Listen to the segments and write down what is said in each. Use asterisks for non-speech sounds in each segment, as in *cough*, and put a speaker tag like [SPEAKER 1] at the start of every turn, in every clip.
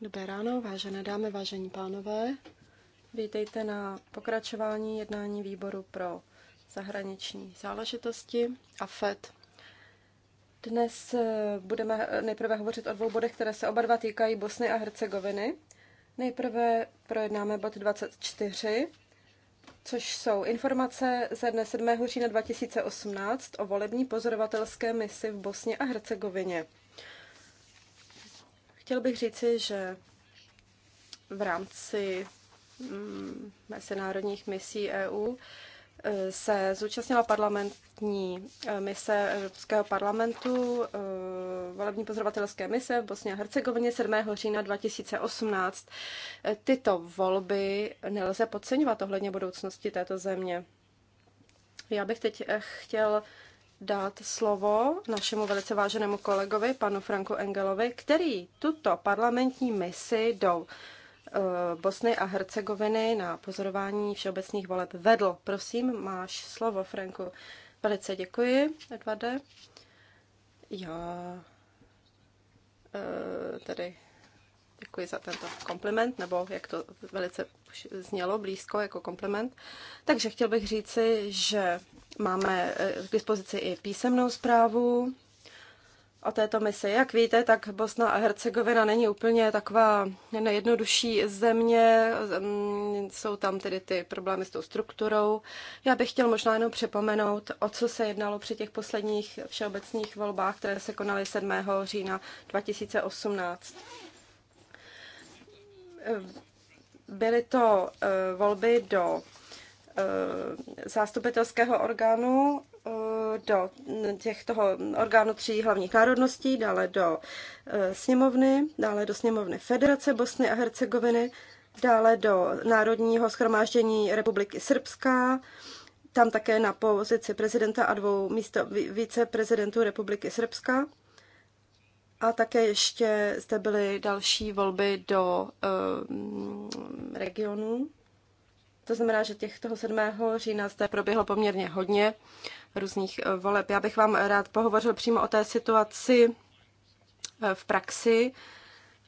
[SPEAKER 1] Dobré ráno, vážené dámy, vážení pánové. Vítejte na pokračování jednání výboru pro zahraniční záležitosti a FED. Dnes eh, budeme nejprve hovořit o dvou bodech, které se oba dva týkají Bosny a Hercegoviny. Nejprve projednáme bod 24, což jsou informace ze dne 7. října 2018 o volební pozorovatelské misi v Bosně a Hercegovině. Chtěl bych říci, že v rámci mm, mezinárodních misí EU se zúčastnila parlamentní eh, mise Evropského parlamentu, eh, volební pozorovatelské mise v Bosně a Hercegovině 7. října 2018. Eh, tyto volby nelze podceňovat ohledně budoucnosti této země. Já bych teď chtěl dát slovo našemu velice váženému kolegovi, panu Franku Engelovi, který tuto parlamentní misi do Eh, Bosny a Hercegoviny na pozorování všeobecných voleb vedl. Prosím, máš slovo, Franku. Velice děkuji, Edvarde. Já eh, tedy děkuji za tento kompliment, nebo jak to velice znělo blízko jako kompliment. Takže chtěl bych říci, že máme eh, k dispozici i písemnou zprávu o této misi. Jak víte, tak Bosna a Hercegovina není úplně taková nejjednodušší země, jsou tam tedy ty problémy s tou strukturou. Já bych chtěl možná jenom připomenout, o co se jednalo při těch posledních všeobecných volbách, které se konaly 7. října 2018. Byly to eh, volby do eh, zástupitelského orgánu Eh, do těchto orgánů tří hlavních národností, dále do eh, sněmovny, dále do sněmovny Federace Bosny a Hercegoviny, dále do Národního schromáždění Republiky Srbská, tam také na pozici prezidenta a dvou místo viceprezidentů Republiky Srbská. A také ještě zde byly další volby do um, regionů. To znamená, že těch toho 7. října zde proběhlo poměrně hodně různých eh, voleb. Já bych vám rád pohovořil přímo o té situaci eh, v praxi,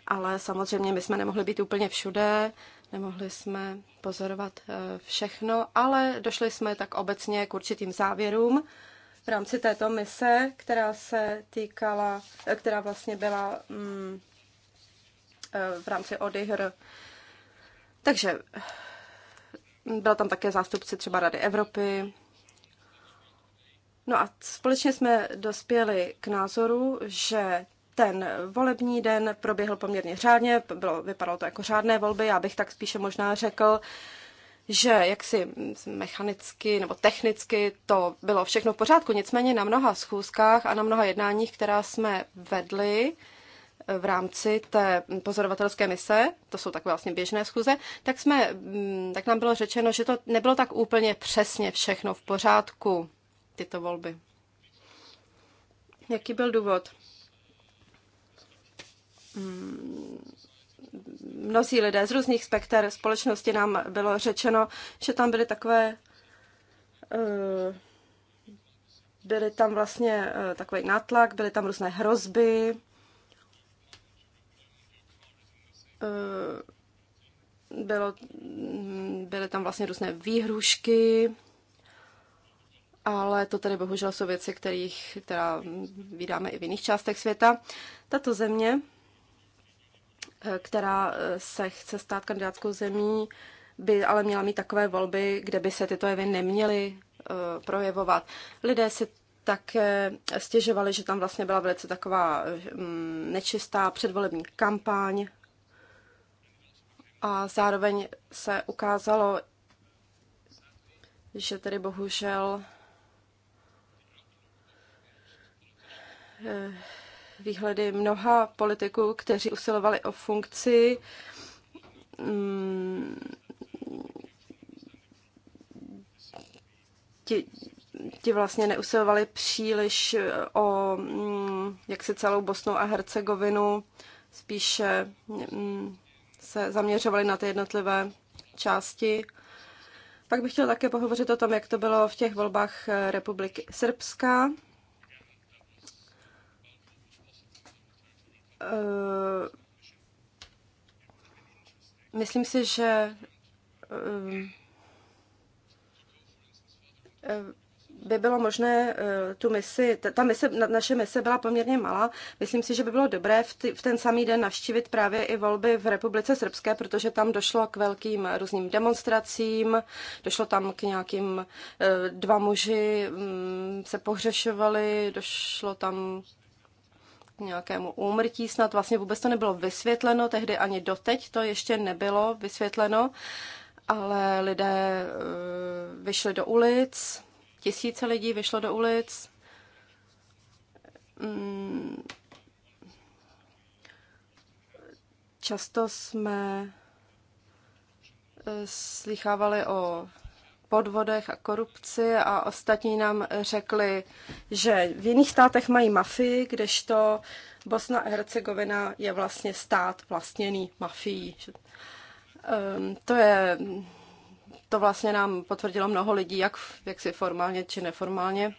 [SPEAKER 1] ale samozřejmě my jsme nemohli být úplně všude, nemohli jsme pozorovat eh, všechno, ale došli jsme tak obecně k určitým závěrům v rámci této mise, která se týkala, která vlastně byla mm, v rámci ODIHR. Takže byl tam také zástupce třeba Rady Evropy. No a společně jsme dospěli k názoru, že ten volební den proběhl poměrně řádně, bylo, vypadalo to jako řádné volby, já bych tak spíše možná řekl, že jaksi mechanicky nebo technicky to bylo všechno v pořádku. Nicméně na mnoha schůzkách a na mnoha jednáních, která jsme vedli, v rámci té pozorovatelské mise, to jsou takové vlastně běžné schůze, tak, jsme, mm, tak nám bylo řečeno, že to nebylo tak úplně přesně všechno v pořádku, tyto volby. Jaký byl důvod? Mm, mnozí lidé z různých spekter společnosti nám bylo řečeno, že tam byly takové eh, byly tam vlastně eh, takový nátlak, byly tam různé hrozby, Eh, bylo, byly tam vlastně různé výhrušky, ale to tady bohužel jsou věci, kterých, která vydáme i v jiných částech světa. Tato země, eh, která eh, se chce stát kandidátskou zemí, by ale měla mít takové volby, kde by se tyto jevy neměly projevovat. Lidé si tak stěžovali, že tam vlastně byla velice taková mm, nečistá předvolební kampaň a zároveň se ukázalo, že tedy bohužel eh, výhledy mnoha politiků, kteří usilovali o funkci, mm, ti, ti vlastně neusilovali příliš eh, o mm, jak si celou Bosnu a Hercegovinu, spíše mm, se zaměřovali na ty jednotlivé části. Pak bych chtěla také pohovořit o tom, jak to bylo v těch volbách eh, Republiky Srbská. Eh, myslím si, že eh, by bylo možné eh, tu misi, ta mise, naše mise byla poměrně malá. Myslím si, že by bylo dobré v, ty, v ten samý den navštívit právě i volby v Republice Srbské, protože tam došlo k velkým eh, různým demonstracím, došlo tam k nějakým, eh, dva muži mm, se pohřešovali, došlo tam k nějakému úmrtí snad. Vlastně vůbec to nebylo vysvětleno, tehdy ani doteď to ještě nebylo vysvětleno, ale lidé vyšli do ulic, Tisíce lidí vyšlo do ulic. Mm. Často jsme eh, slychávali o podvodech a korupci a ostatní nám řekli, že v jiných státech mají mafii, kdežto Bosna a Hercegovina je vlastně stát vlastněný mafií. Ehm, to je to vlastně nám potvrdilo mnoho lidí, jak, jak si formálně či neformálně.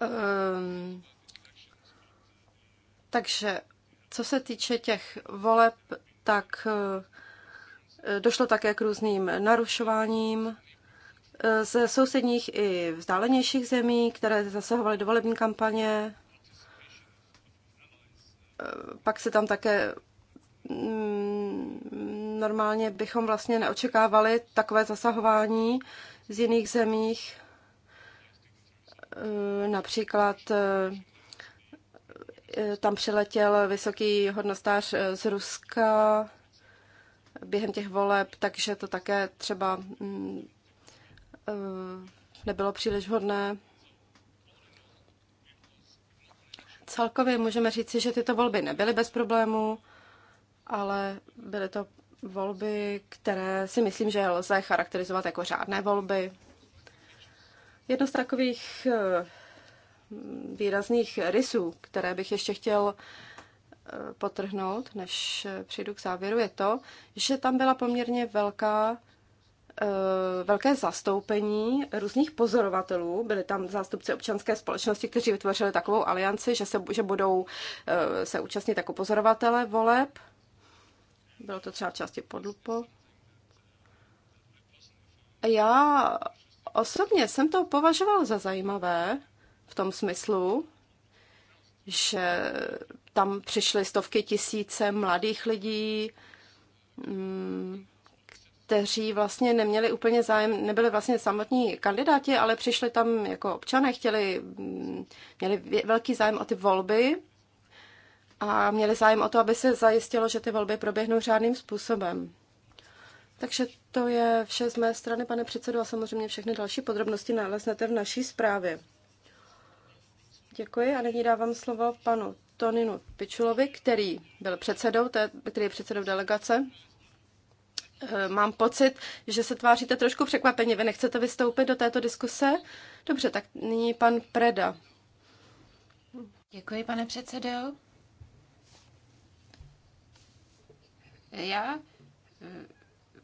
[SPEAKER 1] Um, takže co se týče těch voleb, tak eh, došlo také k různým narušováním eh, ze sousedních i vzdálenějších zemí, které zasahovaly do volební kampaně. Eh, pak se tam také mm, normálně bychom vlastně neočekávali takové zasahování z jiných zemích, eh, například eh, tam přiletěl vysoký hodnostář eh, z Ruska během těch voleb, takže to také třeba mm, nebylo příliš hodné. Celkově můžeme říci, že tyto volby nebyly bez problémů, ale byly to volby, které si myslím, že lze charakterizovat jako řádné volby. Jedno z takových eh, výrazných rysů, které bych ještě chtěl eh, potrhnout, než eh, přijdu k závěru, je to, že tam byla poměrně velká velké zastoupení různých pozorovatelů. Byli tam zástupci občanské společnosti, kteří vytvořili takovou alianci, že se, že budou se účastnit jako pozorovatele voleb. Bylo to třeba části pod lupou. Já osobně jsem to považoval za zajímavé v tom smyslu, že tam přišly stovky tisíce mladých lidí, mm, kteří vlastně neměli úplně zájem, nebyli vlastně samotní kandidáti, ale přišli tam jako občané, chtěli, mm, měli velký zájem o ty volby a měli zájem o to, aby se zajistilo, že ty volby proběhnou řádným způsobem. Takže to je vše z mé strany, pane předsedo, a samozřejmě všechny další podrobnosti naleznete v naší zprávě. Děkuji a nyní dávám slovo panu Toninu Pičulovi, který byl předsedou, té, který je předsedou delegace. Eh, mám pocit, že se tváříte trošku překvapeně. Vy nechcete vystoupit do této diskuse? Dobře, tak nyní pan Preda.
[SPEAKER 2] Děkuji, pane předsedo. Já eh,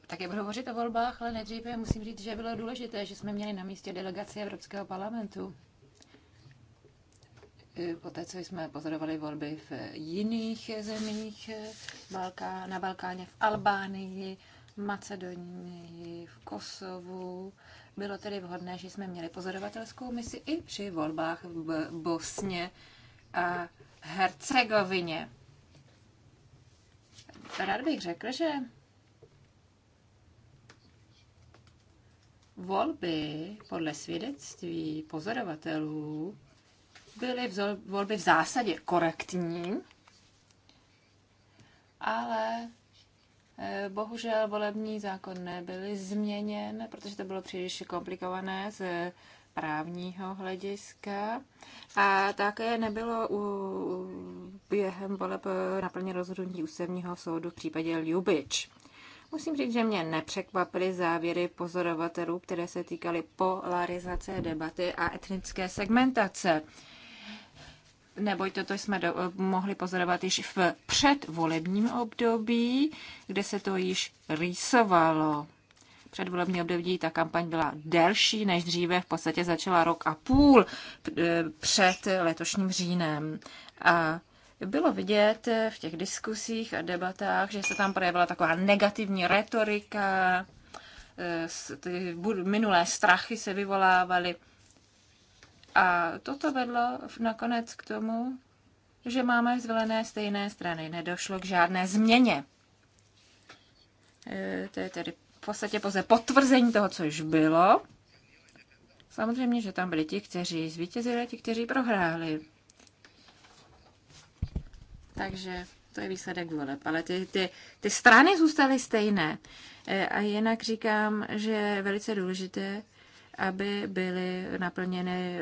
[SPEAKER 2] také budu hovořit o volbách, ale nejdříve musím říct, že bylo důležité, že jsme měli na místě delegaci Evropského parlamentu. Eh, Poté, co jsme pozorovali volby v jiných zemích, eh, na Balkáně, v Albánii, Macedonii, v Kosovu. Bylo tedy vhodné, že jsme měli pozorovatelskou misi i při volbách v Bosně a Hercegovině rád bych řekl, že volby podle svědectví pozorovatelů byly v volby v zásadě korektní, ale eh, bohužel volební zákon nebyl změněn, protože to bylo příliš komplikované s právního hlediska a také nebylo u, během voleb naplně rozhodnutí ústavního soudu v případě Ljubič. Musím říct, že mě nepřekvapily závěry pozorovatelů, které se týkaly polarizace debaty a etnické segmentace. Neboť toto jsme do, mohli pozorovat již v předvolebním období, kde se to již rýsovalo předvolební období ta kampaň byla delší než dříve, v podstatě začala rok a půl eh, před letošním říjnem. A bylo vidět eh, v těch diskusích a debatách, že se tam projevila taková negativní retorika, eh, ty minulé strachy se vyvolávaly. A toto vedlo nakonec k tomu, že máme zvolené stejné strany. Nedošlo k žádné změně. To je tedy podstatě pouze potvrzení toho, co již bylo. Samozřejmě, že tam byli ti, kteří zvítězili a ti, kteří prohráli. Takže to je výsledek voleb, ale ty, ty, ty strany zůstaly stejné. E, a jinak říkám, že je velice důležité, aby byly naplněny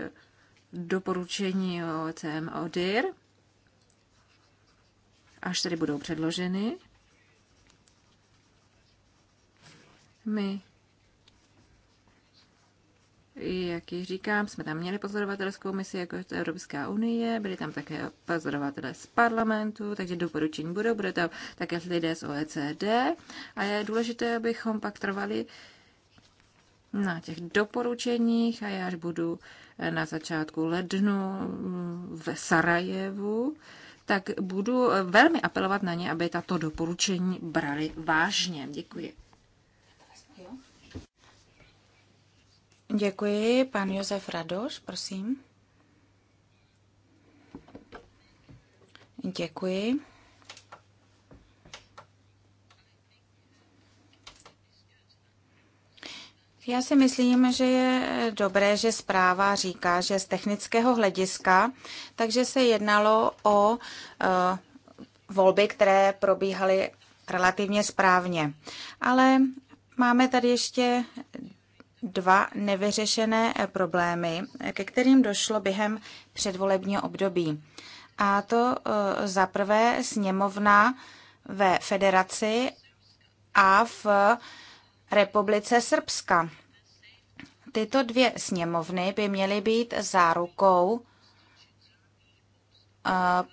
[SPEAKER 2] doporučení OCM ODIR, až tedy budou předloženy. My, jak již říkám, jsme tam měli pozorovatelskou misi jako Evropská unie, byli tam také pozorovatelé z parlamentu, takže doporučení budou, budou tam také lidé z OECD a je důležité, abychom pak trvali na těch doporučeních a já až budu eh, na začátku lednu mm, v Sarajevu, tak budu eh, velmi apelovat na ně, aby tato doporučení
[SPEAKER 3] brali vážně. Děkuji. Děkuji. Pan Josef Radoš, prosím. Děkuji. Já si myslím, že je dobré, že zpráva říká, že z technického hlediska, takže se jednalo o uh, volby, které probíhaly relativně správně. Ale máme tady ještě dva nevyřešené eh, problémy, eh, ke kterým došlo během předvolebního období. A to eh, za prvé sněmovna ve federaci a v republice Srbska. Tyto dvě sněmovny by měly být zárukou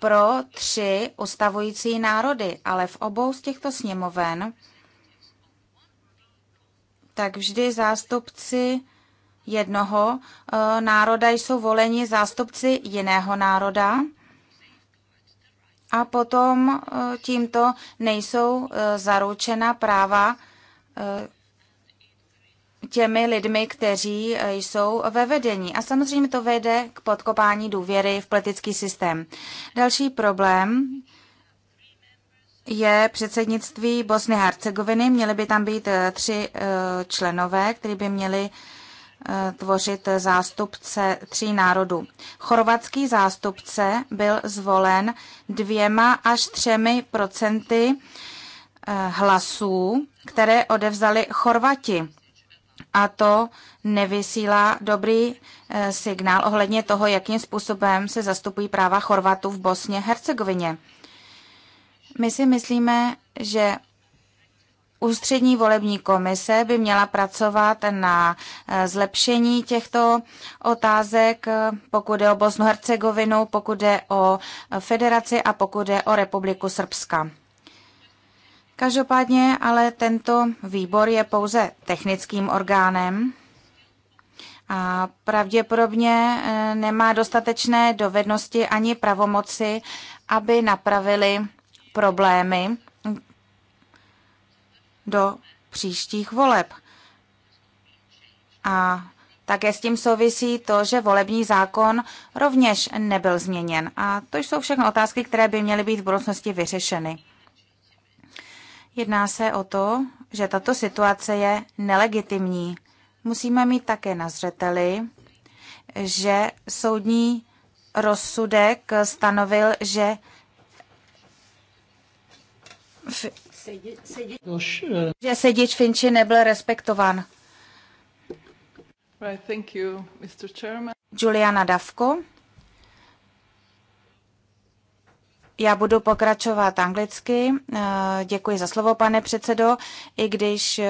[SPEAKER 3] pro tři ustavující národy, ale v obou z těchto sněmoven tak vždy zástupci jednoho e, národa jsou voleni zástupci jiného národa a potom e, tímto nejsou e, zaručena práva těmi lidmi, kteří jsou ve vedení. A samozřejmě to vede k podkopání důvěry v politický systém. Další problém je předsednictví Bosny Hercegoviny. Měly by tam být eh, tři eh, členové, kteří by měli eh, tvořit zástupce tří národů. Chorvatský zástupce byl zvolen dvěma až třemi procenty hlasů, které odevzali Chorvati. A to nevysílá dobrý signál ohledně toho, jakým způsobem se zastupují práva Chorvatů v Bosně Hercegovině. My si myslíme, že Ústřední volební komise by měla pracovat na eh, zlepšení těchto otázek, pokud je o Bosnu Hercegovinu, pokud je o federaci a pokud je o Republiku Srbska. Každopádně ale tento výbor je pouze technickým orgánem a pravděpodobně eh, nemá dostatečné dovednosti ani pravomoci, aby napravili problémy do příštích voleb. A také s tím souvisí to, že volební zákon rovněž nebyl změněn. A to jsou všechno otázky, které by měly být v budoucnosti vyřešeny. Jedná se o to, že tato situace je nelegitimní. Musíme mít také na zřeteli, že soudní rozsudek stanovil, že
[SPEAKER 2] Eh, že
[SPEAKER 3] sedič Finči nebyl respektován.
[SPEAKER 2] Right, thank you, Mr. Chairman.
[SPEAKER 3] Juliana Davko. Já budu pokračovat anglicky. Eh, děkuji za slovo, pane předsedo. I když eh,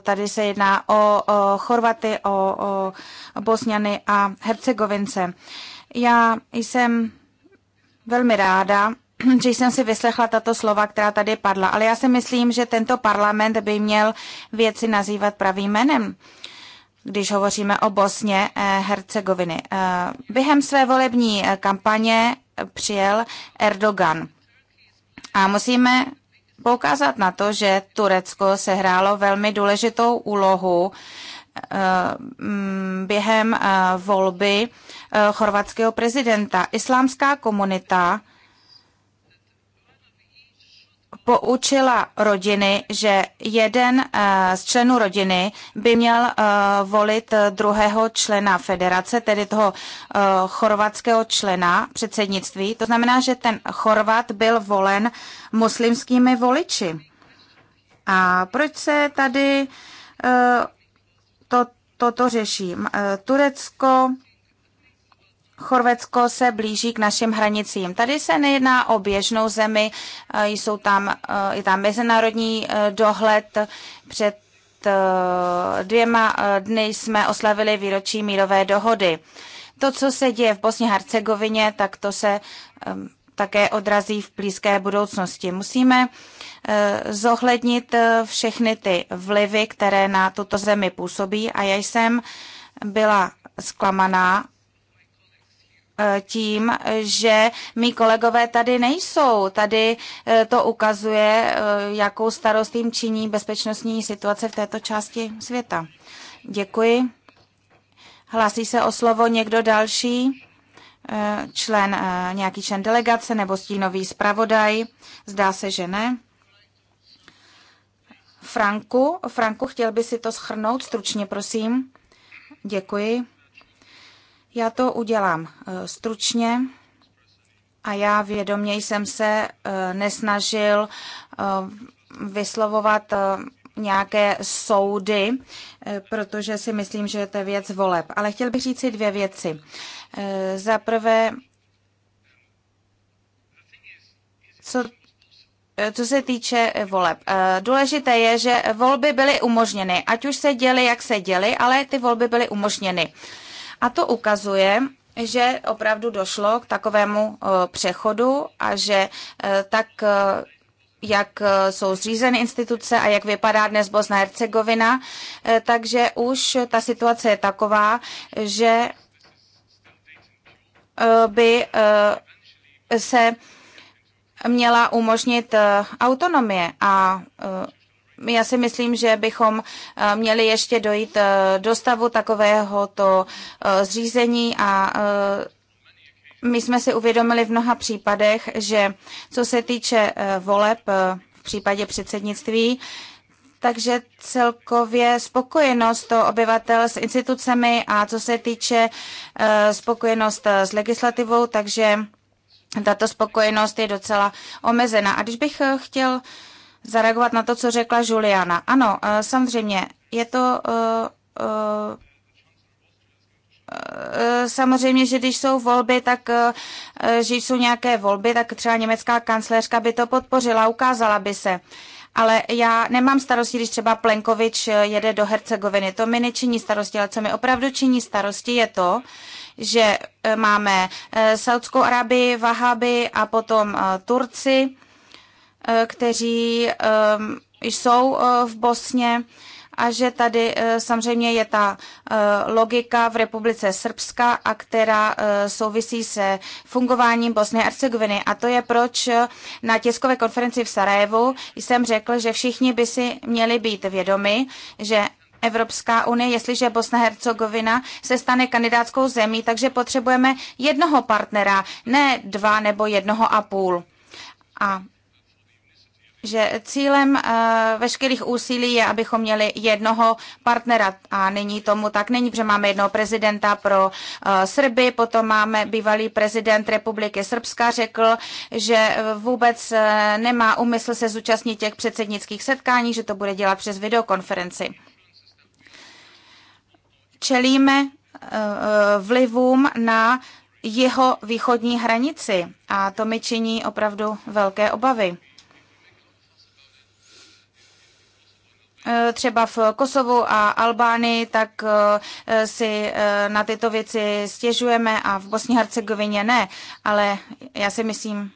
[SPEAKER 3] tady se jedná o, Chorvaty, o Bosňany a Hercegovince. Já jsem velmi ráda, že *clears throat* jsem si vyslechla tato slova, která tady padla, ale já si myslím, že tento parlament by měl věci nazývat pravým jménem když hovoříme o Bosně eh, Hercegoviny. Eh, během své volební eh, kampaně přijel Erdogan. A musíme poukázat na to, že Turecko sehrálo velmi důležitou úlohu mm, během volby chorvatského prezidenta. Islámská komunita poučila rodiny, že jeden eh, z členů rodiny by měl eh, volit eh, druhého člena federace, tedy toho chorvatského člena předsednictví. To znamená, že ten Chorvat byl volen muslimskými voliči. A proč se tady to, toto řeší? Turecko Chorvatsko se blíží k našim hranicím. Tady se nejedná o běžnou zemi, eh, jsou tam, eh, je tam mezinárodní eh, dohled před dvěma dny jsme oslavili výročí mírové dohody. To, co se děje v Bosně Hercegovině, tak to se také odrazí v blízké budoucnosti. Musíme zohlednit všechny ty vlivy, které na tuto zemi působí a já jsem byla zklamaná Eh, tím, že mý kolegové tady nejsou. Tady eh, to ukazuje, eh, jakou starost jim činí bezpečnostní situace v této části světa. Děkuji. Hlásí se o slovo někdo další? Člen, nějaký člen delegace nebo stínový zpravodaj? Zdá se, že ne. Franku, Franku, chtěl by si to schrnout stručně, prosím. Děkuji. Já to udělám eh, stručně a já vědomě jsem se eh, nesnažil eh, vyslovovat nějaké soudy, protože si myslím, že to je věc voleb. Ale chtěl bych říct si dvě věci. Za prvé, co, co se týče voleb. Důležité je, že volby byly umožněny. Ať už se děly, jak se děly, ale ty volby byly umožněny. A to ukazuje, že opravdu došlo k takovému eh, přechodu a že eh, tak eh, jak jsou zřízeny instituce a jak vypadá dnes Bosna Hercegovina. Takže už ta situace je taková, že by se měla umožnit autonomie a já si myslím, že bychom eh, měli ještě dojít eh, do stavu takovéhoto eh, zřízení a my jsme si uvědomili v mnoha případech, že co se týče voleb v případě předsednictví, takže celkově spokojenost to obyvatel s institucemi a co se týče spokojenost s legislativou, takže tato spokojenost je docela omezená. A když bych chtěl zareagovat na to, co řekla Juliana. Ano, eh, samozřejmě, je to eh, eh, samozřejmě, že když jsou volby, tak že jsou nějaké volby, tak třeba německá kancléřka by to podpořila, ukázala by se. Ale já nemám starosti, když třeba Plenkovič jede do Hercegoviny. To mi nečiní starosti, ale co mi opravdu činí starosti je to, že máme Saudskou Arabii, Vahaby a potom Turci Eh, kteří ehm, jsou eh, v Bosně a že tady eh, samozřejmě je ta logika v Republice Srbska a která souvisí se fungováním Bosny a Hercegoviny. A to je proč na tiskové konferenci v Sarajevu jsem řekl, že všichni by si měli být vědomi, že Evropská unie, jestliže Bosna a Hercegovina se stane kandidátskou zemí, takže potřebujeme jednoho partnera, ne dva nebo jednoho a půl. A že cílem eh, veškerých úsilí je, abychom měli jednoho partnera. A není tomu tak, není, protože máme jednoho prezidenta pro eh, Srby, potom máme bývalý prezident Republiky Srbska, řekl, že eh, vůbec nemá úmysl se zúčastnit těch předsednických setkání, že to bude dělat přes videokonferenci. Čelíme vlivům na jeho východní hranici a to mi činí opravdu velké obavy. Eh, třeba v Kosovu a Albánii, tak eh, si eh, na tyto věci stěžujeme a v Bosni Hercegovině ne, ale já si myslím,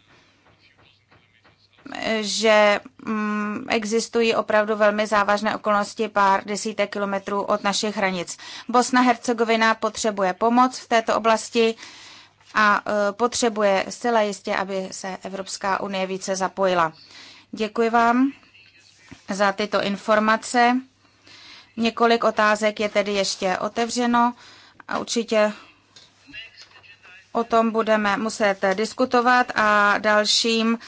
[SPEAKER 3] že mm, existují opravdu velmi závažné okolnosti pár desítek kilometrů od našich hranic. Bosna Hercegovina potřebuje pomoc v této oblasti a potřebuje zcela jistě, aby se Evropská unie více zapojila. Děkuji vám za tyto informace. Několik otázek je tedy ještě otevřeno a určitě o tom budeme muset diskutovat. A dalším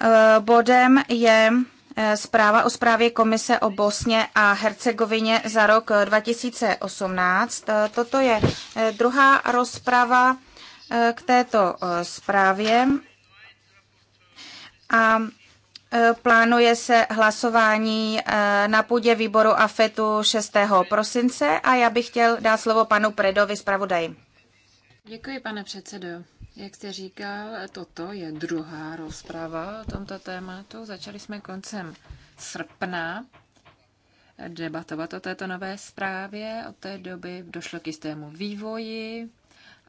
[SPEAKER 3] eh, bodem je eh, zpráva o zprávě Komise o Bosně a Hercegovině za rok 2018. Eh, toto je druhá rozprava k této zprávě. A Eh, plánuje se hlasování eh, na půdě výboru AFETu 6. prosince a já bych chtěl dát slovo panu Predovi zpravodaji.
[SPEAKER 2] Děkuji, pane předsedo. Jak jste říkal, toto je druhá rozprava o tomto tématu. Začali jsme koncem srpna debatovat o této nové zprávě. Od té doby došlo k jistému vývoji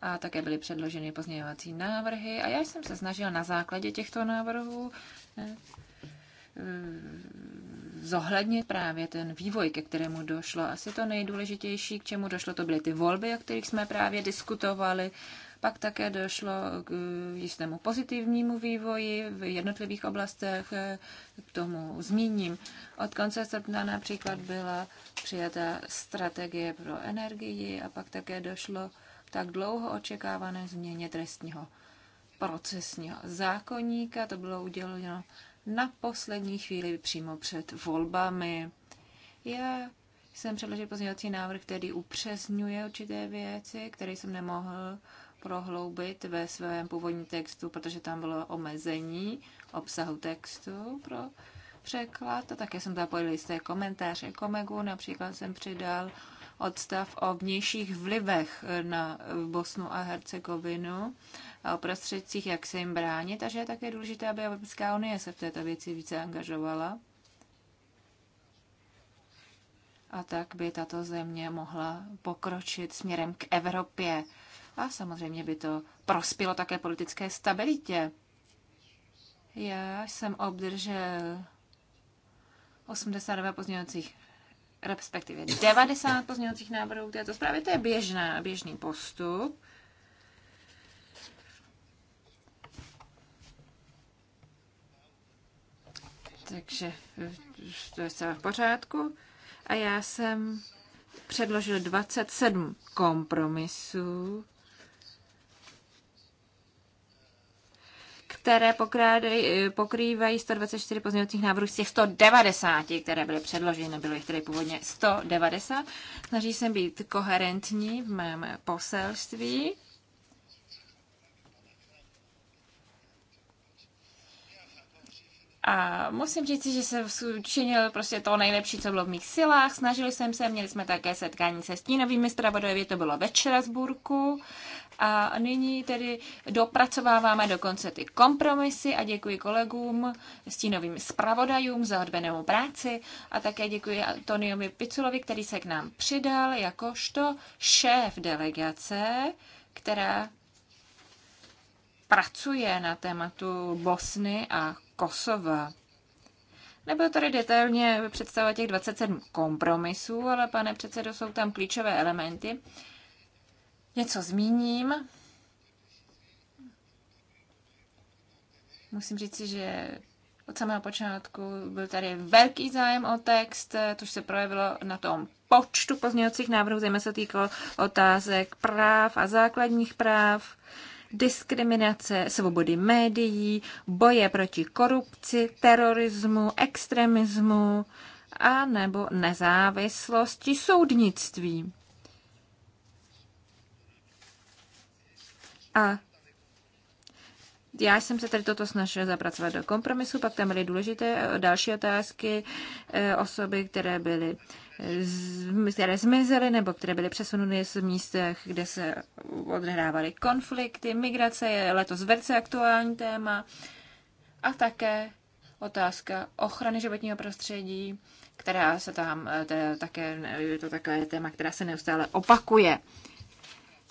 [SPEAKER 2] a také byly předloženy pozměňovací návrhy. A já jsem se snažil na základě těchto návrhů eh, Eh, zohlednit právě ten vývoj, ke kterému došlo. Asi to nejdůležitější, k čemu došlo, to byly ty volby, o kterých jsme právě diskutovali. Pak také došlo k jistému pozitivnímu vývoji v jednotlivých oblastech. Eh, k tomu zmíním. Od konce srpna například byla přijata strategie pro energii a pak také došlo k tak dlouho očekávané změně trestního procesního zákonníka. To bylo uděleno na poslední chvíli přímo před volbami. Já jsem předložil pozměňovací návrh, který upřesňuje určité věci, které jsem nemohl prohloubit ve svém původním textu, protože tam bylo omezení obsahu textu pro překlad. A také jsem zapojil jisté komentáře komegu, například jsem přidal odstav o vnějších vlivech na Bosnu a Hercegovinu a o prostředcích, jak se jim bránit, a že je také důležité, aby Evropská unie se v této věci více angažovala. A tak by tato země mohla pokročit směrem k Evropě. A samozřejmě by to prospělo také politické stabilitě. Já jsem obdržel 82 pozměňovacích respektive 90 pozměňovacích návrhů k této zprávě. To je běžná, běžný postup. Takže to je celé v pořádku. A já jsem předložil 27 kompromisů které pokrádej, pokrývají 124 pozměňovacích návrhů z těch 190, které byly předloženy, bylo jich tedy původně 190. Snaží se být koherentní v mém poselství A musím říct, že jsem učinil prostě to nejlepší, co bylo v mých silách. Snažili jsem se, měli jsme také setkání se stínovými zpravodajově, to bylo ve Štrasburku. A nyní tedy dopracováváme dokonce ty kompromisy a děkuji kolegům, stínovým zpravodajům za odvenou práci a také děkuji Antoniovi Piculovi, který se k nám přidal jakožto šéf delegace, která pracuje na tématu Bosny a Kosova. Nebyl tady detailně představa těch 27 kompromisů, ale pane předsedo, jsou tam klíčové elementy. Něco zmíním. Musím říci, že od samého počátku byl tady velký zájem o text, což se projevilo na tom počtu pozměňovacích návrhů, zejména se týkalo otázek práv a základních práv diskriminace, svobody médií, boje proti korupci, terorismu, extremismu a nebo nezávislosti soudnictví. A já jsem se tady toto snažil zapracovat do kompromisu, pak tam byly důležité eh, další otázky eh, osoby, které byly které zmizely nebo které byly přesunuty z místech, kde se odehrávaly konflikty. Migrace je letos velice aktuální téma a také otázka ochrany životního prostředí, která se tam je eh, také, je to takové téma, která se neustále opakuje.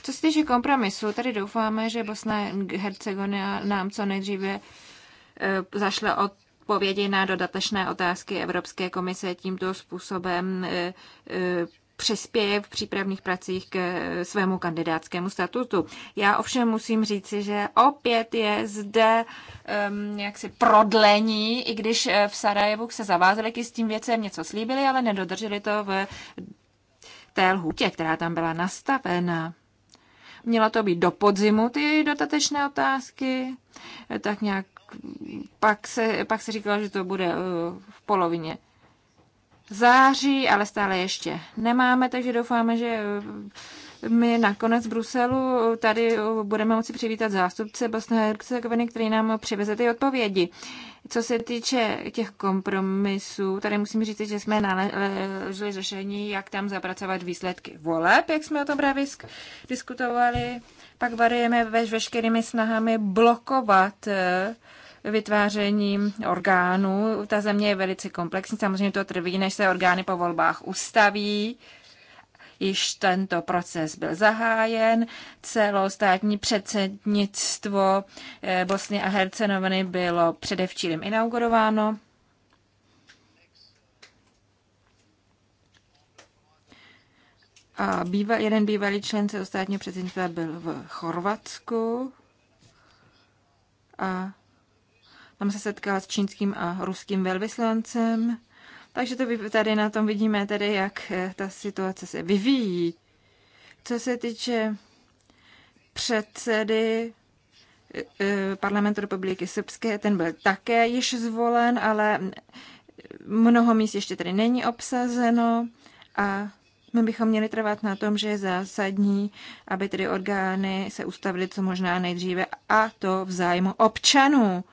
[SPEAKER 2] Co se týče kompromisu, tady doufáme, že Bosna Hercegovina nám co nejdříve eh, zašle od odpovědi na dodatečné otázky Evropské komise tímto způsobem e, e, přispěje v přípravných pracích k e, svému kandidátskému statutu. Já ovšem musím říci, že opět je zde um, jaksi prodlení, i když v Sarajevu se zavázali k tím věcem, něco slíbili, ale nedodrželi to v té lhůtě, která tam byla nastavena. Měla to být do podzimu ty dotatečné otázky, tak nějak pak se, pak se říkalo, že to bude eh, v polovině září, ale stále ještě nemáme, takže doufáme, že eh, my nakonec v Bruselu eh, tady budeme moci přivítat zástupce Bosny a Hercegoviny, který nám přiveze ty odpovědi. Co se týče těch kompromisů, tady musím říct, že jsme naležili řešení, jak tam zapracovat výsledky voleb, jak jsme o tom právě diskutovali pak varujeme ve veškerými snahami blokovat e, vytvářením orgánů. Ta země je velice komplexní, samozřejmě to trví, než se orgány po volbách ustaví. Již tento proces byl zahájen, celostátní předsednictvo e, Bosny a Hercenoviny bylo předevčírem inaugurováno A býval, jeden bývalý člen se ostatního předsednictva byl v Chorvatsku a tam se setkal s čínským a ruským velvyslancem. Takže to tady na tom vidíme tedy, jak eh, ta situace se vyvíjí. Co se týče předsedy eh, eh, parlamentu republiky Srbské, ten byl také již zvolen, ale mnoho míst ještě tady není obsazeno a my bychom měli trvat na tom, že je zásadní, aby tedy orgány se ustavily co možná nejdříve a to v zájmu občanů.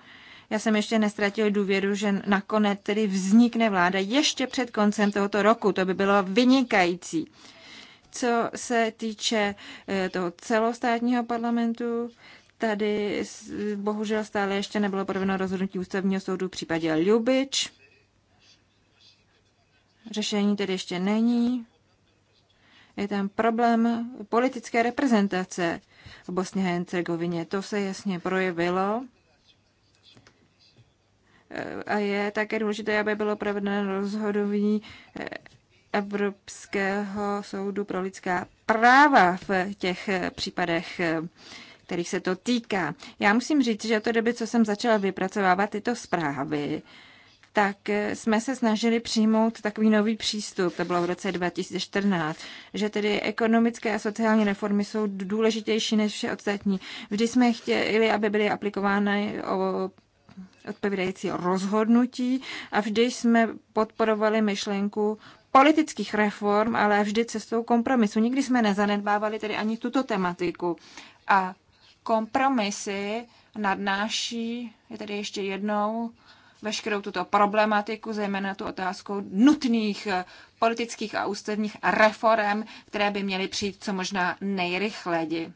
[SPEAKER 2] Já jsem ještě nestratil důvěru, že nakonec tedy vznikne vláda ještě před koncem tohoto roku. To by bylo vynikající. Co se týče eh, toho celostátního parlamentu, tady bohužel stále ještě nebylo provedeno rozhodnutí ústavního soudu v případě Ljubič. Řešení tedy ještě není je tam problém politické reprezentace v Bosně a Hercegovině. To se jasně projevilo. E, a je také důležité, aby bylo provedeno rozhodování e, Evropského soudu pro lidská práva v těch e, případech, kterých se to týká. Já musím říct, že od té doby, co jsem začala vypracovávat tyto zprávy, tak eh, jsme se snažili přijmout takový nový přístup, to bylo v roce 2014, že tedy ekonomické a sociální reformy jsou důležitější než vše ostatní. Vždy jsme chtěli, aby byly aplikovány o odpovídající rozhodnutí a vždy jsme podporovali myšlenku politických reform, ale vždy cestou kompromisu. Nikdy jsme nezanedbávali tedy ani tuto tematiku. A kompromisy nadnáší, je tady ještě jednou, veškerou tuto problematiku, zejména tu otázku nutných eh, politických a ústavních reform, které by měly přijít co možná nejrychleji.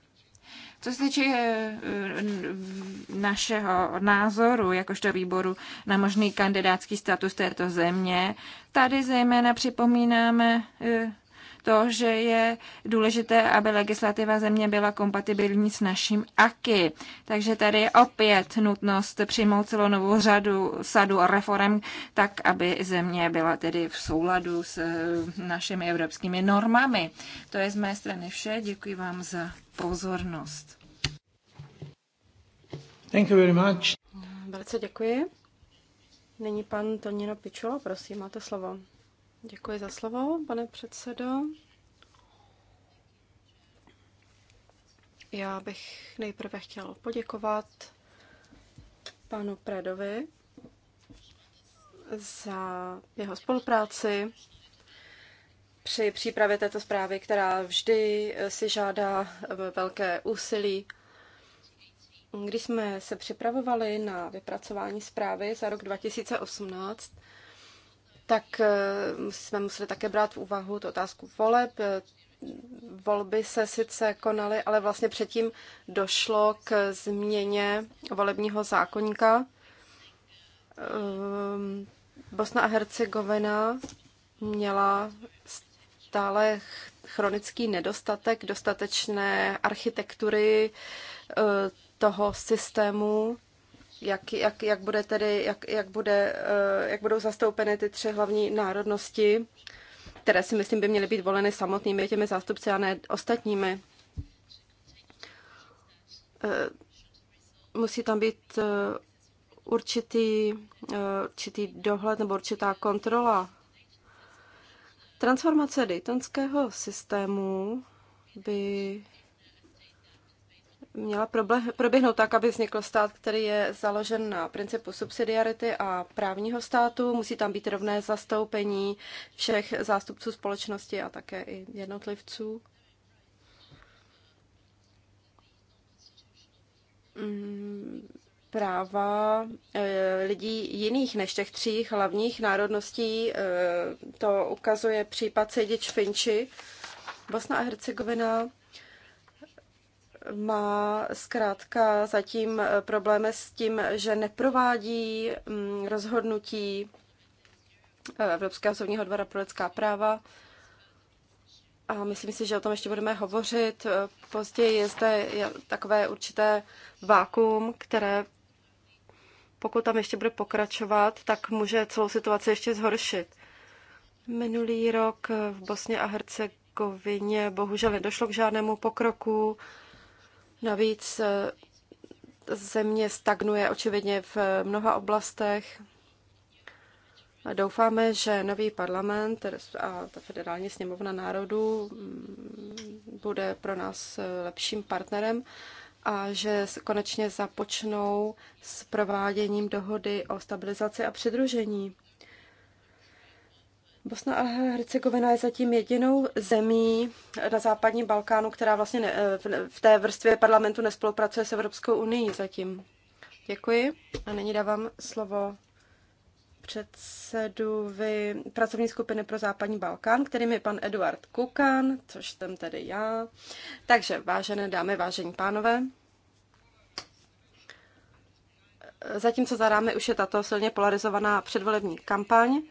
[SPEAKER 2] Co se týče eh, našeho názoru, jakožto výboru na možný kandidátský status této země, tady zejména připomínáme eh, to, že je důležité, aby legislativa země byla kompatibilní s naším AKI. Takže tady je opět nutnost přijmout celou novou řadu sadu a reform, tak, aby země byla tedy v souladu s eh, našimi evropskými normami. To je z mé strany vše. Děkuji vám za pozornost. Thank you very much. Velice děkuji. Nyní pan Tonino
[SPEAKER 1] Pičula, prosím, máte slovo. Děkuji za slovo, pane předsedo. Já bych nejprve chtěl poděkovat panu Predovi za jeho spolupráci při přípravě této zprávy, která vždy si žádá velké úsilí. Když jsme se připravovali na vypracování zprávy za rok 2018, tak eh, jsme museli také brát v úvahu tu otázku voleb. Eh, volby se sice konaly, ale vlastně předtím došlo k změně volebního zákonníka. Ehm, Bosna a Hercegovina měla stále chronický nedostatek dostatečné architektury eh, toho systému jak, jak, jak, bude tedy, jak, jak, bude, eh, jak budou zastoupeny ty tři hlavní národnosti, které si myslím by měly být voleny samotnými těmi zástupci a ne ostatními. Eh, musí tam být eh, určitý, určitý dohled nebo určitá kontrola. Transformace dejtonského systému by měla proběhnout tak, aby vznikl stát, který je založen na principu subsidiarity a právního státu. Musí tam být rovné zastoupení všech zástupců společnosti a také i jednotlivců. Mm, práva eh, lidí jiných než těch tří hlavních národností, eh, to ukazuje případ Sejdič Finči, Bosna a Hercegovina má zkrátka zatím problémy s tím, že neprovádí mm, rozhodnutí eh, Evropského soudního dvora pro lidská práva. A myslím si, že o tom ještě budeme hovořit. Eh, později je zde takové určité vákuum, které pokud tam ještě bude pokračovat, tak může celou situaci ještě zhoršit. Minulý rok v Bosně a Hercegovině bohužel nedošlo k žádnému pokroku. Navíc eh, země stagnuje očividně v eh, mnoha oblastech. Doufáme, že nový parlament a ta federální sněmovna národů mm, bude pro nás eh, lepším partnerem a že konečně započnou s prováděním dohody o stabilizaci a přidružení. Bosna a Hercegovina je zatím jedinou zemí na západním Balkánu, která vlastně ne, v té vrstvě parlamentu nespolupracuje s Evropskou unii zatím. Děkuji. A nyní dávám slovo předsedovi pracovní skupiny pro západní Balkán, kterým je pan Eduard Kukan, což jsem tedy já. Takže, vážené dámy, vážení pánové, zatímco za námi už je tato silně polarizovaná předvolební kampaň,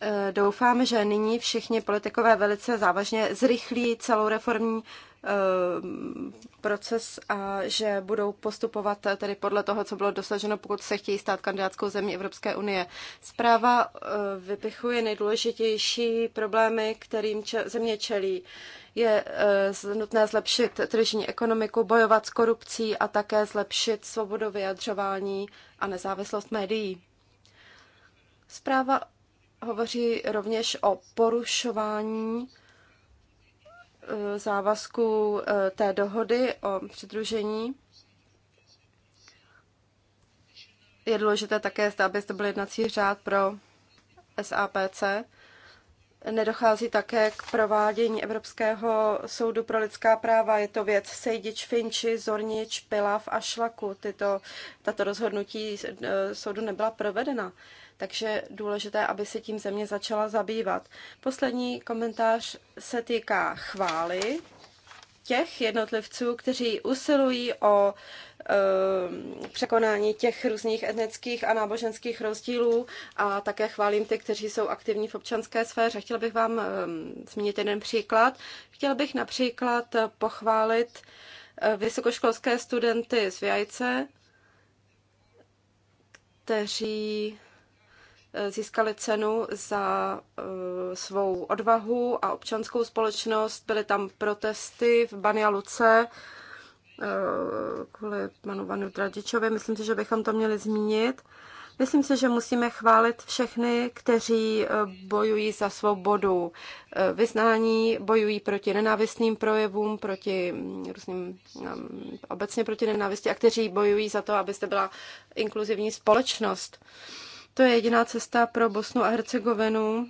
[SPEAKER 1] Eh, doufám, že nyní všichni politikové velice závažně zrychlí celou reformní eh, proces a že budou postupovat eh, tedy podle toho, co bylo dosaženo, pokud se chtějí stát kandidátskou zemí Evropské unie. Zpráva vypichuje nejdůležitější problémy, kterým země čelí. Je nutné zlepšit tržní ekonomiku, bojovat s korupcí a také zlepšit svobodu vyjadřování a nezávislost médií. Zpráva hovoří rovněž o porušování eh, závazku eh, té dohody o přidružení. Je důležité také, aby to byl jednací řád pro SAPC. Nedochází také k provádění Evropského soudu pro lidská práva. Je to věc Sejdič, Finči, Zornič, Pilav a Šlaku. Tyto, tato rozhodnutí eh, soudu nebyla provedena takže důležité, aby se tím země začala zabývat. Poslední komentář se týká chvály těch jednotlivců, kteří usilují o e, překonání těch různých etnických a náboženských rozdílů a také chválím ty, kteří jsou aktivní v občanské sféře. Chtěl bych vám e, zmínit jeden příklad. Chtěl bych například pochválit eh, vysokoškolské studenty z Vjajce, kteří získali cenu za eh, svou odvahu a občanskou společnost. Byly tam protesty v Banja Luce eh, kvůli panu Vanu Dradičovi. Myslím si, že bychom to měli zmínit. Myslím si, že musíme chválit všechny, kteří eh, bojují za svobodu vyznání, bojují proti nenávistným projevům, proti mm, různým, mm, obecně proti nenávisti a kteří bojují za to, abyste byla inkluzivní společnost. To je jediná cesta pro Bosnu a Hercegovinu.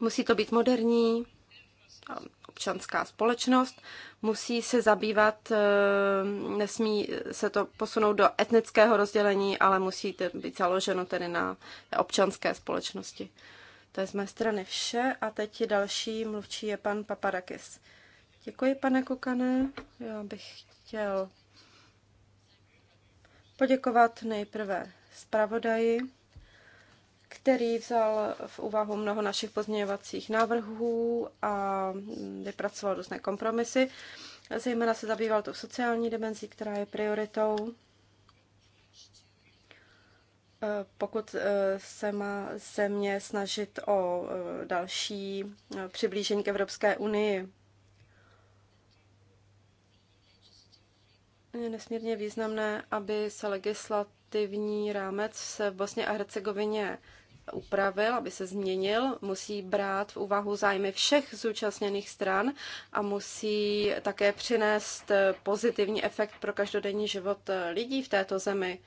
[SPEAKER 1] Musí to být moderní, občanská společnost, musí se zabývat, eh, nesmí se to posunout do etnického rozdělení, ale musí to být založeno tedy na občanské společnosti. To je z mé strany vše a teď další mluvčí je pan Paparakis. Děkuji, pane Kokane. Já bych chtěl poděkovat nejprve zpravodaji, který vzal v úvahu mnoho našich pozměňovacích návrhů a vypracoval různé kompromisy. Zejména se zabýval tou sociální dimenzí, která je prioritou. Eh, pokud eh, se má země snažit o eh, další přiblížení k Evropské unii, je nesmírně významné, aby se legislat legislativní rámec se v Bosně a Hercegovině upravil, aby se změnil, musí brát v úvahu zájmy všech zúčastněných stran a musí také přinést pozitivní efekt pro každodenní život lidí v této zemi.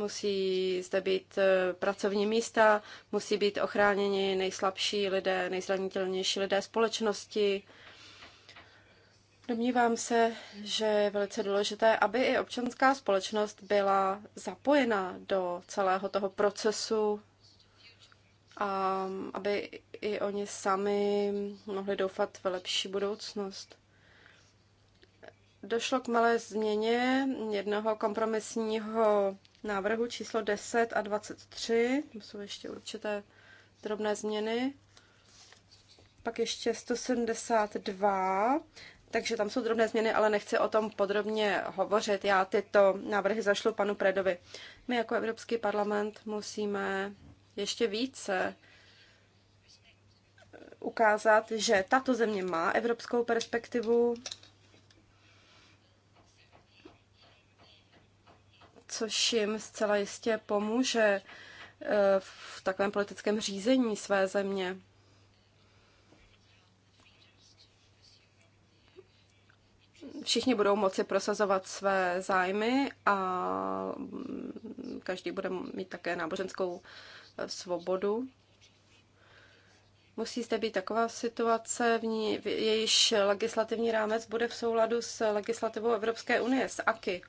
[SPEAKER 1] Musí zde být pracovní místa, musí být ochráněni nejslabší lidé, nejzranitelnější lidé společnosti, Domnívám se, že je velice důležité, aby i občanská společnost byla zapojena do celého toho procesu a aby i oni sami mohli doufat v lepší budoucnost. Došlo k malé změně jednoho kompromisního návrhu číslo 10 a 23. Tam jsou ještě určité drobné změny. Pak ještě 172. Takže tam jsou drobné změny, ale nechci o tom podrobně hovořit. Já tyto návrhy zašlu panu Predovi. My jako Evropský parlament musíme ještě více ukázat, že tato země má evropskou perspektivu, což jim zcela jistě pomůže eh, v takovém politickém řízení své země. všichni budou moci prosazovat své zájmy a každý bude mít také náboženskou eh, svobodu. Musí zde být taková situace, v ní jejíž legislativní rámec bude v souladu s legislativou Evropské unie, s AKI.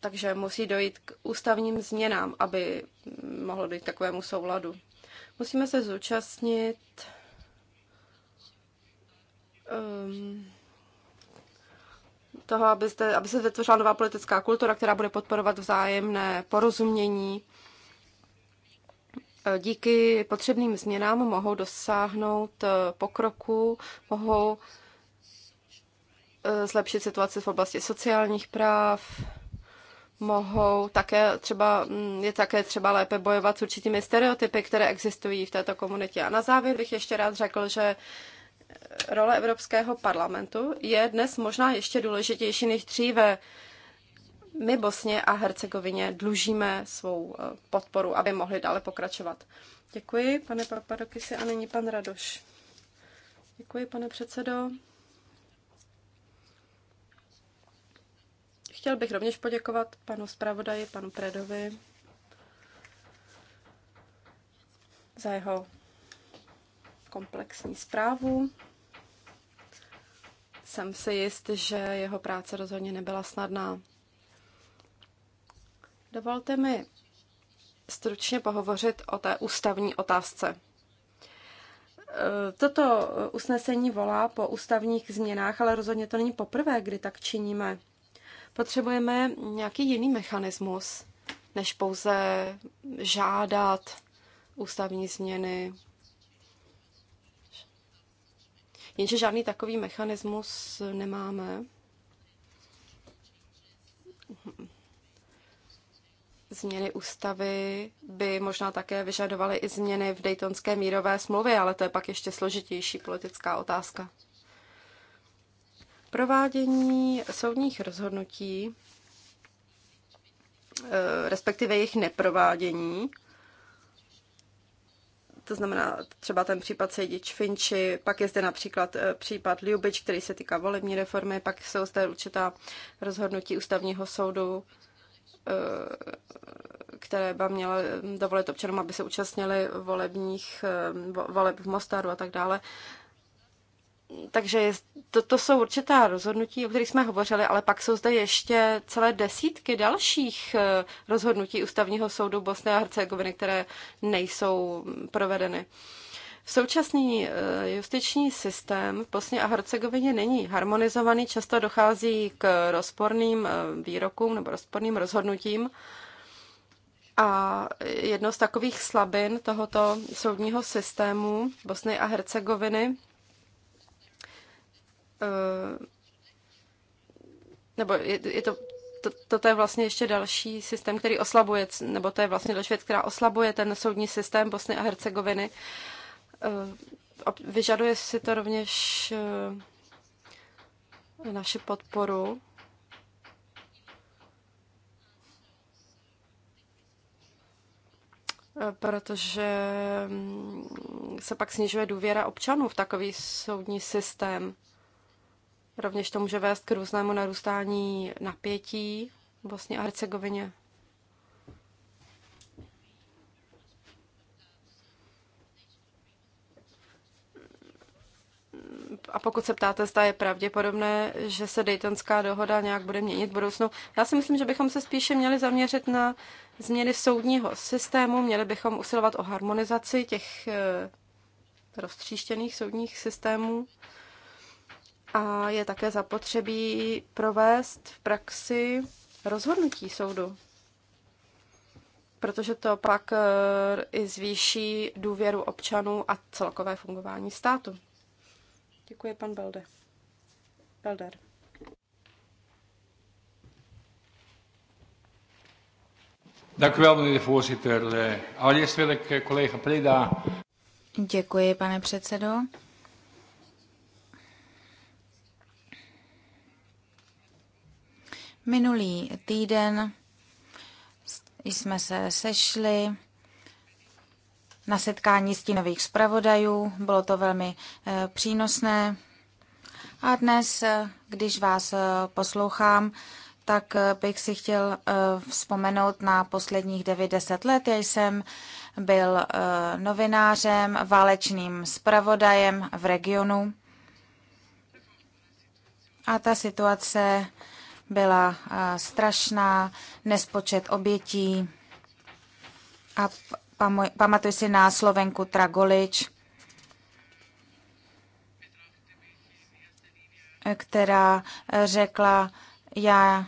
[SPEAKER 1] Takže musí dojít k ústavním změnám, aby mohlo dojít k takovému souladu. Musíme se zúčastnit um, toho, aby, zde, aby se vytvořila nová politická kultura, která bude podporovat vzájemné porozumění. E, díky potřebným změnám mohou dosáhnout e, pokroku, mohou e, zlepšit situaci v oblasti sociálních práv, mohou také třeba, mm, je také třeba lépe bojovat s určitými stereotypy, které existují v této komunitě. A na závěr bych ještě rád řekl, že role Evropského parlamentu je dnes možná ještě důležitější než dříve. My Bosně a Hercegovině dlužíme svou eh, podporu, aby mohli dále pokračovat. Děkuji, pane Papadokisi, a nyní pan Radoš. Děkuji, pane předsedo. Chtěl bych rovněž poděkovat panu zpravodaji, panu Predovi za jeho komplexní zprávu. Jsem si jist, že jeho práce rozhodně nebyla snadná. Dovolte mi stručně pohovořit o té ústavní otázce. E, toto usnesení volá po ústavních změnách, ale rozhodně to není poprvé, kdy tak činíme. Potřebujeme nějaký jiný mechanismus, než pouze žádat ústavní změny jenže žádný takový mechanismus nemáme. Změny ústavy by možná také vyžadovaly i změny v Daytonské mírové smlouvě, ale to je pak ještě složitější politická otázka. Provádění soudních rozhodnutí, eh, respektive jejich neprovádění, to znamená třeba ten případ Sejdič Finči, pak je zde například eh, případ Ljubič, který se týká volební reformy, pak jsou zde určitá rozhodnutí ústavního soudu, eh, které by měla dovolit občanům, aby se účastnili volebních eh, voleb v Mostaru a tak dále takže to, to jsou určitá rozhodnutí, o kterých jsme hovořili, ale pak jsou zde ještě celé desítky dalších eh, rozhodnutí ústavního soudu Bosny a Hercegoviny, které nejsou provedeny. Současný eh, justiční systém v Bosně a Hercegovině není harmonizovaný, často dochází k rozporným eh, výrokům nebo rozporným rozhodnutím. A jedno z takových slabin tohoto soudního systému Bosny a Hercegoviny Eh, nebo je, je to, to, to je vlastně ještě další systém, který oslabuje, nebo to je vlastně další věc, která oslabuje ten soudní systém Bosny a Hercegoviny. Eh, vyžaduje si to rovněž eh, naši podporu. protože mm, se pak snižuje důvěra občanů v takový soudní systém. Rovněž to může vést k různému narůstání napětí v Bosně a Hercegovině. a pokud se ptáte, zda je pravděpodobné, že se Daytonská dohoda nějak bude měnit v budoucnu, já si myslím, že bychom se spíše měli zaměřit na změny soudního systému, měli bychom usilovat o harmonizaci těch eh, roztříštěných soudních systémů a je také zapotřebí provést v praxi rozhodnutí soudu, protože to pak eh, i zvýší důvěru občanů a celkové fungování státu. Děkuji, pan Belde. Belder. Dank u wel, meneer de voorzitter. Eh, allereerst wil ik eh, collega Preda.
[SPEAKER 3] Děkuji, pane předsedo. Minulý týden jsme se sešli na setkání stínových zpravodajů, bylo to velmi eh, přínosné. A dnes, eh, když vás eh, poslouchám, tak bych si chtěl vzpomenout na posledních 9-10 let. Já jsem byl novinářem, válečným zpravodajem v regionu. A ta situace byla strašná, nespočet obětí. A pamatuj si na Slovenku Tragolič, která e, řekla, já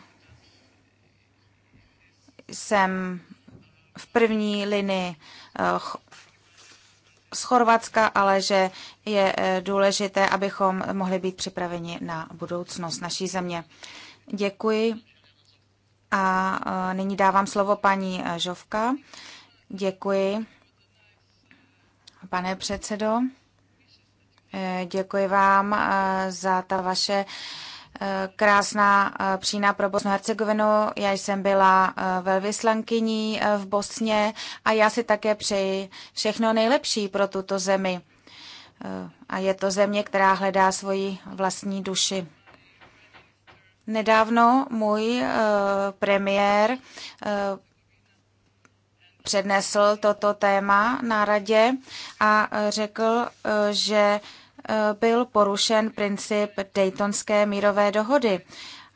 [SPEAKER 3] jsem v první linii e, z Chorvatska, ale že je e, důležité, abychom mohli být připraveni na budoucnost naší země. Děkuji. A nyní dávám slovo paní Žovka. Děkuji. Pane předsedo, e, děkuji vám e, za ta vaše e, krásná přína pro Bosnu Hercegovinu. Já jsem byla velvyslankyní v Bosně a já si také přeji všechno nejlepší pro tuto zemi. A je to země, která hledá svoji vlastní duši. Nedávno můj eh, premiér eh, přednesl toto téma na radě a eh, řekl, že byl porušen princip Daytonské mírové dohody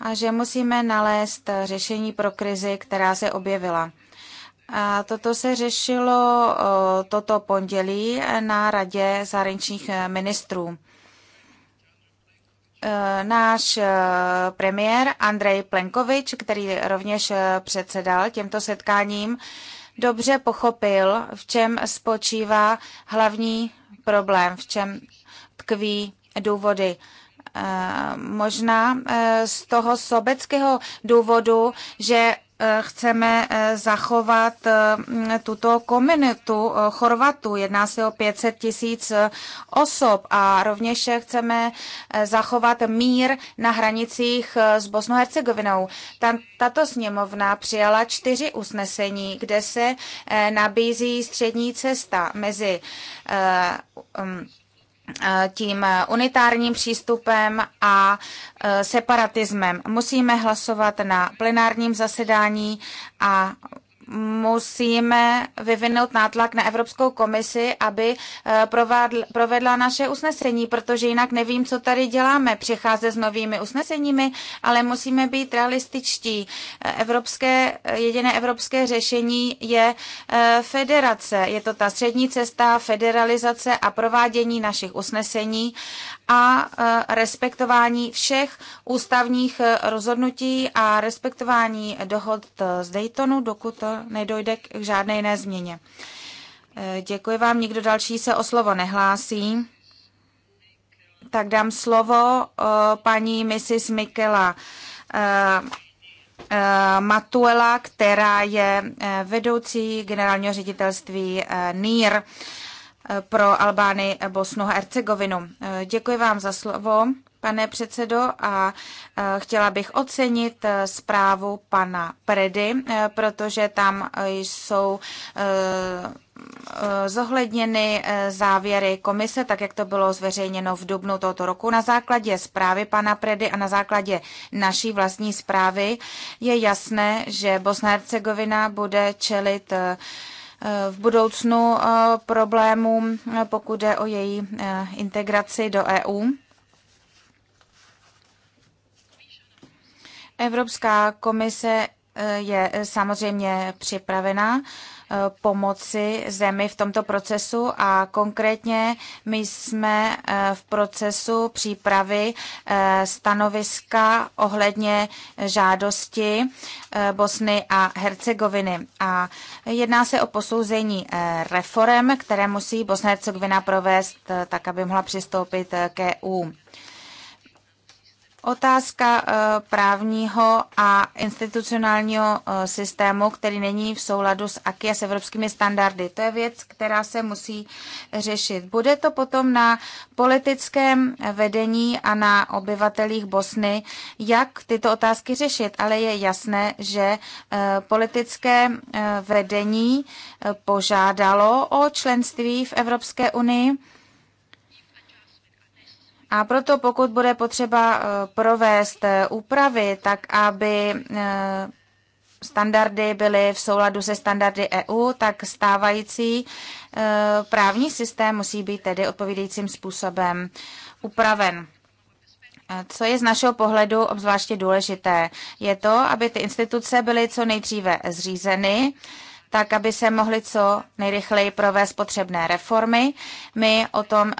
[SPEAKER 3] a že musíme nalézt řešení pro krizi, která se objevila. A toto se řešilo toto pondělí na Radě zahraničních ministrů. Eh, náš eh, premiér Andrej Plenkovič, který rovněž eh, předsedal těmto setkáním, dobře pochopil, v čem spočívá hlavní problém, v čem tkví důvody možná z toho sobeckého důvodu, že Eh, chceme eh, zachovat eh, tuto komunitu Chorvatů. Jedná se o 500 tisíc osob a rovněž chceme zachovat mír na hranicích s Bosnou-Hercegovinou. Tato sněmovna přijala čtyři usnesení, kde se nabízí střední cesta mezi Eh, tím unitárním přístupem a eh, separatismem. Musíme hlasovat na plenárním zasedání a musíme vyvinout nátlak na Evropskou komisi, aby eh, provádl, provedla naše usnesení, protože jinak nevím, co tady děláme. Přicházet s novými usneseními, ale musíme být realističtí. Eh, evropské, eh, jediné evropské řešení je federace. Je to ta střední cesta, federalizace a provádění našich usnesení a respektování všech ústavních rozhodnutí a respektování dohod z Daytonu, dokud to nedojde k žádné jiné změně. Eh, děkuji vám, nikdo další se o slovo nehlásí. Tak dám slovo eh, paní Mrs. Mikela eh, Matuela, která je vedoucí generálního ředitelství NIR pro Albány, Bosnu a Hercegovinu. Děkuji vám za slovo pane předsedo, a e, chtěla bych ocenit e, zprávu pana Predy, e, protože tam jsou zohledněny závěry komise, tak jak to bylo zveřejněno v dubnu tohoto roku. Na základě zprávy pana Predy a na základě naší vlastní zprávy je jasné, že Bosna Hercegovina bude čelit v budoucnu problémům, pokud jde o její integraci do EU. Evropská komise eh, je eh, samozřejmě připravena eh, pomoci zemi v tomto procesu a konkrétně my jsme v procesu přípravy stanoviska ohledně žádosti Bosny a Hercegoviny. A jedná se o posouzení reform, které musí Bosna a Hercegovina provést tak, aby mohla přistoupit k EU. Otázka eh, právního a institucionálního eh, systému, který není v souladu s AKI a s evropskými standardy, to je věc, která se musí řešit. Bude to potom na politickém vedení a na obyvatelích Bosny, jak tyto otázky řešit, ale je jasné, že eh, politické vedení požádalo o členství v Evropské unii a proto pokud bude potřeba eh, provést eh, úpravy, tak aby eh, standardy byly v souladu se standardy EU, tak stávající právní systém musí být tedy odpovídajícím způsobem upraven. Co je z našeho pohledu obzvláště důležité, je to, aby ty instituce byly co nejdříve zřízeny, tak aby se mohly co nejrychleji provést potřebné reformy. My o tom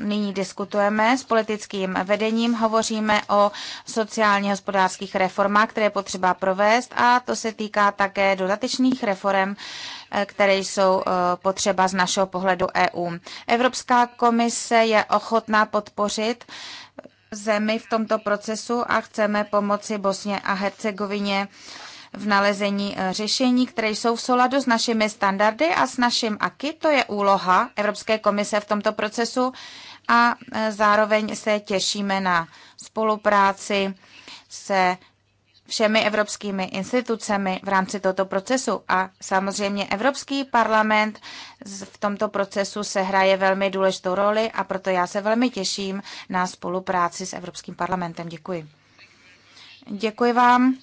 [SPEAKER 3] nyní diskutujeme s politickým vedením, hovoříme o sociálně hospodářských reformách, které je potřeba provést a to se týká také dodatečných reform, eh, které jsou eh, potřeba z našeho pohledu EU. Evropská komise je ochotná podpořit zemi v tomto procesu a chceme pomoci Bosně a Hercegovině v nalezení e, řešení, které jsou v souladu s našimi standardy a s naším AKI. To je úloha Evropské komise v tomto procesu a e, zároveň se těšíme na spolupráci se všemi evropskými institucemi v rámci tohoto procesu. A samozřejmě Evropský parlament v tomto procesu se hraje velmi důležitou roli a proto já se velmi těším na spolupráci s Evropským parlamentem. Děkuji. Děkuji vám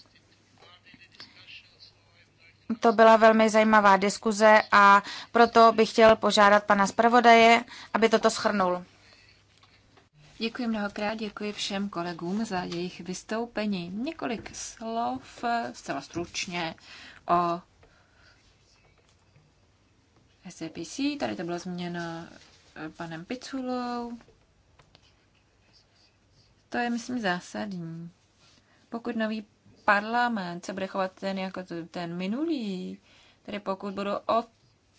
[SPEAKER 3] to byla velmi zajímavá diskuze a proto bych chtěl požádat pana zpravodaje, aby toto schrnul. Děkuji mnohokrát, děkuji
[SPEAKER 2] všem kolegům za jejich vystoupení. Několik slov, zcela stručně, o SCPC. Tady to bylo změněno panem Piculou. To je, myslím, zásadní. Pokud nový parlament se bude chovat ten jako ten minulý, tedy pokud budou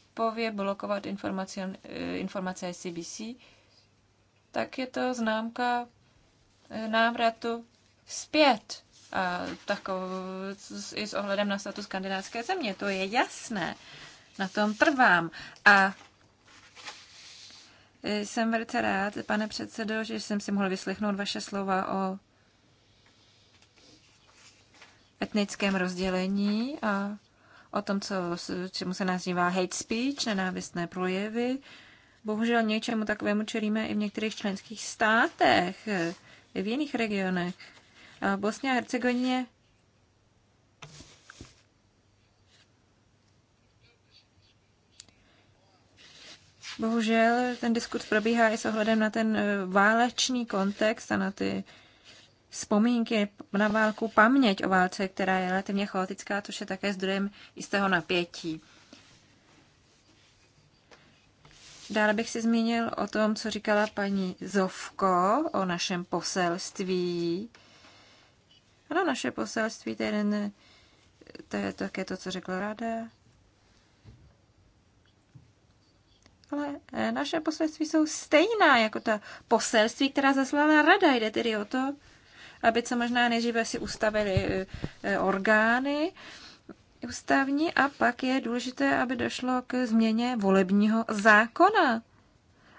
[SPEAKER 2] opově blokovat eh, informace, informace CBC, tak je to známka eh, návratu zpět. A takov, i s ohledem na status skandinávské země, to je jasné. Na tom trvám. A eh, jsem velice rád, pane předsedo, že jsem si mohl vyslechnout vaše slova o etnickém rozdělení a o tom, co, čemu se nazývá hate speech, nenávistné projevy. Bohužel něčemu takovému čelíme i v některých členských státech, i v jiných regionech. A v Bosně a Hercegovině Bohužel ten diskus probíhá i s ohledem na ten e, válečný kontext a na ty vzpomínky na válku, paměť o válce, která je relativně chaotická, což je také zdrojem jistého napětí. Dále bych si zmínil o tom, co říkala paní Zovko o našem poselství. Ano, naše poselství, to je, jeden, to je také to, co řekla Rada. Ale e, naše poselství jsou stejná jako ta poselství, která zaslala Rada. Jde tedy o to, aby co možná nejdříve si ustavili eh, eh, orgány ústavní a pak je důležité, aby došlo k změně volebního zákona.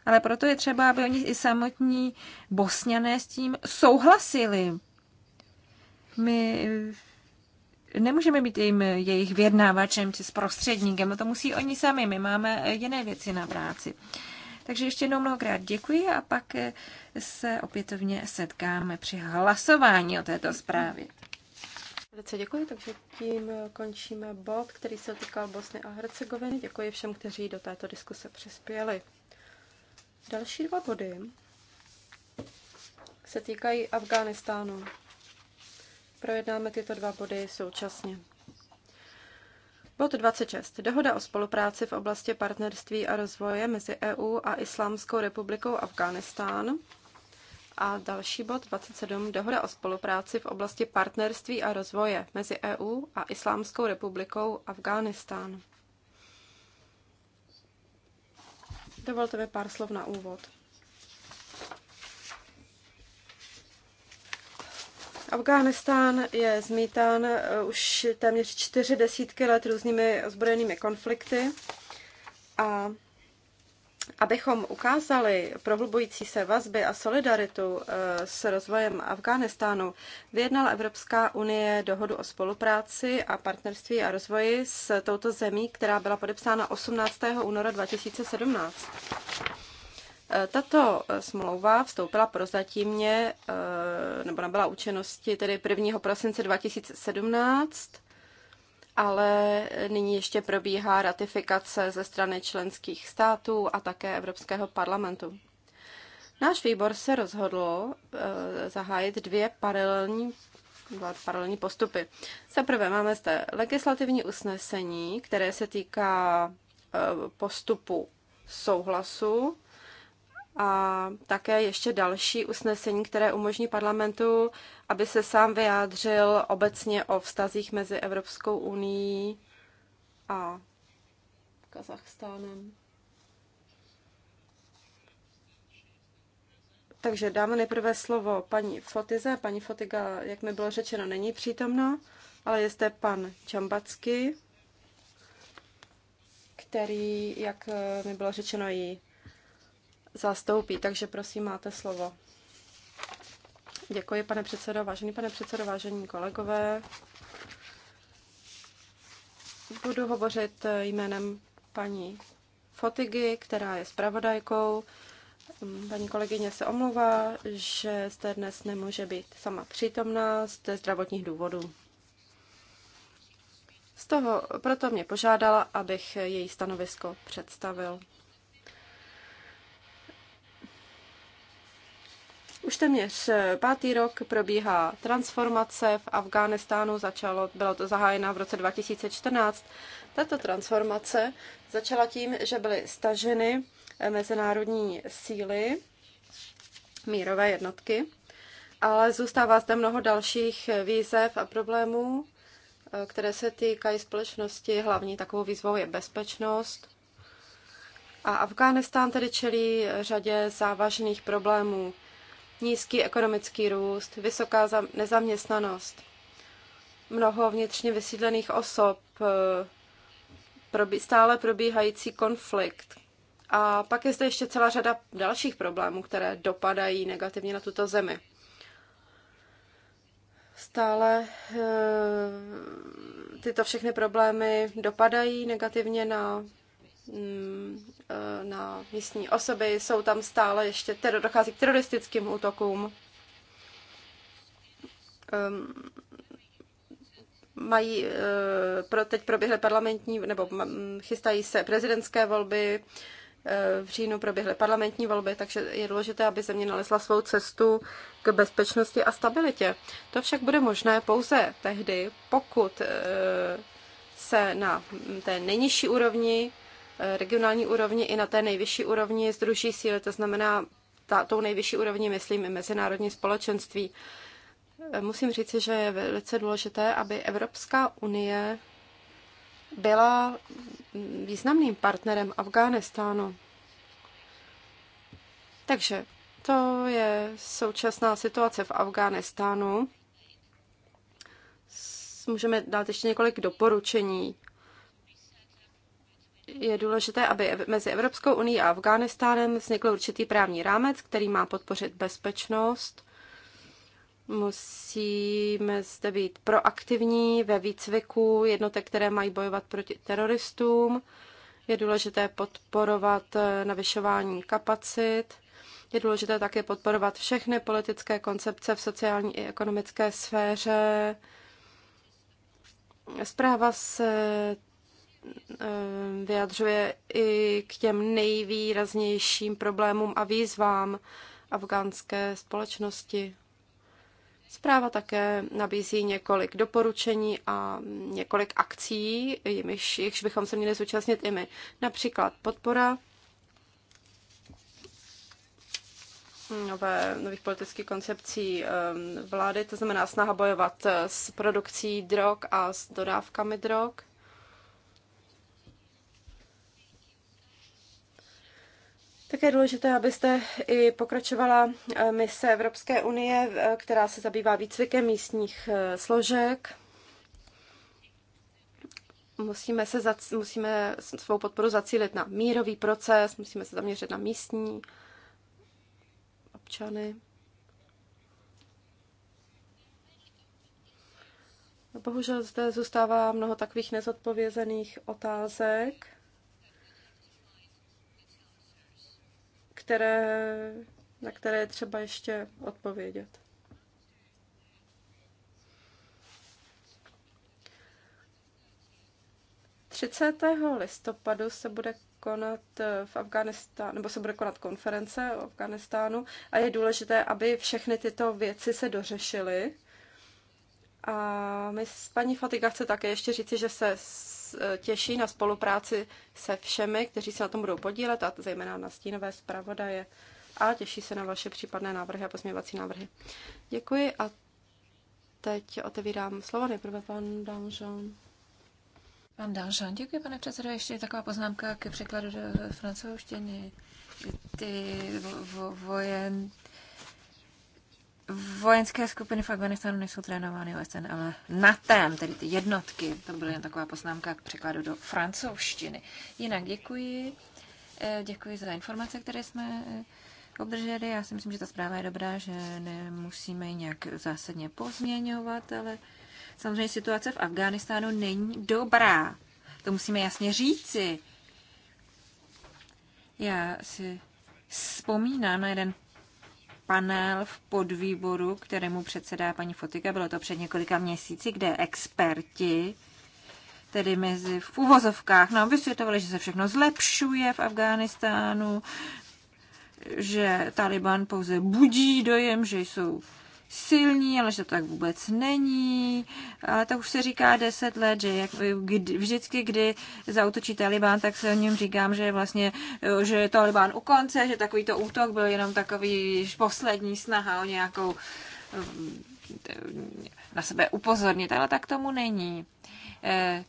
[SPEAKER 2] Ale proto je třeba, aby oni i samotní bosňané s tím souhlasili. My eh, nemůžeme být jim jejich vědnávačem či prostředníkem, to musí oni sami, my máme jiné věci na práci. Takže ještě jednou mnohokrát děkuji a pak eh, se opětovně setkáme při hlasování o této zprávě.
[SPEAKER 1] Velice děkuji, takže tím eh, končíme bod, který se týkal Bosny a Hercegoviny. Děkuji všem, kteří do této diskuse přispěli. Další dva body se týkají Afghánistánu. Projednáme tyto dva body současně. Bod 26. Dohoda o spolupráci v oblasti partnerství a rozvoje mezi EU a Islámskou republikou Afghánistán. A další bod 27. Dohoda o spolupráci v oblasti partnerství a rozvoje mezi EU a Islámskou republikou Afghánistán. Dovolte mi pár slov na úvod. Afghánistán je zmítán eh, už téměř čtyři desítky let různými ozbrojenými konflikty a abychom ukázali prohlubující se vazby a solidaritu eh, s rozvojem Afghánistánu, vyjednala Evropská unie dohodu o spolupráci a partnerství a rozvoji s touto zemí, která byla podepsána 18. února 2017. Tato eh, smlouva vstoupila prozatímně, eh, nebo nabyla účinnosti tedy 1. prosince 2017, ale nyní ještě probíhá ratifikace ze strany členských států a také Evropského parlamentu. Náš výbor se rozhodl eh, zahájit dvě paralelní dva paralelní postupy. Za prvé máme zde legislativní usnesení, které se týká postupu souhlasu a také ještě další usnesení, které umožní parlamentu, aby se sám vyjádřil obecně o vztazích mezi Evropskou unii a Kazachstánem. Takže dáme nejprve slovo paní Fotize. Paní Fotiga, jak mi bylo řečeno, není přítomna, ale je zde pan Čambacky, který, jak mi bylo řečeno, ji zastoupí. Takže prosím, máte slovo. Děkuji, pane předsedo, vážený pane předsedo, vážení kolegové. Budu hovořit jménem paní Fotigy, která je zpravodajkou. Paní kolegyně se omlouvá, že zde dnes nemůže být sama přítomná z zdravotních důvodů. Z toho proto mě požádala, abych její stanovisko představil. Už téměř eh, pátý rok probíhá transformace v Afghánistánu, začalo, bylo to zahájena v roce 2014. Tato transformace začala tím, že byly staženy eh, mezinárodní síly, mírové jednotky, ale zůstává zde mnoho dalších eh, výzev a problémů, které se týkají společnosti. Hlavní takovou výzvou je bezpečnost. A Afghánistán tedy čelí řadě závažných problémů nízký ekonomický růst, vysoká nezaměstnanost, mnoho vnitřně vysídlených osob, eh, stále probíhající konflikt. A pak je zde ještě celá řada dalších problémů, které dopadají negativně na tuto zemi. Stále eh, tyto všechny problémy dopadají negativně na mm, Eh, na místní osoby, jsou tam stále ještě, teror, dochází k teroristickým útokům. Um, mají, eh, pro teď proběhly parlamentní, nebo chystají se prezidentské volby, eh, v říjnu proběhly parlamentní volby, takže je důležité, aby země nalezla svou cestu k bezpečnosti a stabilitě. To však bude možné pouze tehdy, pokud se na té nejnižší úrovni Eh, regionální úrovni i na té nejvyšší úrovni združí síly, to znamená ta, tou nejvyšší úrovni, myslím, i mezinárodní společenství. Eh, musím říci, že je velice důležité, aby Evropská unie byla významným partnerem Afghánistánu. Takže to je současná situace v Afghánistánu. Můžeme dát ještě několik doporučení je důležité, aby mezi Evropskou unii a Afghánistánem vznikl určitý právní rámec, který má podpořit bezpečnost. Musíme zde být proaktivní ve výcviku jednotek, které mají bojovat proti teroristům. Je důležité podporovat eh, navyšování kapacit. Je důležité také podporovat všechny politické koncepce v sociální i ekonomické sféře. Zpráva se Eh, vyjadřuje i k těm nejvýraznějším problémům a výzvám afgánské společnosti. Zpráva také nabízí několik doporučení a několik akcí, jimž, jichž bychom se měli zúčastnit i my. Například podpora nové, nových politických koncepcí ehm, vlády, to znamená snaha bojovat s produkcí drog a s dodávkami drog. Také je důležité, abyste i pokračovala eh, mise Evropské unie, eh, která se zabývá výcvikem místních eh, složek. Musíme, se za, musíme svou podporu zacílit na mírový proces, musíme se zaměřit na místní občany. No, bohužel zde zůstává mnoho takových nezodpovězených otázek. které, na které je třeba ještě odpovědět. Třicátého listopadu se bude konat v Afganistánu, nebo se bude konat konference o Afganistánu a je důležité, aby všechny tyto věci se dořešily. A my s paní Fatiga chce také ještě říci, že se těší na spolupráci se všemi, kteří se na tom budou podílet, a zejména na stínové zpravodaje. A těší se na vaše případné návrhy a pozměňovací návrhy. Děkuji a teď otevírám
[SPEAKER 2] slovo nejprve pan Danžan. Pan Danžan, děkuji, pane předsedo. Ještě je taková poznámka k překladu do francouzštiny. Ty vo, vo, vojen Vojenské skupiny v Afganistánu nejsou trénovány OSN, ale na tém, tedy ty jednotky, to byla jen taková poznámka k překladu do francouzštiny. Jinak děkuji, eh, děkuji za informace, které jsme eh, obdrželi. Já si myslím, že ta zpráva je dobrá, že nemusíme ji nějak zásadně pozměňovat, ale samozřejmě situace v Afghánistánu není dobrá. To musíme jasně říci. Já si vzpomínám na jeden panel v podvýboru, kterému předsedá paní Fotika, bylo to před několika měsíci, kde experti, tedy mezi v uvozovkách, nám no, vysvětlovali, že se všechno zlepšuje v Afghánistánu, že Taliban pouze budí dojem, že jsou silní, ale že to tak vůbec není. Ale to už se říká deset let, že jak, kdy, vždycky, kdy zautočí Taliban, tak se o něm říkám, že vlastně, že je Taliban u konce, že takovýto útok byl jenom takový poslední snaha o nějakou na sebe upozornit, ale tak tomu není. E,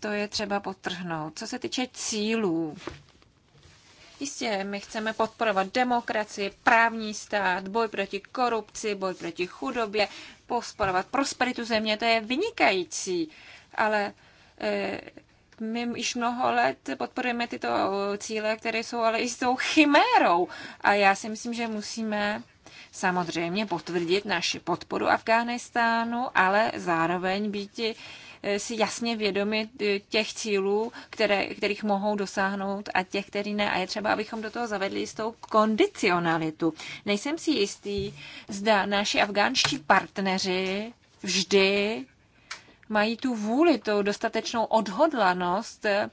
[SPEAKER 2] to je třeba potrhnout. Co se týče cílů, Jistě, my chceme podporovat demokracii, právní stát, boj proti korupci, boj proti chudobě, podporovat prosperitu země, to je vynikající, ale e, my již mnoho let podporujeme tyto cíle, které jsou ale jistou chimérou. A já si myslím, že musíme samozřejmě potvrdit naši podporu Afghánistánu, ale zároveň být Eh, si jasně vědomi eh, těch cílů, které, kterých mohou dosáhnout a těch, který ne. A je třeba, abychom do toho zavedli jistou kondicionalitu. Nejsem si jistý, zda naši afgánští partneři vždy mají tu vůli, tu dostatečnou odhodlanost eh,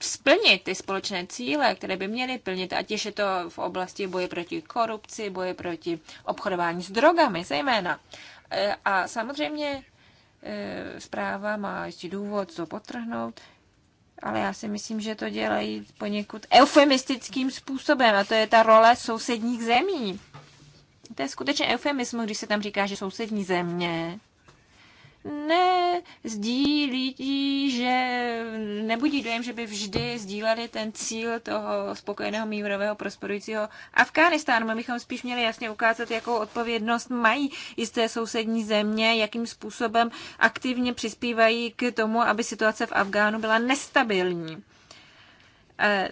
[SPEAKER 2] splnit ty společné cíle, které by měly plnit, ať je to v oblasti boje proti korupci, boje proti obchodování s drogami zejména. A samozřejmě Eh, zpráva má ještě důvod to potrhnout, ale já si myslím, že to dělají poněkud eufemistickým způsobem a to je ta role sousedních zemí. To je skutečně eufemismus, když se tam říká, že sousední země nezdílí, že nebudí dojem, že by vždy sdíleli ten cíl toho spokojeného mírového prosperujícího Afghánistánu. My bychom spíš měli jasně ukázat, jakou odpovědnost mají jisté sousední země, jakým způsobem aktivně přispívají k tomu, aby situace v Afgánu byla nestabilní.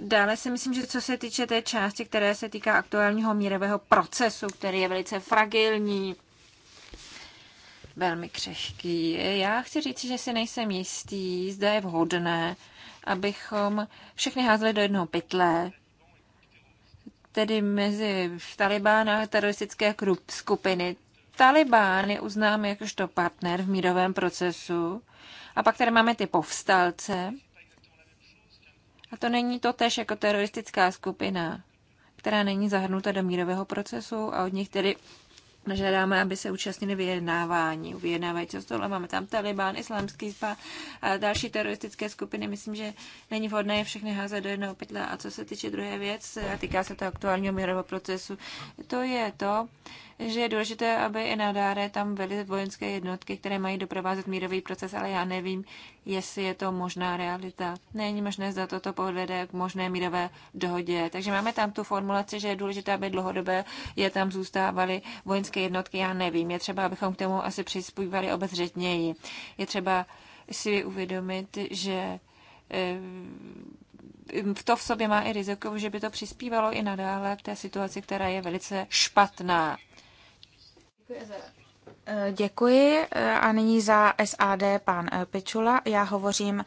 [SPEAKER 2] Dále si myslím, že co se týče té části, které se týká aktuálního mírového procesu, který je velice fragilní, velmi křehký. Já chci říct, že si nejsem jistý, zda je vhodné, abychom všechny házeli do jednoho pytle, tedy mezi Talibán a teroristické skupiny. Talibán je uznám jakožto partner v mírovém procesu. A pak tady máme ty povstalce. A to není to tež jako teroristická skupina, která není zahrnuta do mírového procesu a od nich tedy žádáme, aby se účastnili vyjednávání. Vyjednávají co tohle máme tam Taliban, islámský spa a další teroristické skupiny. Myslím, že není vhodné je všechny házet do jednoho pytle. A co se týče druhé věc, a týká se to aktuálního mírového procesu, to je to, že je důležité, aby i nadále tam byly vojenské jednotky, které mají doprovázet mírový proces, ale já nevím, jestli je to možná realita. Není možné, za toto povede k možné mírové dohodě. Takže máme tam tu formulaci, že je důležité, aby dlouhodobé je tam zůstávaly vojenské jednotky, já nevím. Je třeba, abychom k tomu asi přispívali obezřetněji. Je třeba si uvědomit, že eh, v to v sobě má i riziko, že by to přispívalo i nadále k té situaci, která
[SPEAKER 3] je velice špatná. Děkuji eh, a nyní za SAD pan eh, Pičula. Já hovořím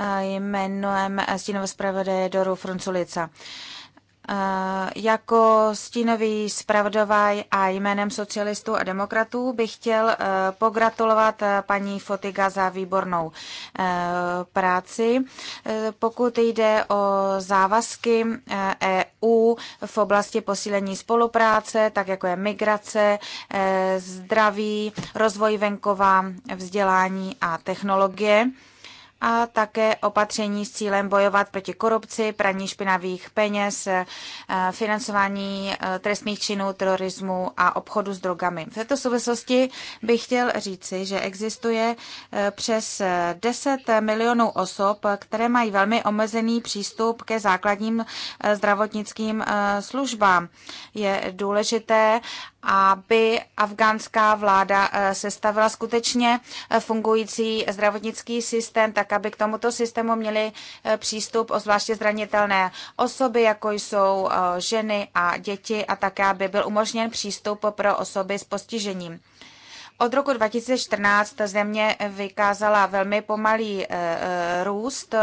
[SPEAKER 3] eh, jménem stínového zpravodaje Doru Frunculica. Jako stínový zpravodavaj a jménem socialistů a demokratů bych chtěl eh, pogratulovat eh, paní Fotiga za výbornou eh, práci. Pokud jde o závazky EU e v oblasti posílení spolupráce, tak jako je migrace, zdraví, rozvoj venkova, vzdělání a technologie, a také opatření s cílem bojovat proti korupci, praní špinavých peněz, eh, financování eh, trestných činů, terorismu a obchodu s drogami. V této souvislosti bych chtěl říci, že existuje eh, přes 10 milionů osob, které mají velmi omezený přístup ke základním zdravotnickým službám. Je důležité, aby afgánská vláda eh, sestavila skutečně eh, fungující zdravotnický systém, tak aby k tomuto systému měli eh, přístup o zvláště zranitelné osoby, jako jsou ženy a děti, a také, aby byl umožněn přístup pro osoby s postižením. Od roku 2014 země vykázala velmi pomalý růst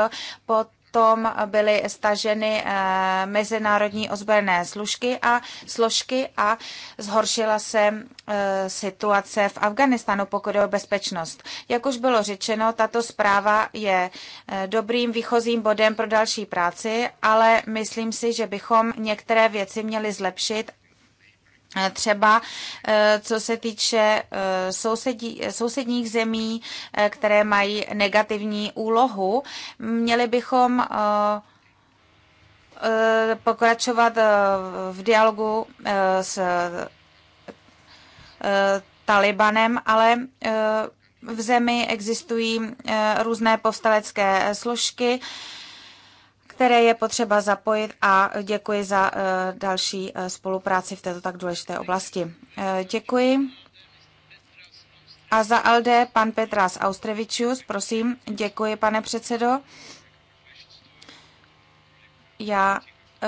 [SPEAKER 3] pod potom byly staženy eh, mezinárodní ozbrojené služky a složky a zhoršila se eh, situace v Afganistánu, pokud je o bezpečnost. Jak už bylo řečeno, tato zpráva je eh, dobrým výchozím bodem pro další práci, ale myslím si, že bychom některé věci měli zlepšit Eh, třeba eh, co se týče eh, sousedí, sousedních zemí, které mají negativní úlohu, měli bychom pokračovat v dialogu s Talibanem, ale v zemi existují různé povstalecké složky, které je potřeba zapojit a děkuji za eh, další eh, spolupráci v této tak důležité oblasti. Eh, děkuji. A za LD pan Petras Austrevičius, prosím. Děkuji, pane předsedo. Já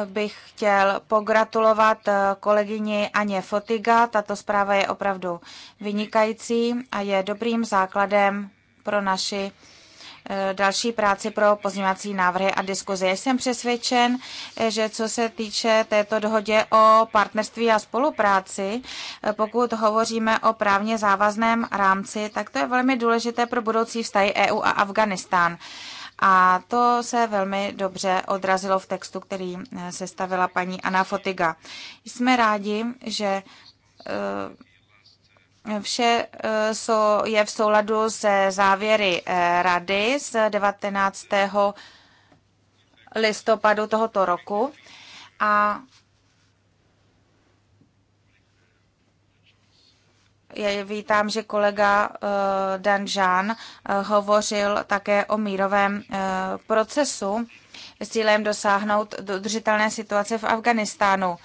[SPEAKER 3] bych chtěl pogratulovat kolegyni Aně Fotiga. Tato zpráva je opravdu vynikající a je dobrým základem pro naši Eh, další práci pro pozměňovací návrhy a diskuzi. Jsem přesvědčen, eh, že co se týče této dohodě o partnerství a spolupráci, eh, pokud hovoříme o právně závazném rámci, tak to je velmi důležité pro budoucí vztahy EU a Afganistán. A to se velmi dobře odrazilo v textu, který sestavila paní Ana Fotiga. Jsme rádi, že Vše eh, je v souladu se závěry eh, rady z 19. listopadu tohoto roku a vítám, že kolega eh, Dan Žán hovořil také o mírovém procesu s cílem dosáhnout dodržitelné situace v Afganistánu.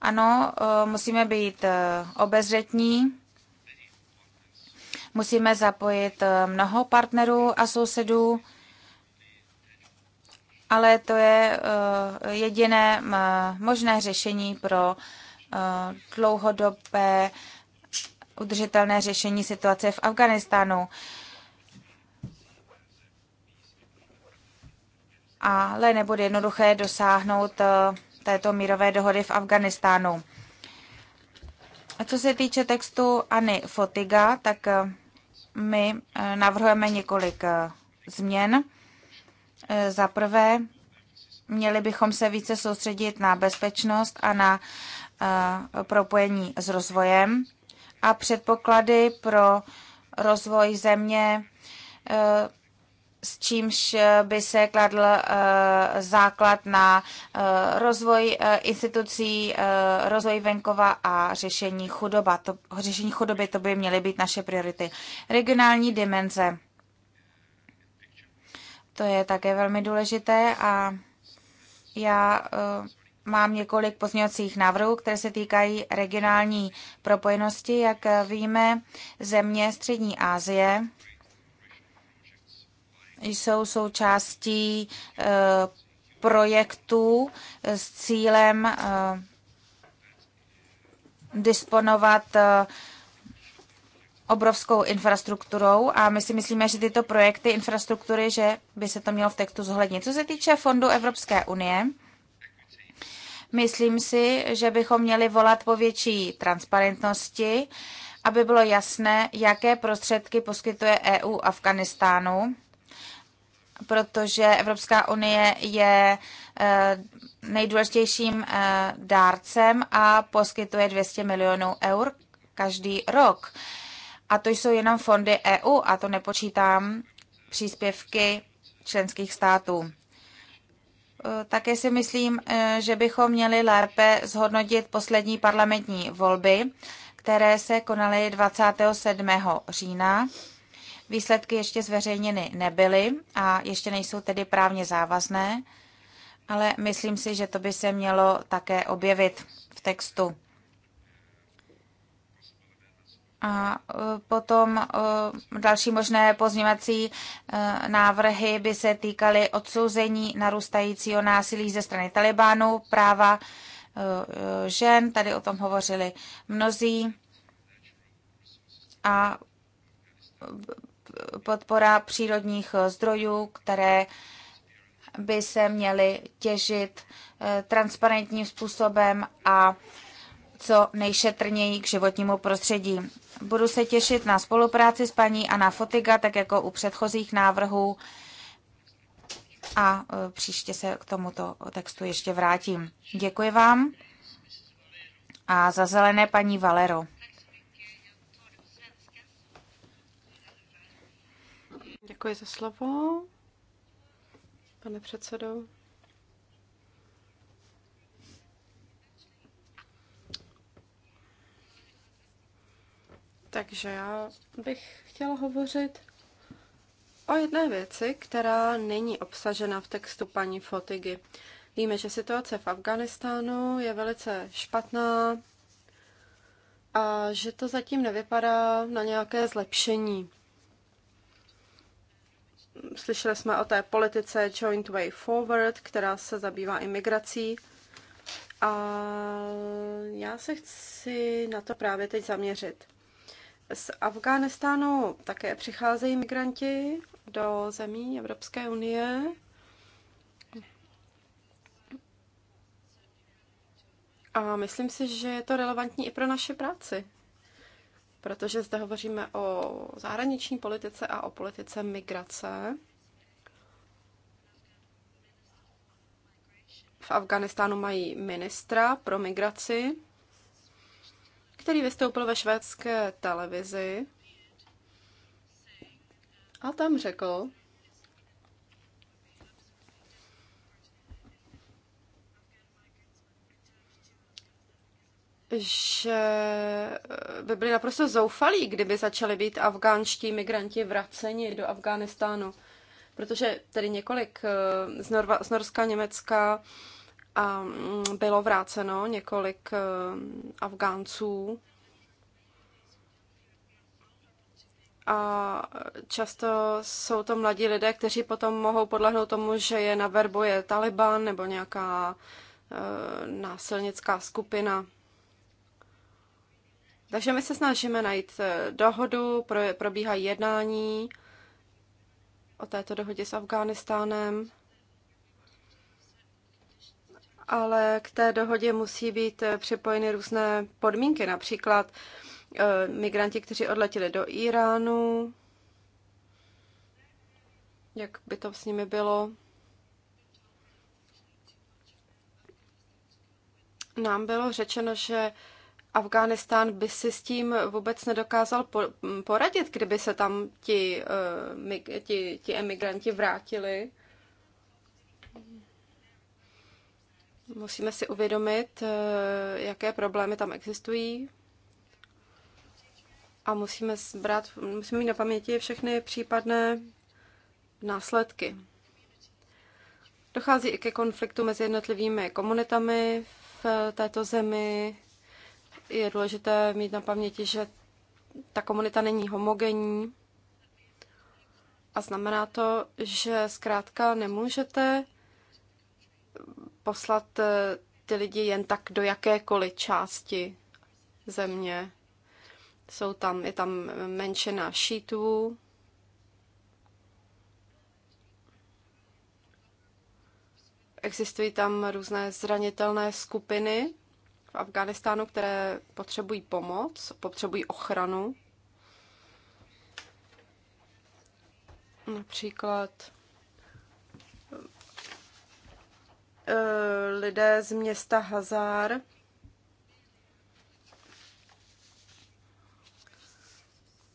[SPEAKER 3] Ano, musíme být obezřetní Musíme zapojit eh, mnoho partnerů a sousedů, ale to je eh, jediné možné řešení pro eh, dlouhodobé udržitelné řešení situace v Afganistánu. ale nebude jednoduché dosáhnout této mírové dohody v Afganistánu. A co se týče textu Anny Fotiga, tak my eh, navrhujeme několik eh, změn. Eh, za prvé, měli bychom se více soustředit na bezpečnost a na propojení s rozvojem a předpoklady pro rozvoj země s čímž eh, by se kladl eh, základ na eh, rozvoj institucí, rozvoj venkova a řešení, chudoba. To, řešení chudoby. To by měly být naše priority. Regionální dimenze. To je také velmi důležité a já mám několik pozměňovacích návrhů, které se týkají regionální propojenosti. Jak víme, země Střední Asie jsou součástí eh, projektů eh, s cílem eh, disponovat obrovskou infrastrukturou a my si myslíme, že tyto projekty infrastruktury, že by se to mělo v textu zohlednit. Co se týče fondu Evropské unie, myslím si, že bychom měli volat po větší transparentnosti, aby bylo jasné, jaké prostředky poskytuje EU Afganistánu protože Evropská unie je eh, nejdůležitějším eh, dárcem a poskytuje 200 milionů eur každý rok. A to jsou jenom fondy EU a to nepočítám příspěvky členských států. Eh, také si myslím, že bychom měli lépe zhodnotit poslední parlamentní volby, které se konaly 27. října Výsledky ještě zveřejněny nebyly a ještě nejsou tedy právně závazné, ale myslím si, že to by se mělo také objevit v textu. A e, potom e, další možné pozměňovací e, návrhy by se týkaly odsouzení narůstajícího násilí ze strany Talibánu, práva žen, tady o tom hovořili mnozí. A podpora přírodních eh, zdrojů, které by se měly těžit eh, transparentním způsobem a co nejšetrněji k životnímu prostředí. Budu se těšit na spolupráci s paní Anna Fotiga, tak jako u předchozích návrhů a eh, příště se k tomuto textu ještě vrátím. Děkuji vám a za zelené paní Valero. Děkuji za slovo,
[SPEAKER 1] pane předsedo. Takže já bych chtěla hovořit o jedné věci, která není obsažena v textu paní Fotigy. Víme, že situace v Afganistánu je velice špatná a že to zatím nevypadá na nějaké zlepšení. Slyšeli jsme o té politice Joint Way Forward, která se zabývá imigrací. A já se chci na to právě teď zaměřit. Z Afghánistánu také přicházejí migranti do zemí Evropské unie. A myslím si, že je to relevantní i pro naše práci protože zde hovoříme o zahraniční politice a o politice migrace. V Afganistánu mají ministra pro migraci, který vystoupil ve švédské televizi a tam řekl, že eh, by byli naprosto zoufalí, kdyby začali být afgánští migranti vraceni do Afghánistánu. Protože tedy několik eh, z, Norva, z Norska, Německa a mm, bylo vráceno několik eh, Afgánců. A často jsou to mladí lidé, kteří potom mohou podlehnout tomu, že je naverbuje Taliban nebo nějaká násilnická skupina. Takže my se snažíme najít eh, dohodu, pro, probíhají jednání o této dohodě s Afghánistánem, ale k té dohodě musí být eh, připojeny různé podmínky, například eh, migranti, kteří odletěli do Iránu, jak by to s nimi bylo. Nám bylo řečeno, že Afghánistán by si s tím vůbec nedokázal poradit, kdyby se tam ti, eh, ti, ti emigranti vrátili. Musíme si uvědomit, eh, jaké problémy tam existují a musíme, brát, musíme mít na paměti všechny případné následky. Dochází i ke konfliktu mezi jednotlivými komunitami v této zemi, je důležité mít na paměti, že ta komunita není homogenní a znamená to, že zkrátka nemůžete poslat eh, ty lidi jen tak do jakékoliv části země. Jsou tam, je tam menšina šítů, existují tam různé zranitelné skupiny v Afganistánu, které potřebují pomoc, potřebují ochranu. Například eh, lidé z města Hazar,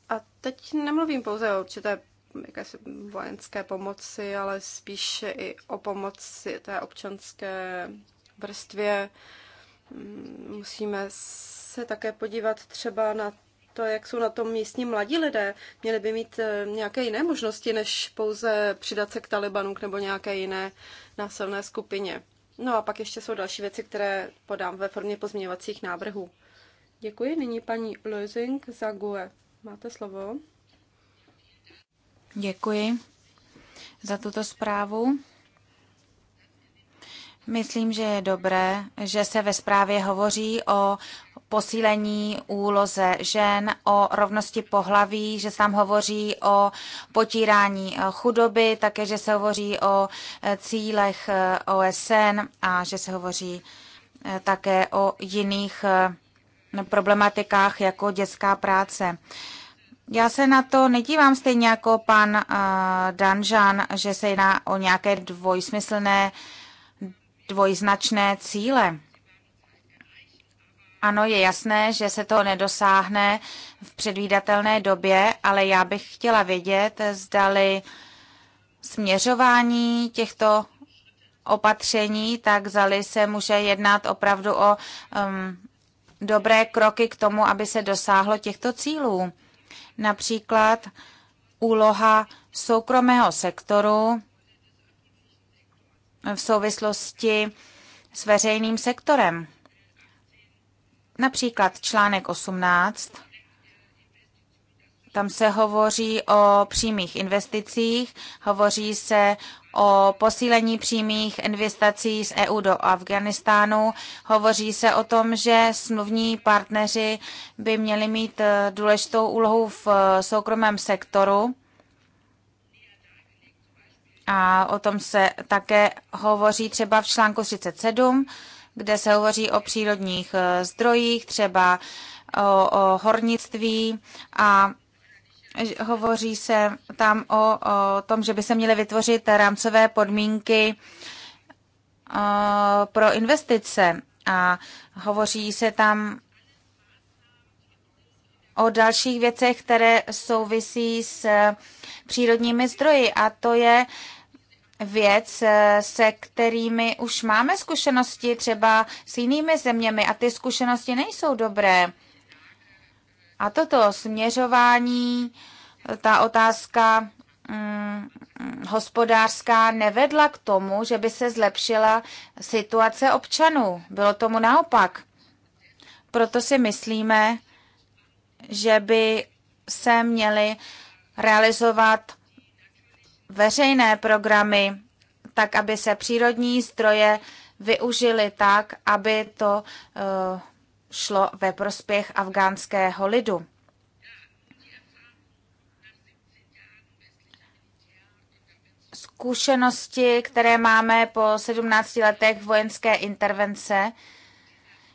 [SPEAKER 1] A teď nemluvím pouze o určité jakési vojenské pomoci, ale spíše i o pomoci té občanské vrstvě, Musíme se také podívat třeba na to, jak jsou na tom místní mladí lidé. Měli by mít eh, nějaké jiné možnosti, než pouze přidat se k Talibanu nebo nějaké jiné násilné skupině. No a pak ještě jsou další věci, které podám ve formě pozměňovacích návrhů. Děkuji. Nyní paní Lozing za GUE. Máte slovo.
[SPEAKER 3] Děkuji za tuto zprávu. Myslím, že je dobré, že se ve zprávě hovoří o posílení úloze žen, o rovnosti pohlaví, že se tam hovoří o potírání eh, chudoby, také, že se hovoří o eh, cílech eh, OSN a že se hovoří také o jiných problematikách jako dětská práce. Já se na to nedívám stejně jako pan Danžan, že se jedná o nějaké dvojsmyslné uh, dvojznačné cíle. Ano, je jasné, že se to nedosáhne v předvídatelné době, ale já bych chtěla vědět, zdali směřování těchto opatření, tak zali se může jednat opravdu o um, dobré kroky k tomu, aby se dosáhlo těchto cílů. Například úloha soukromého sektoru v souvislosti s veřejným sektorem. Například článek 18, tam se hovoří o přímých investicích, hovoří se o posílení přímých investací z EU do Afganistánu. Hovoří se o tom, že smluvní partneři by měli mít eh, důležitou úlohu v eh, soukromém sektoru a o tom se také hovoří třeba v článku 37, kde se hovoří o přírodních e, zdrojích, třeba o, o hornictví a hovoří se tam o, o tom, že by se měly vytvořit rámcové podmínky o, e, pro investice a hovoří se tam o dalších věcech, které souvisí s přírodními zdroji a to je věc, eh, se kterými už máme zkušenosti třeba s jinými zeměmi a ty zkušenosti nejsou dobré. A toto směřování, ta otázka hm, hospodářská nevedla k tomu, že by se zlepšila situace občanů. Bylo tomu naopak. Proto si myslíme, že by se měly realizovat veřejné programy, tak aby se přírodní zdroje využily tak, aby to eh, šlo ve prospěch afgánského lidu. Zkušenosti, které máme po 17 letech vojenské intervence,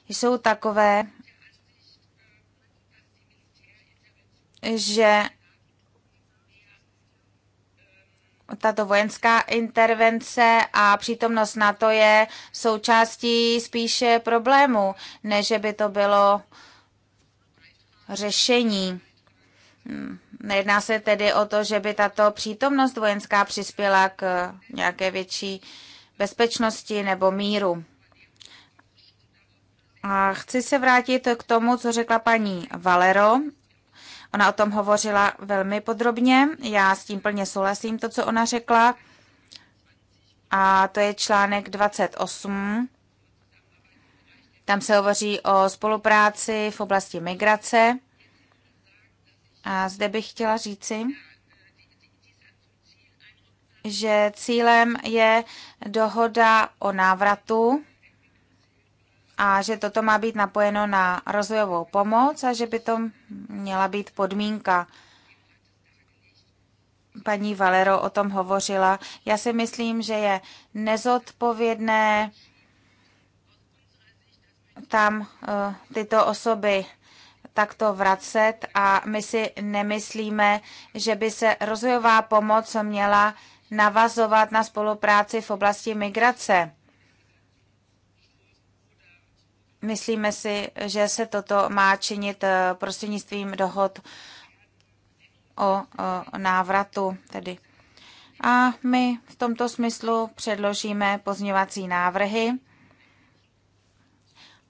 [SPEAKER 3] jsou takové, že tato vojenská intervence a přítomnost NATO je součástí spíše problému, než by to bylo řešení. Hmm. Nejedná se tedy o to, že by tato přítomnost vojenská přispěla k nějaké větší bezpečnosti nebo míru. A chci se vrátit k tomu, co řekla paní Valero Ona o tom hovořila velmi podrobně, já s tím plně souhlasím, to, co ona řekla. A to je článek 28. Tam se hovoří o spolupráci v oblasti migrace. A zde bych chtěla říci, že cílem je dohoda o návratu a že toto má být napojeno na rozvojovou pomoc a že by to měla být podmínka. Paní Valero o tom hovořila. Já si myslím, že je nezodpovědné tam eh, tyto osoby takto vracet a my si nemyslíme, že by se rozvojová pomoc měla navazovat na spolupráci v oblasti migrace Myslíme si, že se toto má činit eh, prostřednictvím dohod o eh, návratu. Tedy. A my v tomto smyslu předložíme pozměňovací návrhy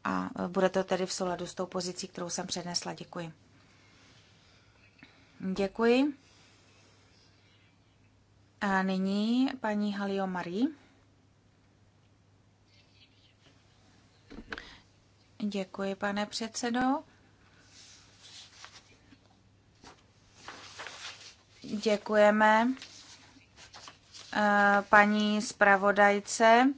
[SPEAKER 3] a eh, bude to tedy v souladu s tou pozicí, kterou jsem přednesla. Děkuji. Děkuji. A nyní paní Halio Marie. Děkuji, pane předsedo. Děkujeme eh, paní zpravodajce.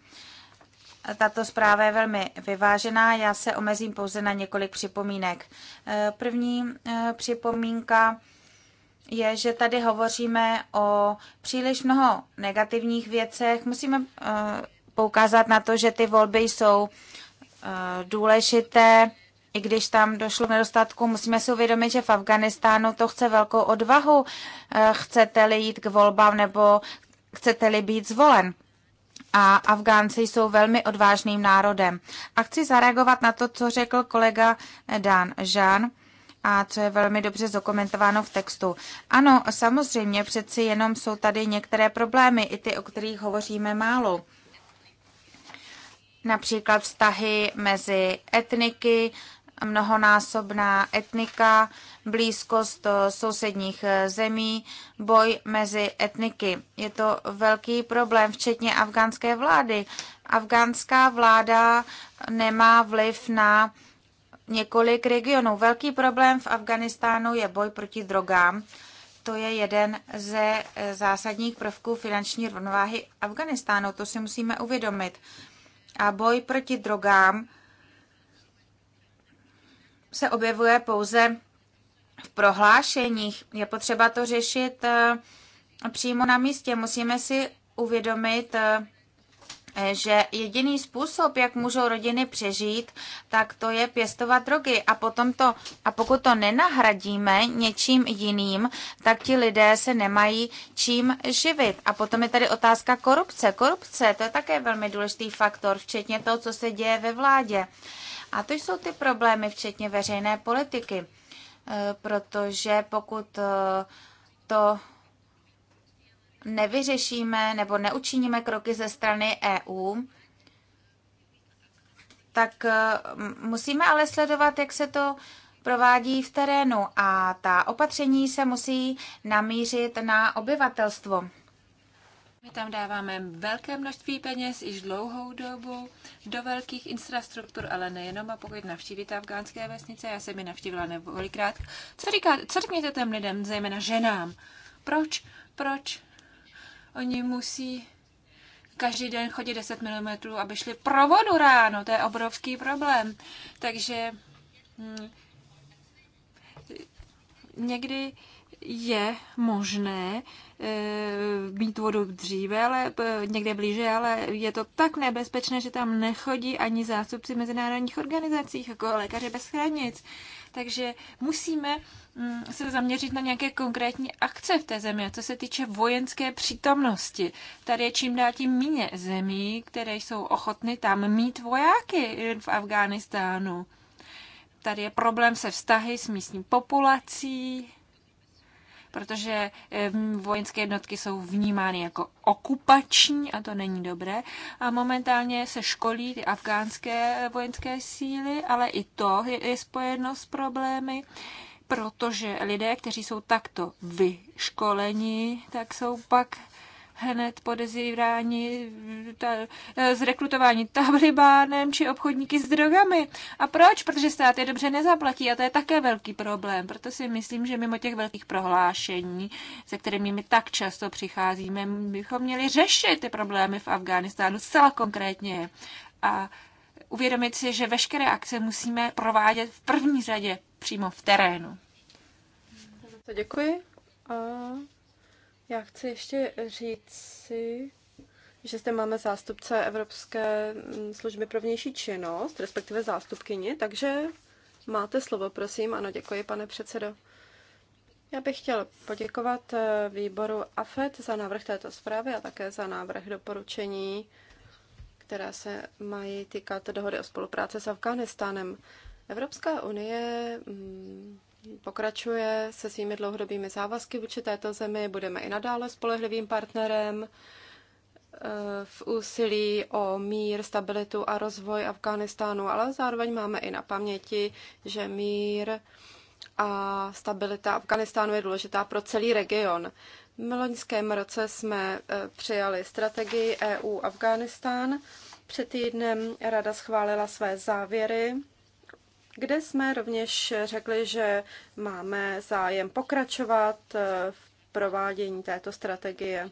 [SPEAKER 3] Tato zpráva je velmi vyvážená, já se omezím pouze na několik připomínek. Eh, první eh, připomínka je, že tady hovoříme o příliš mnoho negativních věcech. Musíme poukázat na to, že ty volby jsou Eh, důležité, i když tam došlo k nedostatku, musíme si uvědomit, že v Afganistánu to chce velkou odvahu, eh, chcete-li jít k volbám nebo chcete-li být zvolen. A Afgánci jsou velmi odvážným národem. A chci zareagovat na to, co řekl kolega Dan Jean a co je velmi dobře zokomentováno v textu. Ano, samozřejmě přeci jenom jsou tady některé problémy, i ty, o kterých hovoříme málo například vztahy mezi etniky, mnohonásobná etnika, blízkost sousedních zemí, boj mezi etniky. Je to velký problém, včetně afgánské vlády. Afgánská vláda nemá vliv na několik regionů. Velký problém v Afganistánu je boj proti drogám. To je jeden ze zásadních prvků finanční rovnováhy Afganistánu. To si musíme uvědomit a boj proti drogám se objevuje pouze v prohlášeních. Je potřeba to řešit eh, přímo na místě. Musíme si uvědomit, eh, že jediný způsob, jak můžou rodiny přežít, tak to je pěstovat drogy. A, potom to, a pokud to nenahradíme něčím jiným, tak ti lidé se nemají čím živit. A potom je tady otázka korupce. Korupce, to je také velmi důležitý faktor, včetně toho, co se děje ve vládě. A to jsou ty problémy, včetně veřejné politiky. E, protože pokud e, to nevyřešíme nebo neučiníme kroky ze strany EU, tak eh, musíme ale sledovat, jak se to provádí v terénu a ta opatření se musí namířit na obyvatelstvo.
[SPEAKER 2] My tam dáváme velké množství peněz již dlouhou dobu do velkých infrastruktur, ale nejenom. A pokud navštívíte afgánské vesnice, já jsem je navštívila několikrát. Co, říká, co řekněte těm lidem, zejména ženám? Proč, proč Oni musí každý den chodit 10 mm, aby šli provodu ráno. To je obrovský problém. Takže hm, někdy je možné eh, mít vodu dříve, ale eh, někde blíže, ale je to tak nebezpečné, že tam nechodí ani zástupci mezinárodních organizací, jako lékaři bez hranic. Takže musíme mm, se zaměřit na nějaké konkrétní akce v té zemi. A co se týče vojenské přítomnosti, tady je čím dál tím méně zemí, které jsou ochotny tam mít vojáky v Afghánistánu. Tady je problém se vztahy s místní populací, protože vojenské jednotky jsou vnímány jako okupační a to není dobré. A momentálně se školí ty afgánské eh, vojenské síly, ale i to je spojeno s problémy protože lidé, kteří jsou takto vyškoleni, tak jsou pak hned podezírání ta, eh, z rekrutování talibánem či obchodníky s drogami. A proč? Protože stát je dobře nezaplatí a to je také velký problém. Proto si myslím, že mimo těch velkých prohlášení, se kterými my tak často přicházíme, bychom měli řešit ty problémy v Afghánistánu zcela konkrétně. A uvědomit si, že veškeré akce musíme provádět v první řadě přímo v terénu.
[SPEAKER 1] Děkuji. Uh... Já chci ještě říct si, že zde máme zástupce Evropské mm, služby pro vnější činnost, respektive zástupkyni, takže máte slovo, prosím. Ano, děkuji, pane předsedo. Já bych chtěl poděkovat eh, výboru AFET za návrh této zprávy a také za návrh doporučení, které se mají týkat dohody o spolupráci s Afghánistánem. Evropská unie mm, pokračuje se svými dlouhodobými závazky vůči této zemi, budeme i nadále spolehlivým partnerem eh, v úsilí o mír, stabilitu a rozvoj Afghánistánu, ale zároveň máme i na paměti, že mír a stabilita Afganistánu je důležitá pro celý region. V loňském roce jsme eh, přijali strategii EU Afghánistán. Před týdnem rada schválila své závěry kde jsme rovněž řekli, že máme zájem pokračovat v provádění této strategie.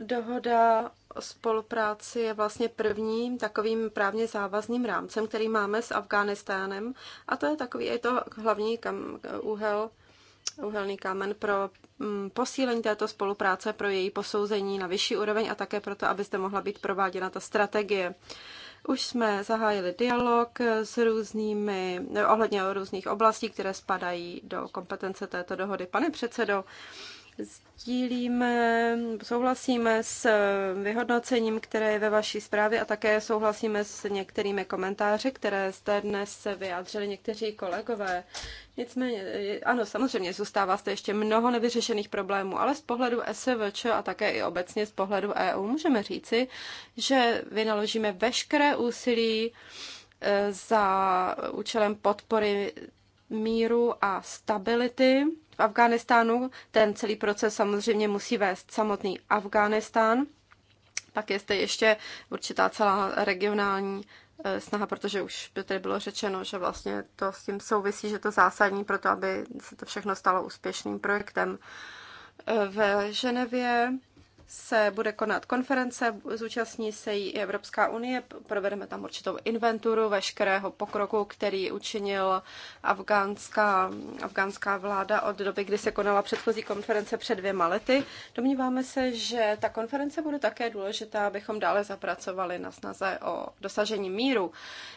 [SPEAKER 1] Dohoda o spolupráci je vlastně prvním takovým právně závazným rámcem, který máme s Afghánistánem a to je takový, je to hlavní kam, úhel, úhelný kámen pro mm, posílení této spolupráce, pro její posouzení na vyšší úroveň a také proto, aby zde mohla být prováděna ta strategie. Uh, už jsme zahájili dialog s různými, ohledně různých oblastí, které spadají do kompetence této dohody. Pane předsedo, sdílíme, souhlasíme s vyhodnocením, které je ve vaší zprávě a také souhlasíme s některými komentáři, které jste dnes vyjádřili někteří kolegové. Nicméně, ano, samozřejmě zůstává zde ještě mnoho nevyřešených problémů, ale z pohledu SVČ a také i obecně z pohledu EU můžeme říci, že vynaložíme veškeré úsilí e, za účelem podpory míru a stability Afghánistánu. Ten celý proces samozřejmě musí vést samotný Afghánistán. Pak je zde ještě určitá celá regionální eh, snaha, protože už by tady bylo řečeno, že vlastně to s tím souvisí, že to zásadní pro to, aby se to všechno stalo úspěšným projektem. Eh, v Ženevě se bude konat konference, zúčastní se jí i Evropská unie, provedeme tam určitou inventuru veškerého pokroku, který učinil afgánská, afgánská vláda od doby, kdy se konala předchozí konference před dvěma lety. Domníváme se, že ta konference bude také důležitá, abychom dále zapracovali na snaze o dosažení míru.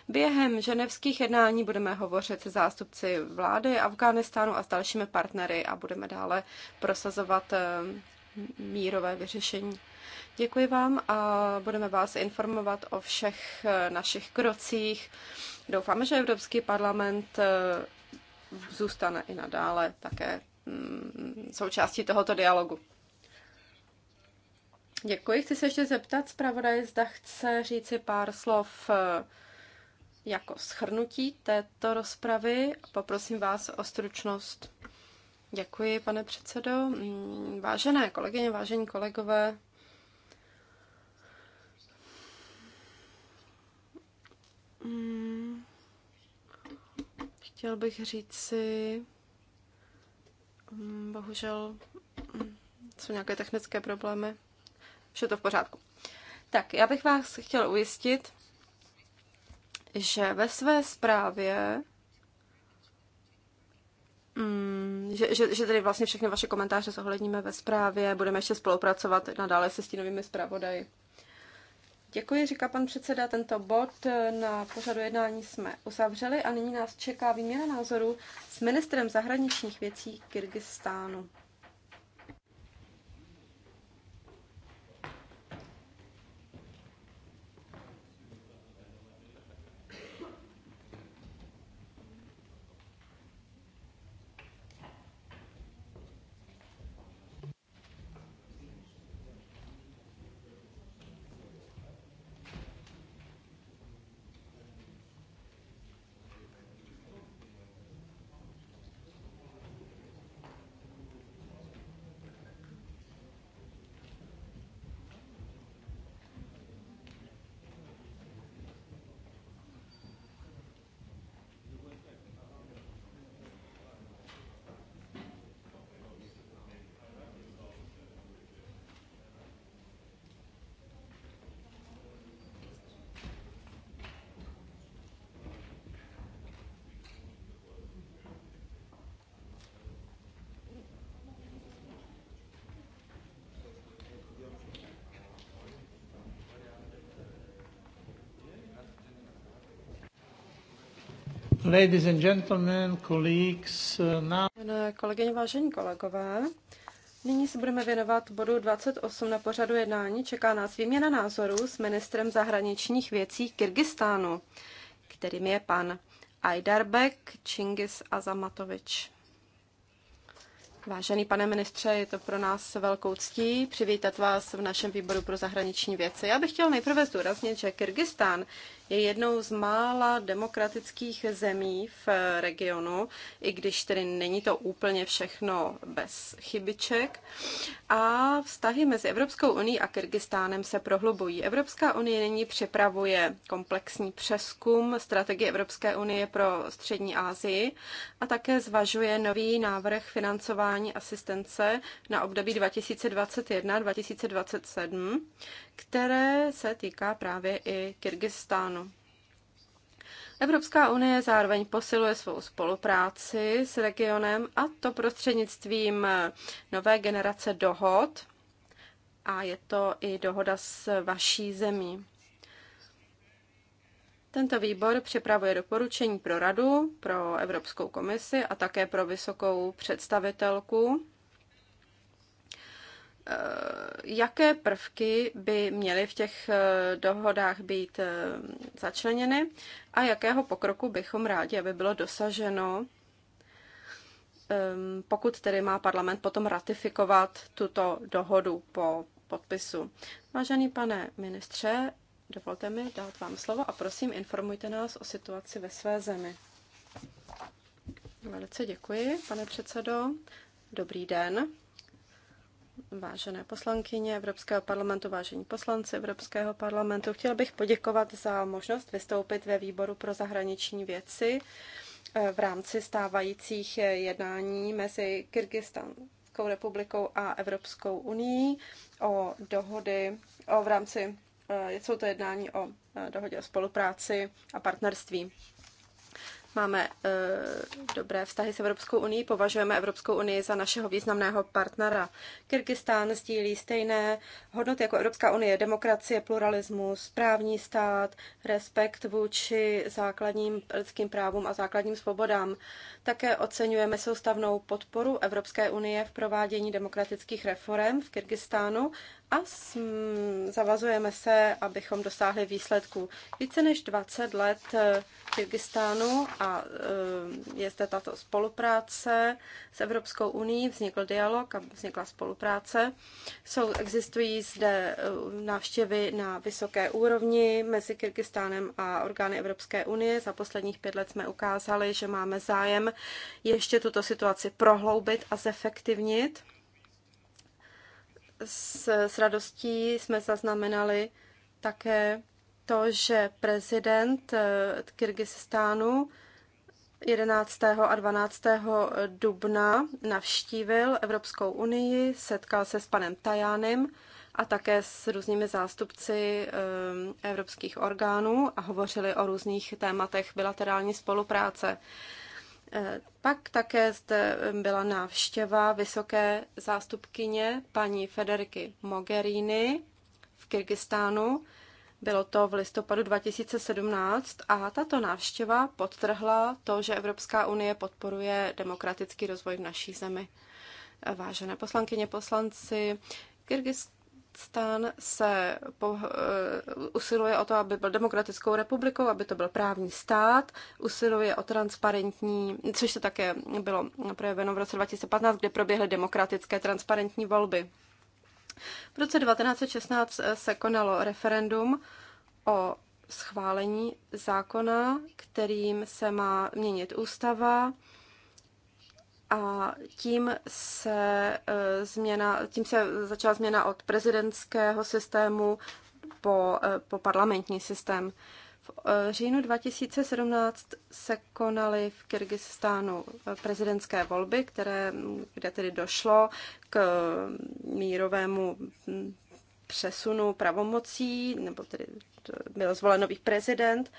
[SPEAKER 1] Během ženevských jednání budeme hovořit se zástupci vlády Afghánistánu a s dalšími partnery a budeme dále prosazovat eh, mírové vyřešení. Děkuji vám a budeme vás informovat o všech eh, našich krocích. Doufáme, že Evropský parlament eh, zůstane i nadále také mm, součástí tohoto dialogu. Děkuji. Chci se ještě zeptat zpravodaje, zda chce říci pár slov eh, jako schrnutí této rozpravy. Poprosím vás o stručnost. Děkuji, pane předsedo. Mm, vážené kolegyně, vážení kolegové, mm, chtěl bych říct si, mm, bohužel jsou nějaké technické problémy. Vše to v pořádku. Tak, já bych vás chtěl ujistit, že ve své zprávě mm, že, že, že tady vlastně všechny vaše komentáře zohledníme ve zprávě, budeme ještě spolupracovat nadále se stínovými zpravodaji. Děkuji, říká pan předseda. Tento bod na pořadu jednání jsme uzavřeli a nyní nás čeká výměna názorů s ministrem zahraničních věcí Kyrgyzstánu.
[SPEAKER 2] Ladies and gentlemen, colleagues, uh, now...
[SPEAKER 1] Kolegyně, vážení kolegové, nyní se budeme věnovat bodu 28 na pořadu jednání. Čeká nás výměna názorů s ministrem zahraničních věcí Kyrgyzstánu, kterým je pan Aydarbek Čingis Azamatovič. Vážený pane ministře, je to pro nás velkou ctí přivítat vás v našem výboru pro zahraniční věci. Já bych chtěl nejprve zdůraznit, že Kyrgyzstán je jednou z mála demokratických zemí v regionu, i když tedy není to úplně všechno bez chybiček. A vztahy mezi Evropskou unii a Kyrgyzstánem se prohlubují. Evropská unie nyní připravuje komplexní přeskum strategie Evropské unie pro střední Asii a také zvažuje nový návrh financování poskytování asistence na období 2021-2027, které se týká právě i Kyrgyzstánu. Evropská unie zároveň posiluje svou spolupráci s regionem a to prostřednictvím nové generace dohod a je to i dohoda s vaší zemí. Tento výbor připravuje doporučení pro Radu, pro Evropskou komisi a také pro vysokou představitelku eh, jaké prvky by měly v těch eh, dohodách být eh, začleněny a jakého pokroku bychom rádi, aby bylo dosaženo, ehm, pokud tedy má parlament potom ratifikovat tuto dohodu po podpisu. Vážený pane ministře, Dovolte mi dát vám slovo a prosím, informujte nás o situaci ve své zemi. Velice děkuji, pane předsedo. Dobrý den. Vážené poslankyně Evropského parlamentu, vážení poslanci Evropského parlamentu, chtěla bych poděkovat za možnost vystoupit ve výboru pro zahraniční věci eh, v rámci stávajících eh, jednání mezi Kyrgyzstánskou republikou a Evropskou unii o dohody o v rámci Eh, jsou to jednání o eh, dohodě o spolupráci a partnerství. Máme eh, dobré vztahy s Evropskou unii, považujeme Evropskou unii za našeho významného partnera. Kyrgyzstán sdílí stejné hodnoty jako Evropská unie, demokracie, pluralismus, správní stát, respekt vůči základním lidským právům a základním svobodám. Také oceňujeme soustavnou podporu Evropské unie v provádění demokratických reform v Kyrgyzstánu a zavazujeme se, abychom dosáhli výsledků. Více než 20 let eh, Kyrgyzstánu a eh, je zde tato spolupráce s Evropskou uní, vznikl dialog a vznikla spolupráce. Jsou, existují zde eh, návštěvy na vysoké úrovni mezi Kyrgyzstánem a orgány Evropské unie. Za posledních pět let jsme ukázali, že máme zájem ještě tuto situaci prohloubit a zefektivnit s, s radostí jsme zaznamenali také to, že prezident eh, Kyrgyzstánu 11. a 12. dubna navštívil Evropskou unii, setkal se s panem Tajánem a také s různými zástupci eh, evropských orgánů a hovořili o různých tématech bilaterální spolupráce. Pak také zde byla návštěva vysoké zástupkyně paní Federiky Mogherini v Kyrgyzstánu. Bylo to v listopadu 2017 a tato návštěva podtrhla to, že Evropská unie podporuje demokratický rozvoj v naší zemi. Vážené poslankyně, poslanci, Kyrgyzstán Kazachstán se po, eh, usiluje o to, aby byl demokratickou republikou, aby to byl právní stát, usiluje o transparentní, což se také bylo projeveno v roce 2015, kde proběhly demokratické transparentní volby. V roce 1916 se konalo referendum o schválení zákona, kterým se má měnit ústava, a tím se, e, změna, tím se začala změna od prezidentského systému po, e, po parlamentní systém. V e, říjnu 2017 se konaly v Kyrgyzstánu prezidentské volby, které, kde tedy došlo k mírovému přesunu pravomocí, nebo tedy byl zvolen nový prezident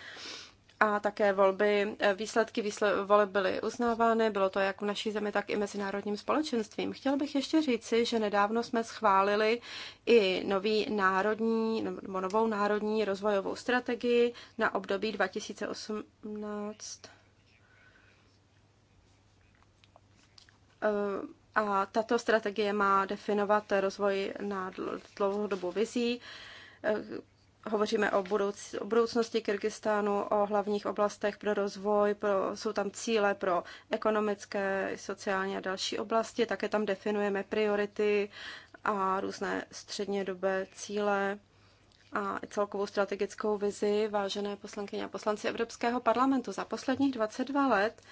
[SPEAKER 1] a také volby, eh, výsledky voleb byly uznávány, bylo to jak v naší zemi, tak i mezinárodním společenstvím. Chtěl bych ještě říci, že nedávno jsme schválili i nový národní, nebo novou národní rozvojovou strategii na období 2018. Eh, a tato strategie má definovat rozvoj na dlouhodobou vizí eh, hovoříme o, budouc, o budoucnosti Kyrgyzstánu, o hlavních oblastech pro rozvoj, pro, jsou tam cíle pro ekonomické, sociální a další oblasti, také tam definujeme priority a různé střednědobé cíle a celkovou strategickou vizi, vážené poslankyně a poslanci Evropského parlamentu. Za posledních 22 let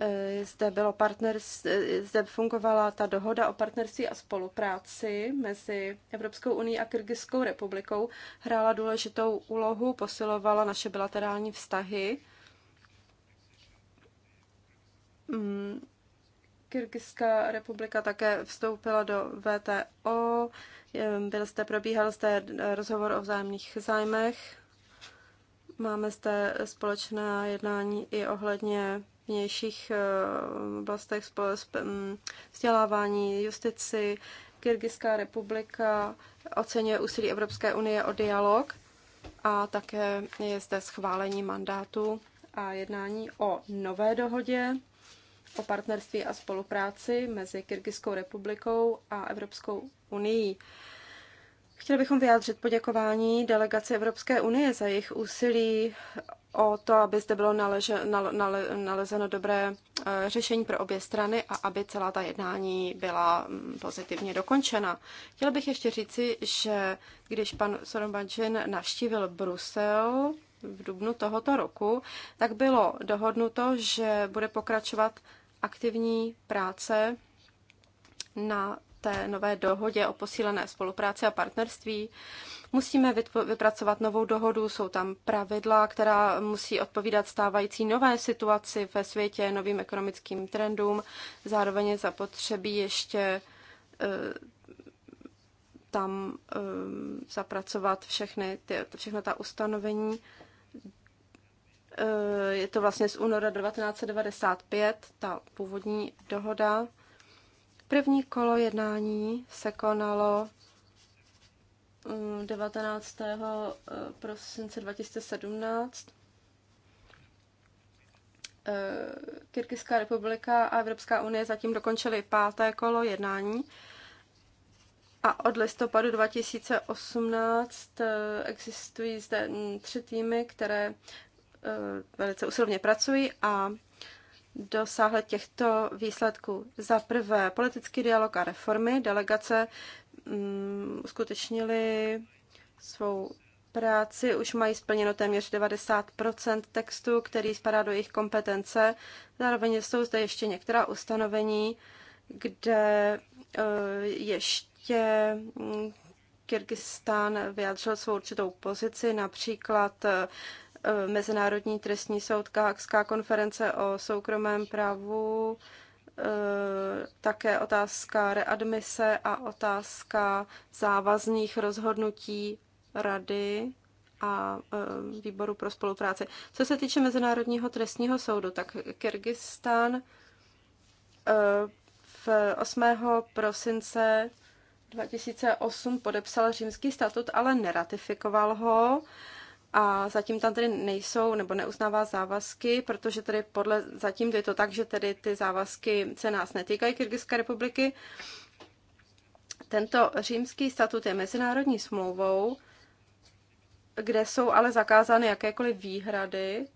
[SPEAKER 1] Eh, zde, bylo partners, eh, zde fungovala ta dohoda o partnerství a spolupráci mezi Evropskou unii a Kyrgyzskou republikou. Hrála důležitou úlohu, posilovala naše bilaterální vztahy. Mm, Kyrgyzská republika také vstoupila do VTO, byl zde, probíhal zde rozhovor o vzájemných zájmech. Máme zde společná jednání i ohledně vnějších eh, oblastech mm, vzdělávání, justici, Kyrgyzská republika oceňuje úsilí Evropské unie o dialog a také je zde schválení mandátu a jednání o nové dohodě o partnerství a spolupráci mezi Kyrgyzskou republikou a Evropskou unii. Chtěli bychom vyjádřit poděkování delegaci Evropské unie za jejich úsilí o to, aby zde bylo naleže, nale, nale, nalezeno dobré eh, řešení pro obě strany a aby celá ta jednání byla mm, pozitivně dokončena. Chtěla bych ještě říci, že když pan Sorobadžin navštívil Brusel v dubnu tohoto roku, tak bylo dohodnuto, že bude pokračovat aktivní práce na té nové dohodě o posílené spolupráci a partnerství. Musíme vypracovat novou dohodu, jsou tam pravidla, která musí odpovídat stávající nové situaci ve světě, novým ekonomickým trendům. Zároveň je zapotřebí ještě e, tam e, zapracovat všechny ty, všechno ta ustanovení. E, je to vlastně z února 1995, ta původní dohoda. První kolo jednání se konalo 19. prosince 2017 eh, Kyrgyzská republika a Evropská unie zatím dokončily páté kolo jednání a od listopadu 2018 eh, existují zde tři týmy, které eh, velice usilovně pracují a dosáhle těchto výsledků. Za prvé politický dialog a reformy. Delegace Mm, uskutečnili svou práci, už mají splněno téměř 90 textu, který spadá do jejich kompetence. Zároveň jsou zde ještě některá ustanovení, kde eh, ještě mm, Kyrgyzstán vyjádřil svou určitou pozici, například eh, Mezinárodní trestní soud, Káhakská konference o soukromém právu, Eh, také otázka readmise a otázka závazných rozhodnutí rady a eh, výboru pro spolupráci. Co se týče Mezinárodního trestního soudu, tak Kyrgyzstan eh, v 8. prosince 2008 podepsal římský statut, ale neratifikoval ho a zatím tam tedy nejsou nebo neuznává závazky, protože tedy podle, zatím je to tak, že tedy ty závazky se nás netýkají Kyrgyzské republiky. Tento římský statut je mezinárodní smlouvou, kde jsou ale zakázány jakékoliv výhrady.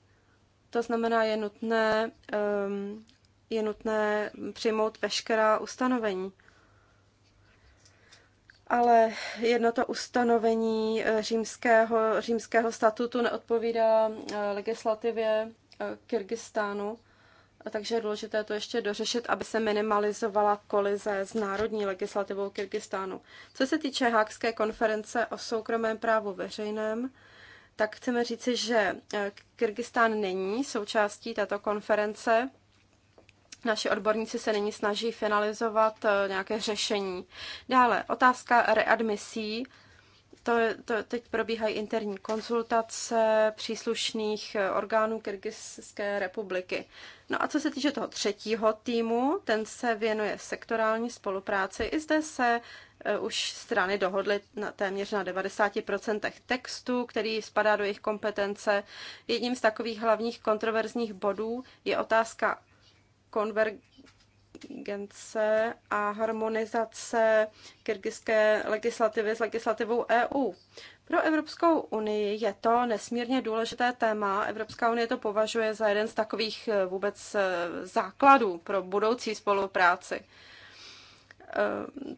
[SPEAKER 1] To znamená, je nutné, ehm, je nutné přijmout veškerá ustanovení ale jedno to ustanovení eh, římského, římského statutu neodpovídá eh, legislativě eh, Kyrgyzstánu, takže je důležité to ještě dořešit, aby se minimalizovala kolize s národní legislativou Kyrgyzstánu. Co se týče Hákské konference o soukromém právu veřejném, tak chceme říci, že Kyrgyzstán není součástí této konference, Naši odborníci se nyní snaží finalizovat eh, nějaké řešení. Dále otázka readmisí. To, to teď probíhají interní konzultace příslušných eh, orgánů Kyrgyzské republiky. No a co se týče toho třetího týmu, ten se věnuje sektorální spolupráci. I zde se eh, už strany dohodly na téměř na 90% textu, který spadá do jejich kompetence. Jedním z takových hlavních kontroverzních bodů je otázka konvergence a harmonizace kyrgyzské legislativy s legislativou EU. Pro Evropskou unii je to nesmírně důležité téma. Evropská unie to považuje za jeden z takových eh, vůbec eh, základů pro budoucí spolupráci. Eh,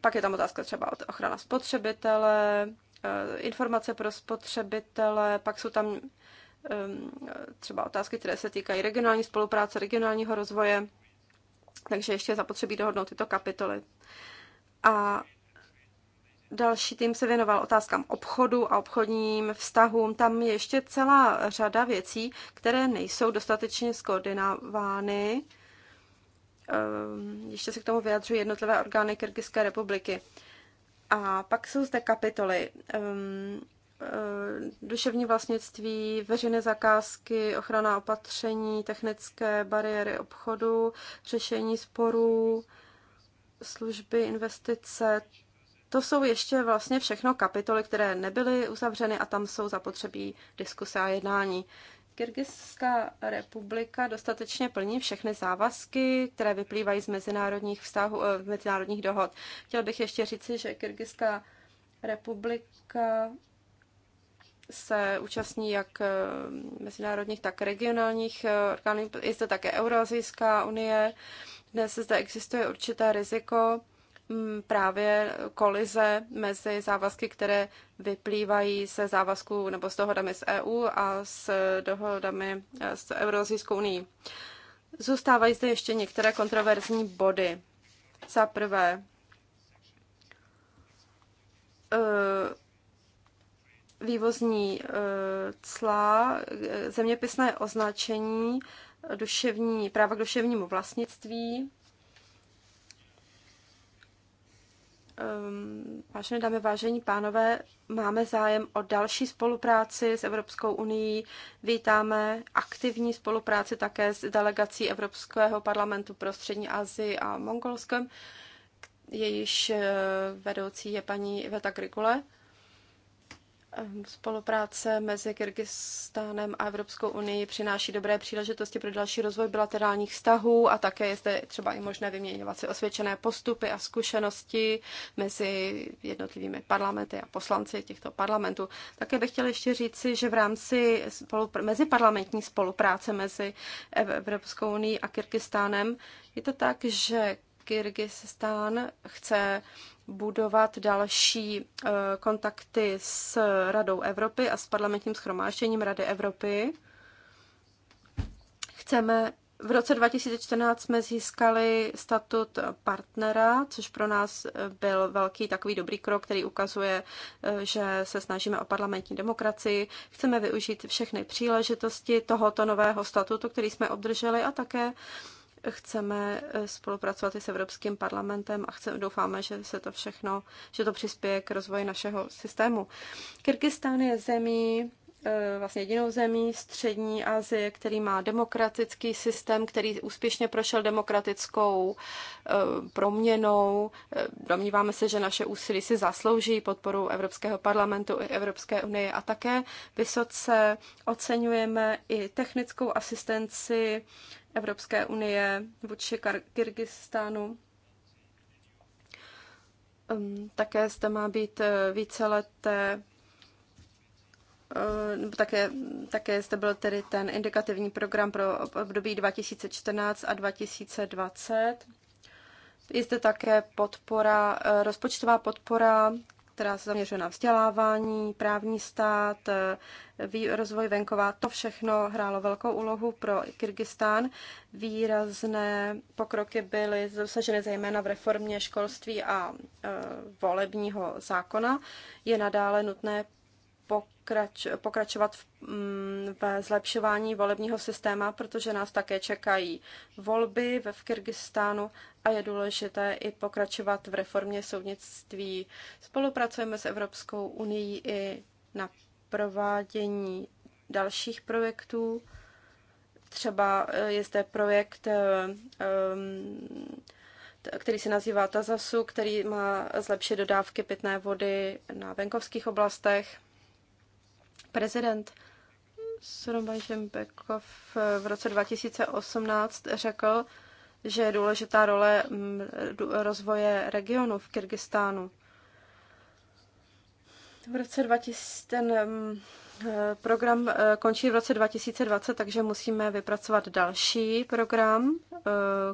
[SPEAKER 1] pak je tam otázka třeba ochrana spotřebitele, informace pro spotřebitele, pak jsou tam ehm, třeba otázky, které se týkají regionální spolupráce, regionálního rozvoje. Takže ještě zapotřebí dohodnout tyto kapitoly. A další tým se věnoval otázkám obchodu a obchodním vztahům. Tam je ještě celá řada věcí, které nejsou dostatečně skoordinovány. Ehm, ještě se k tomu vyjadřují jednotlivé orgány Kyrgyzské republiky. A pak jsou zde kapitoly. Ehm, Eh, duševní vlastnictví, veřejné zakázky, ochrana opatření, technické bariéry obchodu, řešení sporů, služby, investice. To jsou ještě vlastně všechno kapitoly, které nebyly uzavřeny a tam jsou zapotřebí diskuse a jednání. Kyrgyzská republika dostatečně plní všechny závazky, které vyplývají z mezinárodních vztahů, eh, mezinárodních dohod. Chtěl bych ještě říci, že Kyrgyzská republika se účastní jak eh, mezinárodních, tak regionálních eh, orgánů. Je zde také Eurazijská unie. Dnes zde existuje určité riziko mm, právě kolize mezi závazky, které vyplývají se závazků nebo s dohodami s EU a s dohodami eh, s Eurozijskou unii. Zůstávají zde ještě některé kontroverzní body. Za prvé, vývozní e, cla, e, zeměpisné označení, e, duševní, práva k duševnímu vlastnictví. Ehm, vážené dámy, vážení pánové, máme zájem o další spolupráci s Evropskou unii. Vítáme aktivní spolupráci také s delegací Evropského parlamentu pro Střední Asii a Mongolskem, jejíž vedoucí je paní Veta Grigule. Ehm, spolupráce mezi Kyrgyzstánem a Evropskou unii přináší dobré příležitosti pro další rozvoj bilaterálních vztahů a také je zde třeba i možné vyměňovat si osvědčené postupy a zkušenosti mezi jednotlivými parlamenty a poslanci těchto parlamentů. Také bych chtěla ještě říci, že v rámci spolupr- meziparlamentní spolupráce mezi Evropskou unii a Kyrgyzstánem je to tak, že Kyrgyzstán chce budovat další e, kontakty s Radou Evropy a s parlamentním schromáštěním Rady Evropy. Chceme v roce 2014 jsme získali statut partnera, což pro nás byl velký takový dobrý krok, který ukazuje, e, že se snažíme o parlamentní demokracii. Chceme využít všechny příležitosti tohoto nového statutu, který jsme obdrželi a také chceme eh, spolupracovat i s Evropským parlamentem a chceme, doufáme, že se to všechno, že to přispěje k rozvoji našeho systému. Kyrgyzstán je zemí, E, vlastně jedinou zemí střední Asie, který má demokratický systém, který úspěšně prošel demokratickou e, proměnou. E, domníváme se, že naše úsilí si zaslouží podporu Evropského parlamentu i Evropské unie a také vysoce oceňujeme i technickou asistenci Evropské unie vůči Kyrgyzstánu. Také zde má být víceleté Eh, také, také zde byl tedy ten indikativní program pro období 2014 a 2020. Je zde také podpora, eh, rozpočtová podpora, která se zaměřuje na vzdělávání, právní stát, eh, rozvoj venková. To všechno hrálo velkou úlohu pro Kyrgyzstán. Výrazné pokroky byly dosaženy zejména v reformě školství a volebního zákona. Je nadále nutné pokrač, pokračovat v, mm, ve zlepšování volebního systému, protože nás také čekají volby ve v Kyrgyzstánu a je důležité i pokračovat v reformě soudnictví. Spolupracujeme s Evropskou unii i na provádění dalších projektů. Třeba eh, je zde projekt um, který se nazývá Tazasu, který má zlepšit dodávky pitné vody na venkovských oblastech prezident Sorom Žembekov v roce 2018 řekl, že je důležitá role mm, rozvoje regionu v Kyrgyzstánu. V roce 2000, ten mm, eh, program eh, končí v roce 2020, takže musíme vypracovat další program, eh,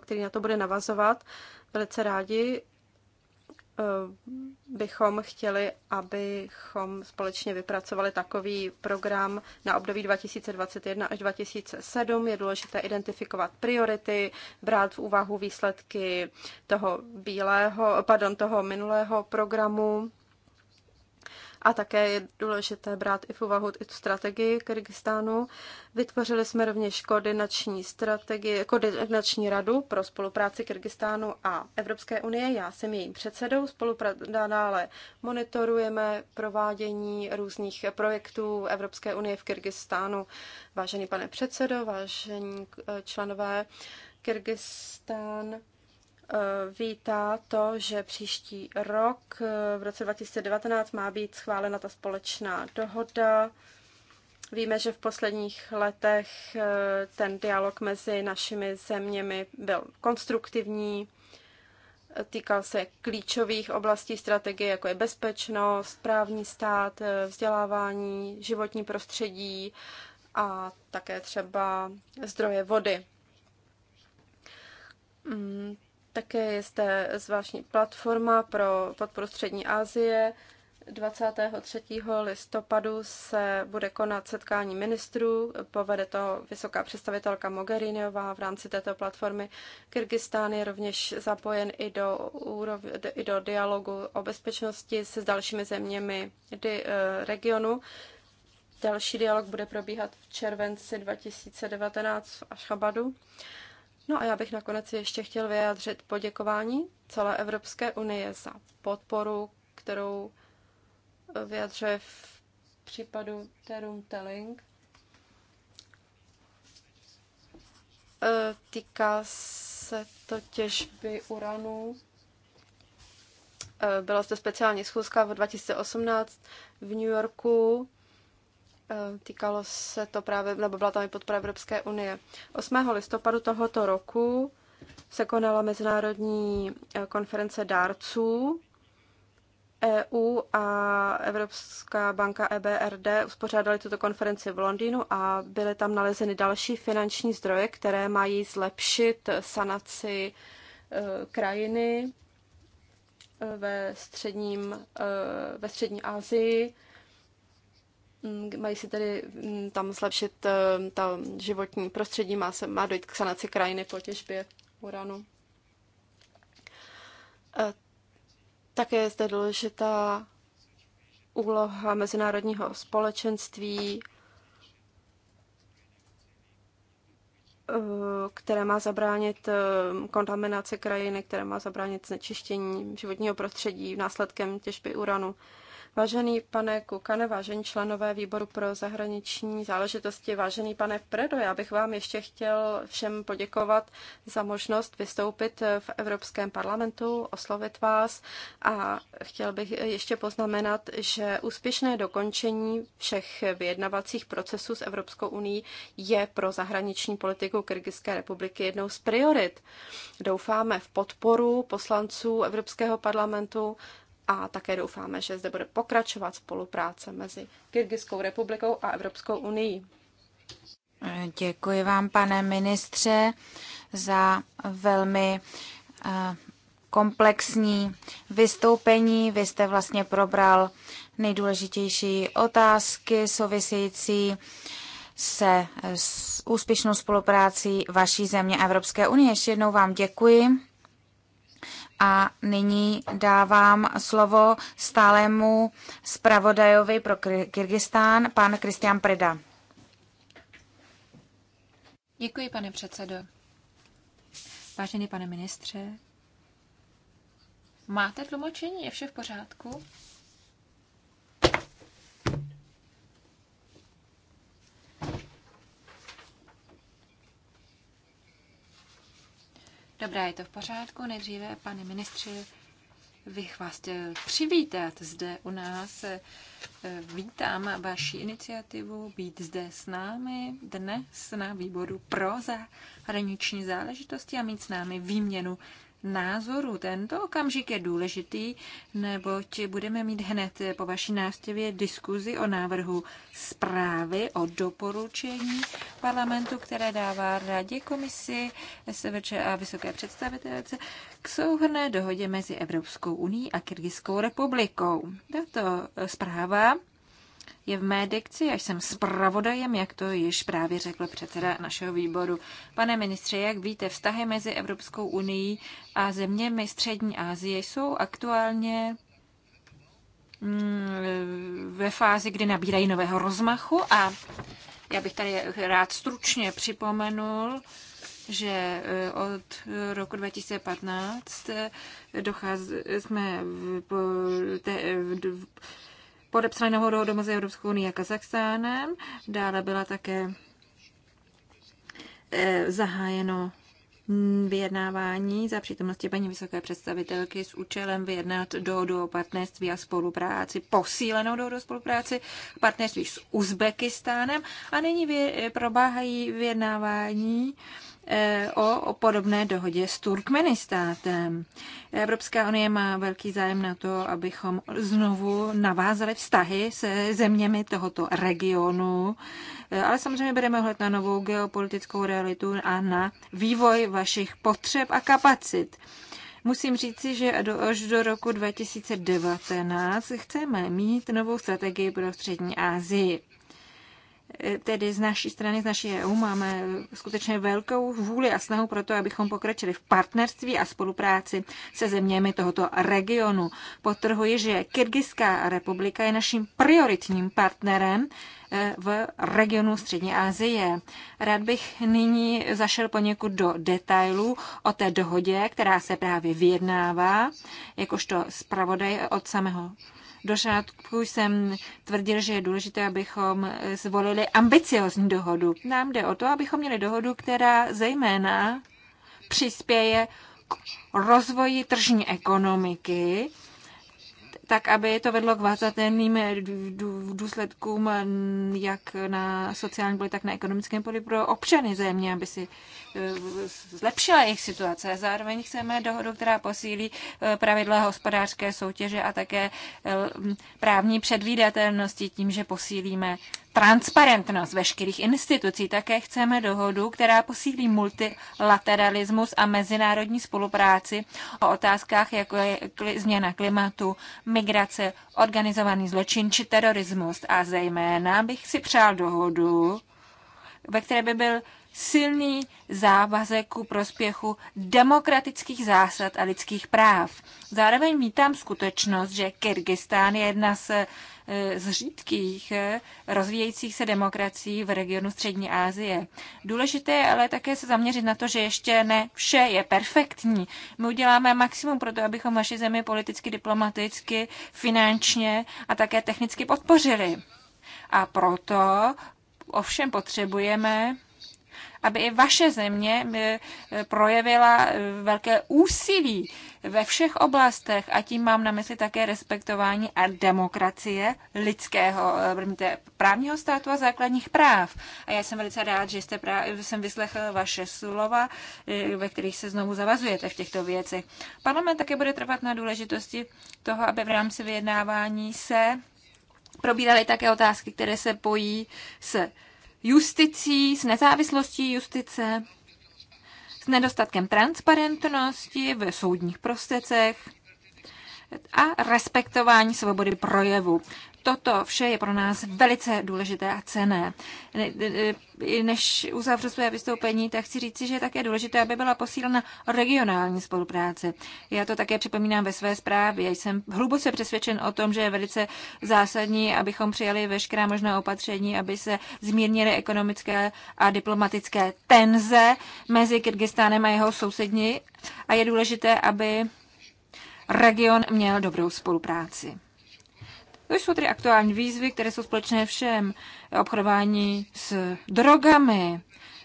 [SPEAKER 1] který na to bude navazovat. Velice rádi Eh, bychom chtěli, abychom společně vypracovali takový program na období 2021 až 2007. Je důležité identifikovat priority, brát v úvahu výsledky toho bílého, pardon, toho minulého programu a také je důležité brát i v úvahu i tu strategii Kyrgyzstánu. Vytvořili jsme rovněž koordinační strategii, koordinační radu pro spolupráci Kyrgyzstánu a Evropské unie. Já jsem jejím předsedou. Spolupráce dále monitorujeme provádění různých projektů Evropské unie v Kyrgyzstánu. Vážený pane předsedo, vážení členové, Kyrgyzstán Eh, vítá to, že příští rok, eh, v roce 2019, má být schválena ta společná dohoda. Víme, že v posledních letech eh, ten dialog mezi našimi zeměmi byl konstruktivní, týkal se klíčových oblastí strategie, jako je bezpečnost, právní stát, vzdělávání, životní prostředí a také třeba zdroje vody. Mm, také je zde zvláštní platforma pro podporu Střední Asie. 23. listopadu se bude konat setkání ministrů, povede to vysoká představitelka Mogheriniová v rámci této platformy. Kyrgyzstán je rovněž zapojen i do, úrov, i do dialogu o bezpečnosti se s dalšími zeměmi di, eh, regionu. Další dialog bude probíhat v červenci 2019 v Ašchabadu. No a já bych nakonec ještě chtěl vyjádřit poděkování celé Evropské unie za podporu, kterou vyjadřuje v případu Terum Telling. E, týká se to těžby uranu. E, byla zde speciální schůzka v 2018 v New Yorku Eh, týkalo se to právě, nebo byla tam i podpora Evropské unie. 8. listopadu tohoto roku se konala mezinárodní eh, konference dárců. EU a Evropská banka EBRD uspořádali tuto konferenci v Londýnu a byly tam nalezeny další finanční zdroje, které mají zlepšit sanaci eh, krajiny ve, středním, ve střední Asii Mm, mají si tedy mm, tam zlepšit eh, ta životní prostředí, má, se, má dojít k sanaci krajiny po těžbě uranu. Eh, také je zde důležitá úloha mezinárodního společenství, eh, které má zabránit kontaminaci krajiny, které má zabránit znečištění životního prostředí následkem těžby uranu. Vážený pane Kukane, vážení členové výboru pro zahraniční záležitosti, vážený pane Predo, já bych vám ještě chtěl všem poděkovat za možnost vystoupit v Evropském parlamentu, oslovit vás a chtěl bych ještě poznamenat, že úspěšné dokončení všech vyjednavacích procesů s Evropskou uní je pro zahraniční politiku Kyrgyzské republiky jednou z priorit. Doufáme v podporu poslanců Evropského parlamentu, a také doufáme, že zde bude pokračovat spolupráce mezi Kyrgyzskou republikou a Evropskou unii.
[SPEAKER 3] Děkuji vám, pane ministře, za velmi eh, komplexní vystoupení. Vy jste vlastně probral nejdůležitější otázky související se eh, s úspěšnou spoluprácí vaší země a Evropské unie. Ještě jednou vám děkuji. A nyní dávám slovo stálému zpravodajovi pro Kyrgyzstán, pan Kristian Preda.
[SPEAKER 2] Děkuji, pane předsedo. Vážený pane ministře, máte tlumočení? Je vše v pořádku? Dobrá, je to v pořádku. Nejdříve, pane ministři, bych vás chtěl přivítat zde u nás. Eh, vítám vaši iniciativu být zde s námi dnes na výboru pro zahraniční záležitosti a mít s námi výměnu názorů. Tento okamžik je důležitý, neboť budeme mít hned po vaší návštěvě diskuzi o návrhu zprávy, o doporučení parlamentu, které dává Radě komisi SVČ a vysoké představitelce k souhrné dohodě mezi Evropskou uní a Kyrgyzskou republikou. Tato zpráva je v mé dikci já jsem zpravodajem, jak to již právě řekl předseda našeho výboru. Pane ministře, jak víte, vztahy mezi Evropskou unii a zeměmi Střední Asie jsou aktuálně mm, ve fázi, kdy nabírají nového rozmachu a já bych tady rád stručně připomenul, že e, od roku 2015 e, dochází, jsme v, v, v, v podepsali novou dohodu mezi Evropskou unii a Kazachstánem. Dále byla také eh, zahájeno vyjednávání za přítomnosti paní vysoké představitelky s účelem vyjednat dohodu o partnerství a spolupráci, posílenou dohodu o spolupráci, partnerství s Uzbekistánem a nyní vy, probáhají vyjednávání o, o podobné dohodě s Turkmenistátem. Evropská unie má velký zájem na to, abychom znovu navázali vztahy se zeměmi tohoto regionu, ale samozřejmě budeme hled na novou geopolitickou realitu a na vývoj vašich potřeb a kapacit. Musím říci, že do, až do roku 2019 chceme mít novou strategii pro střední Asii tedy z naší strany, z naší EU, máme skutečně velkou vůli a snahu pro to, abychom pokračili v partnerství a spolupráci se zeměmi tohoto regionu. Potrhuji, že Kyrgyzská republika je naším prioritním partnerem eh, v regionu Střední Asie. Rád bych nyní zašel poněkud do detailů o té dohodě, která se právě vyjednává, jakožto zpravodaj od samého do šátku jsem tvrdil, že je důležité, abychom zvolili ambiciozní dohodu. Nám jde o to, abychom měli dohodu, která zejména přispěje k rozvoji tržní ekonomiky, tak aby to vedlo k vázatelným důsledkům jak na sociální poli, tak na ekonomickém poli pro občany země, aby si Eh, zlepšila jejich situace. Zároveň chceme dohodu, která posílí eh, pravidla hospodářské soutěže a také eh, právní předvídatelnosti tím, že posílíme transparentnost veškerých institucí. Také chceme dohodu, která posílí multilateralismus a mezinárodní spolupráci o otázkách, jako je změna klimatu, migrace, organizovaný zločin či terorismus. A zejména bych si přál dohodu, ve které by byl silný závazek ku prospěchu demokratických zásad a lidských práv. Zároveň vítám skutečnost, že Kyrgyzstán je jedna z, eh, z řídkých eh, rozvíjejících se demokracií v regionu Střední Asie. Důležité je ale také se zaměřit na to, že ještě ne vše je perfektní. My uděláme maximum pro to, abychom vaši zemi politicky, diplomaticky, finančně a také technicky podpořili. A proto ovšem potřebujeme aby i vaše země eh, eh, projevila eh, velké úsilí ve všech oblastech a tím mám na mysli také respektování a demokracie lidského, právního státu a základních práv. A já jsem velice rád, že jste právě, jsem vyslechl vaše slova, ve kterých se znovu zavazujete v těchto věcech. Parlament také bude trvat na důležitosti toho, aby v rámci vyjednávání se probíraly také otázky, které se pojí s justicí, s nezávislostí justice, s nedostatkem transparentnosti ve soudních prostecech a respektování svobody projevu. Toto vše je pro nás velice důležité a cené. Než uzavřu své vystoupení, tak chci říci, že je také důležité, aby byla posílena regionální spolupráce. Já to také připomínám ve své zprávě. Jsem hluboce přesvědčen o tom, že je velice zásadní, abychom přijali veškerá možná opatření, aby se zmírnily ekonomické a diplomatické tenze mezi Kyrgyzstánem a jeho sousední. A je důležité, aby region měl dobrou spolupráci. To jsou tedy aktuální výzvy, které jsou společné všem. Obchodování s drogami,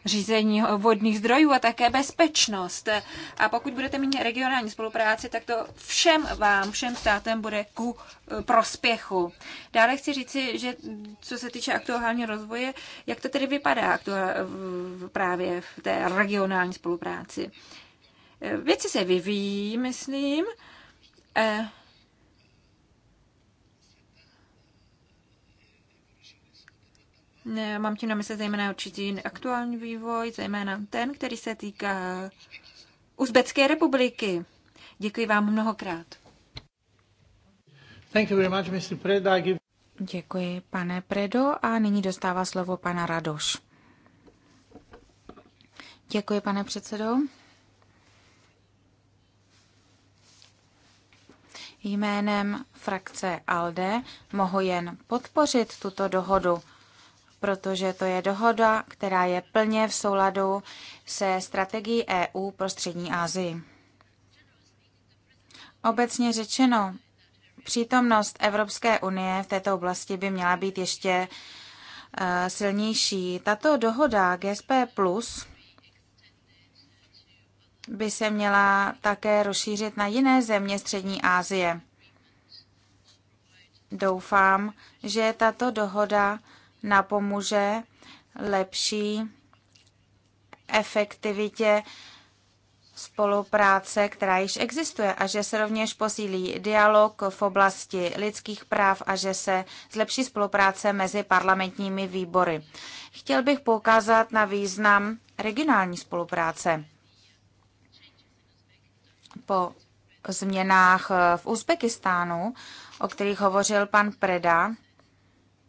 [SPEAKER 2] řízení vodních zdrojů a také bezpečnost. A pokud budete mít regionální spolupráci, tak to všem vám, všem státem bude ku eh, prospěchu. Dále chci říci, že co se týče aktuálního rozvoje, jak to tedy vypadá aktuál, právě v té regionální spolupráci. Eh, věci se vyvíjí, myslím. Eh, Eh, mám tím na mysli zejména určitý aktuální vývoj, zejména ten, který se týká Uzbecké republiky. Děkuji vám mnohokrát.
[SPEAKER 3] Thank you very much, Mr. Preda. Give... Děkuji, pane Predo, a nyní dostává slovo pana Radoš. Děkuji, pane předsedo. Jménem frakce ALDE mohu jen podpořit tuto dohodu protože to je dohoda, která je plně v souladu se strategií EU pro střední Asii. Obecně řečeno, přítomnost Evropské unie v této oblasti by měla být ještě eh, silnější. Tato dohoda GSP Plus by se měla také rozšířit na jiné země Střední Asie. Doufám, že tato dohoda napomůže lepší efektivitě spolupráce, která již existuje a že se rovněž posílí dialog v oblasti lidských práv a že se zlepší spolupráce mezi parlamentními výbory. Chtěl bych poukázat na význam regionální spolupráce. Po změnách v Uzbekistánu, o kterých hovořil pan Preda,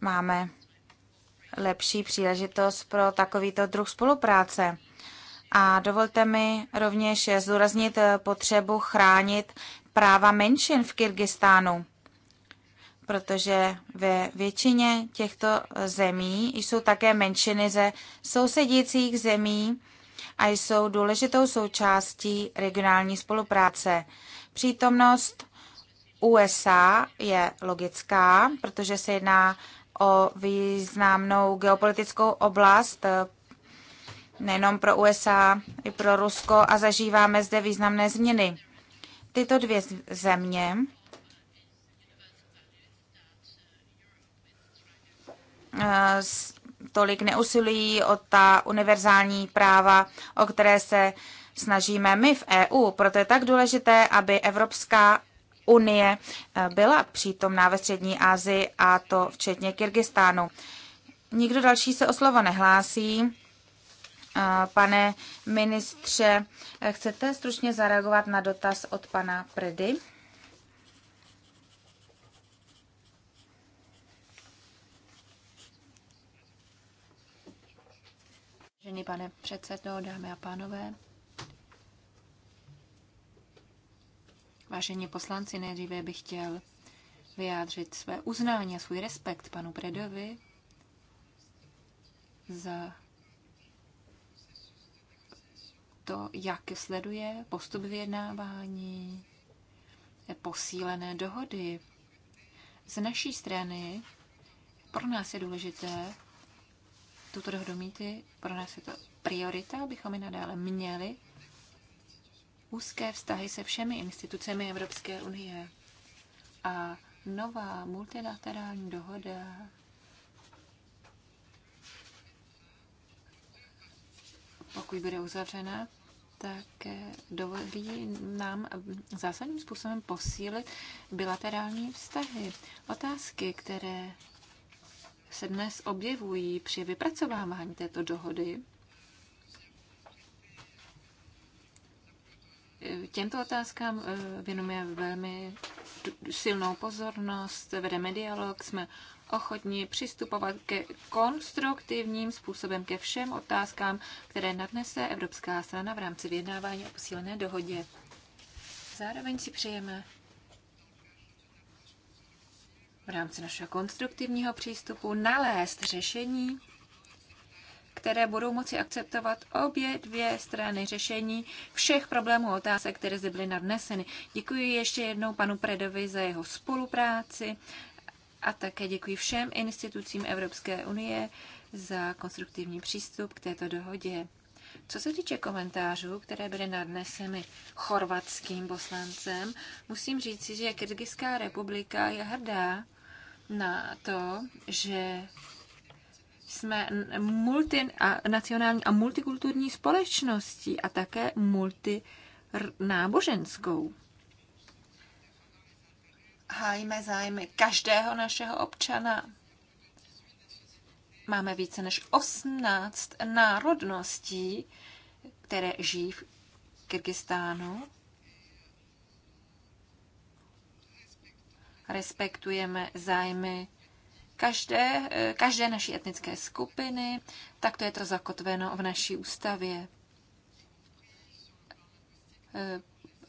[SPEAKER 3] máme lepší příležitost pro takovýto druh spolupráce. A dovolte mi rovněž zdůraznit potřebu chránit práva menšin v Kyrgyzstánu, protože ve většině těchto zemí jsou také menšiny ze sousedících zemí a jsou důležitou součástí regionální spolupráce. Přítomnost USA je logická, protože se jedná o významnou geopolitickou oblast eh, nejenom pro USA, i pro Rusko a zažíváme zde významné změny. Tyto dvě země eh, tolik neusilují o ta univerzální práva, o které se snažíme my v EU. Proto je tak důležité, aby Evropská Unie eh, byla přítomná ve Střední Asii a to včetně Kyrgyzstánu. Nikdo další se o slovo nehlásí. Eh, pane ministře, eh, chcete stručně zareagovat na dotaz od pana Predy?
[SPEAKER 2] Vážený pane předsedo, dámy a pánové, Vážení poslanci, nejdříve bych chtěl vyjádřit své uznání a svůj respekt panu Predovi za to, jak sleduje postup vyjednávání posílené dohody. Z naší strany pro nás je důležité tuto dohodu mít, pro nás je to priorita, abychom ji nadále měli úzké vztahy se všemi institucemi Evropské unie. A nová multilaterální dohoda pokud bude uzavřena, tak eh, dovolí nám eh, zásadním způsobem posílit bilaterální vztahy. Otázky, které se dnes objevují při vypracovávání této dohody, Těmto otázkám eh, věnujeme velmi silnou pozornost, vedeme dialog, jsme ochotni přistupovat ke konstruktivním způsobem ke všem otázkám, které nadnese Evropská strana v rámci vyjednávání o posílené dohodě. Zároveň si přejeme v rámci našeho konstruktivního přístupu nalézt řešení které budou moci akceptovat obě dvě strany řešení všech problémů a otázek, které zde byly nadneseny. Děkuji ještě jednou panu Predovi za jeho spolupráci a také děkuji všem institucím Evropské unie za konstruktivní přístup k této dohodě. Co se týče komentářů, které byly nadneseny chorvatským poslancem, musím říci, že Kyrgyzská republika je hrdá na to, že jsme multinacionální a multikulturní společností a také multináboženskou. Hájíme zájmy každého našeho občana. Máme více než 18 národností, které žijí v Kyrgyzstánu. Respektujeme zájmy každé, eh, každé naší etnické skupiny, tak to je to zakotveno v naší ústavě.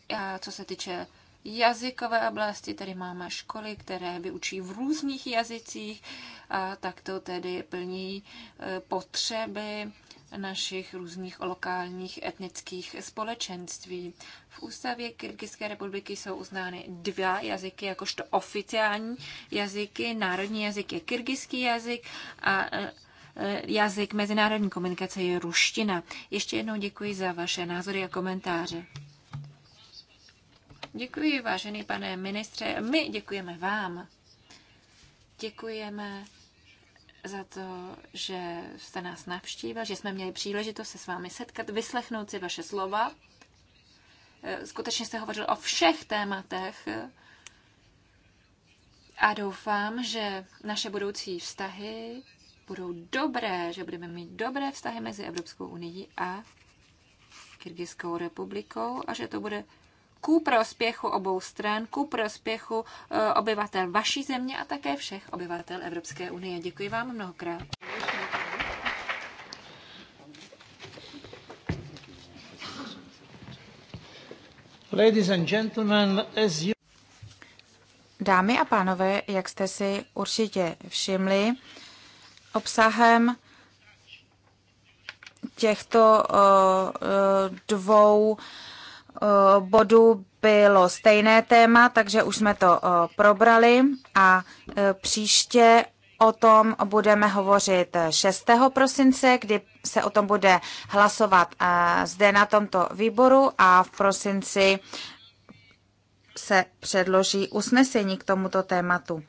[SPEAKER 2] A eh, co se týče jazykové oblasti, tady máme školy, které vyučí v různých jazycích a tak to tedy plní eh, potřeby našich různých lokálních etnických společenství. V ústavě Kyrgyzské republiky jsou uznány dva jazyky, jakožto oficiální jazyky. Národní jazyk je kyrgyzský jazyk a e, e, jazyk mezinárodní komunikace je ruština. Ještě jednou děkuji za vaše názory a komentáře. Děkuji, vážený pane ministře. My děkujeme vám. Děkujeme za to, že jste nás navštívil, že jsme měli příležitost se s vámi setkat, vyslechnout si vaše slova. E, skutečně jste hovořil o všech tématech e, a doufám, že naše budoucí vztahy budou dobré, že budeme mít dobré vztahy mezi Evropskou unii a Kyrgyzskou republikou a že to bude ku prospěchu obou stran, ku prospěchu e, obyvatel vaší země a také všech obyvatel Evropské unie. Děkuji vám mnohokrát.
[SPEAKER 3] Ladies and gentlemen, as you... Dámy a pánové, jak jste si určitě všimli, obsahem těchto e, e, dvou Eh, bodu bylo stejné téma, takže už jsme to eh, probrali a eh, příště o tom budeme hovořit 6. prosince, kdy se o tom bude hlasovat zde na tomto výboru a v prosinci se předloží usnesení k tomuto tématu.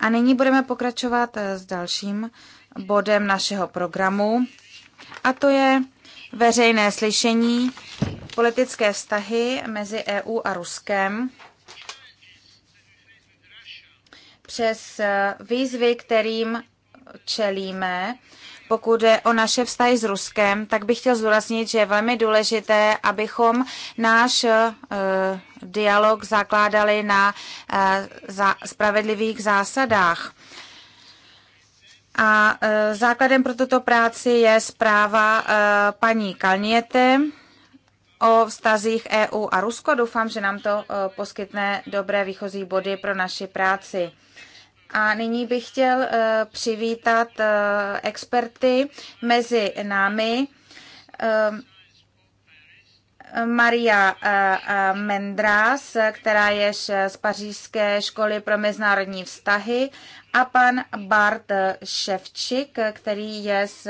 [SPEAKER 3] A nyní budeme pokračovat s dalším bodem našeho programu, a to je veřejné slyšení politické vztahy mezi EU a Ruskem přes výzvy, kterým čelíme. Pokud je o naše vztahy s Ruskem, tak bych chtěl zdůraznit, že je velmi důležité, abychom náš eh, dialog zakládali na eh, spravedlivých zásadách. A e, základem pro tuto práci je zpráva e, paní Kalniete o vztazích EU a Rusko. Doufám, že nám to e, poskytne dobré výchozí body pro naši práci. A nyní bych chtěl přivítat experty mezi námi. Maria eh, eh, Mendrás, která je z Pařížské školy pro mezinárodní vztahy, a pan Bart Ševčik, který je z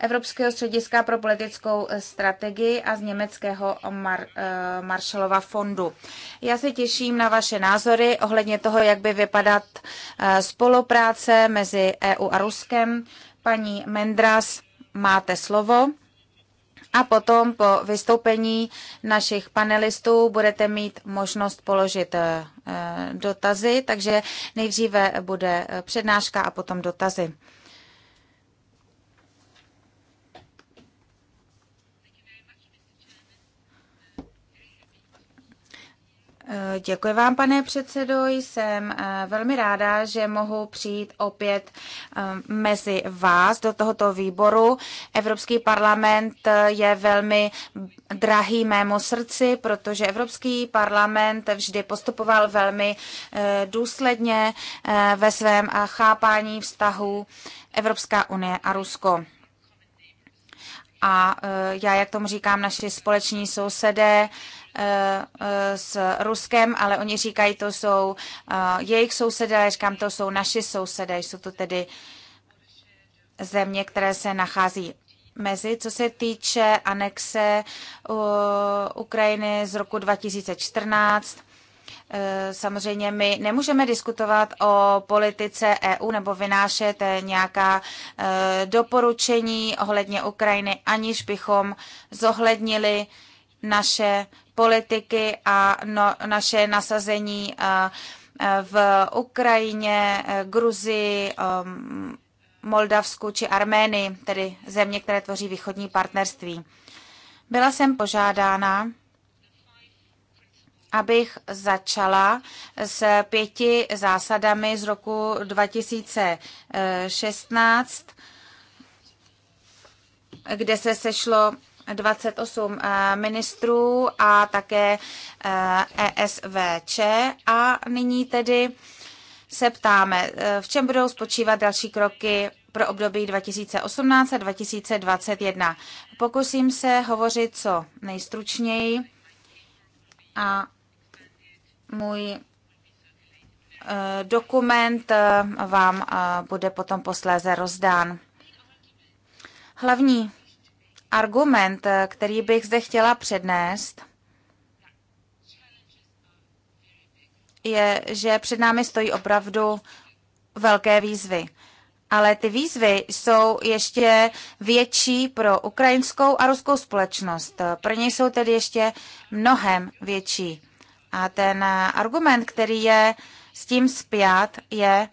[SPEAKER 3] Evropského střediska pro politickou strategii a z německého Mar- eh, Marshallova fondu. Já se těším na vaše názory ohledně toho, jak by vypadat spolupráce mezi EU a Ruskem. Paní Mendras, máte slovo a potom po vystoupení našich panelistů budete mít možnost položit eh, dotazy, takže nejdříve bude přednáška a potom dotazy. Děkuji vám, pane předsedo. Jsem eh, velmi ráda, že mohu přijít opět eh, mezi vás do tohoto výboru. Evropský parlament eh, je velmi drahý mému srdci, protože Evropský parlament vždy postupoval velmi důsledně ve svém chápání vztahu Evropská unie a Rusko. A já, jak tomu říkám, naši společní sousedé, Eh, eh, s Ruskem, ale oni říkají, to jsou eh, jejich sousedé, já říkám, to jsou naši sousedé, jsou to tedy země, které se nachází mezi, co se týče anexe Ukrajiny z roku 2014. Samozřejmě my nemůžeme diskutovat o politice EU nebo vynášet nějaká doporučení ohledně Ukrajiny, aniž bychom zohlednili naše politiky a no, naše nasazení eh, eh, v Ukrajině, eh, Gruzii, ehm, Moldavsku či Arménii, tedy země, které tvoří východní partnerství. Byla jsem požádána, abych začala s pěti zásadami z roku 2016, kde se sešlo 28 eh, ministrů a také ESVČ. Eh, e a nyní tedy se ptáme, eh, v čem budou spočívat další kroky pro období 2018 a 2021. Pokusím se hovořit co nejstručněji a můj dokument vám bude potom posléze rozdán. Hlavní argument, eh, který bych zde chtěla přednést, je, že před námi stojí opravdu velké výzvy. Ale ty výzvy jsou ještě větší pro ukrajinskou a ruskou společnost. Pro ně jsou tedy ještě mnohem větší. A ten eh, argument, který je s tím zpět, je,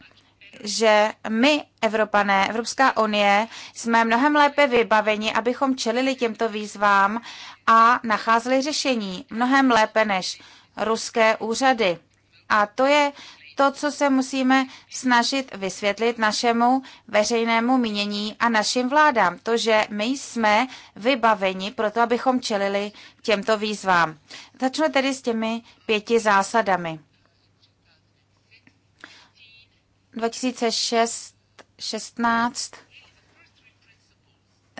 [SPEAKER 3] že my, Evropané, Evropská unie, jsme mnohem lépe vybaveni, abychom čelili těmto výzvám a nacházeli řešení mnohem lépe než ruské úřady. A to je to, co se musíme snažit vysvětlit našemu veřejnému mínění a našim vládám. To, že my jsme vybaveni pro to, abychom čelili těmto výzvám. Začnu tedy s těmi pěti zásadami. 2016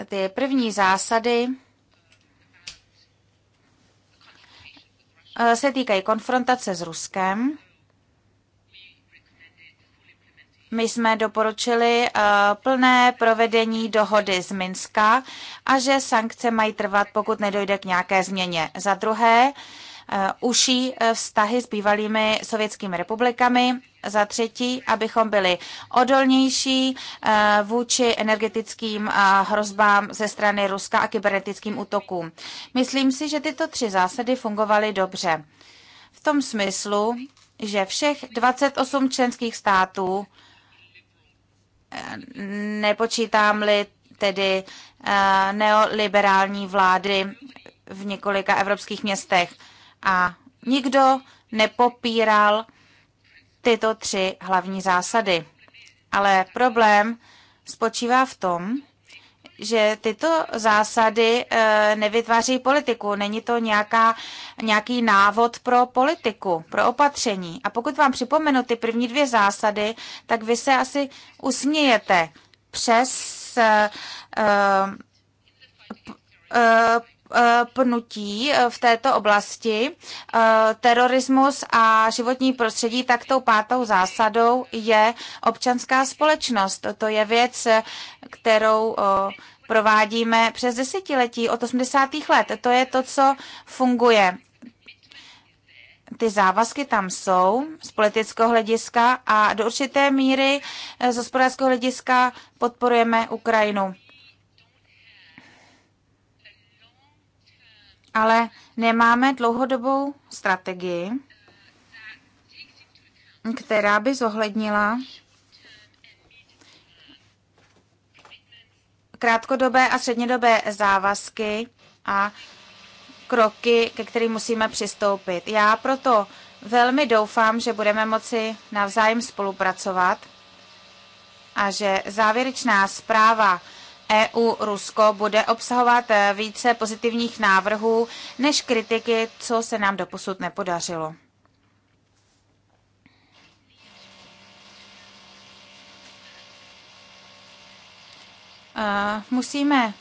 [SPEAKER 3] ty první zásady eh, se týkají konfrontace s Ruskem. My jsme doporučili eh, plné provedení dohody z Minska a že sankce mají trvat, pokud nedojde k nějaké změně. Za druhé, uší uh, uh, vztahy s bývalými sovětskými republikami. Za třetí, abychom byli odolnější uh, vůči energetickým hrozbám ze strany Ruska a kybernetickým útokům. Myslím si, že tyto tři zásady fungovaly dobře. V tom smyslu, že všech 28 členských států, nepočítám-li tedy neoliberální vlády v několika evropských městech, a nikdo nepopíral tyto tři hlavní zásady. Ale problém spočívá v tom, že tyto zásady eh, nevytváří politiku. Není to nějaká, nějaký návod pro politiku, pro opatření. A pokud vám připomenu ty první dvě zásady, tak vy se asi usmějete přes uh, uh, pnutí eh, v této oblasti, eh, terorismus a životní prostředí, tak tou pátou zásadou je občanská společnost. To je věc, eh, kterou provádíme přes desetiletí od 80. let. To je to, co funguje. Ty závazky tam jsou z politického hlediska a do určité míry z hospodářského hlediska podporujeme Ukrajinu. ale nemáme dlouhodobou strategii, která by zohlednila krátkodobé a střednědobé závazky a kroky, ke kterým musíme přistoupit. Já proto velmi doufám, že budeme moci navzájem spolupracovat a že závěrečná zpráva EU-Rusko bude obsahovat eh, více pozitivních návrhů než kritiky, co se nám doposud nepodařilo. Eh, musíme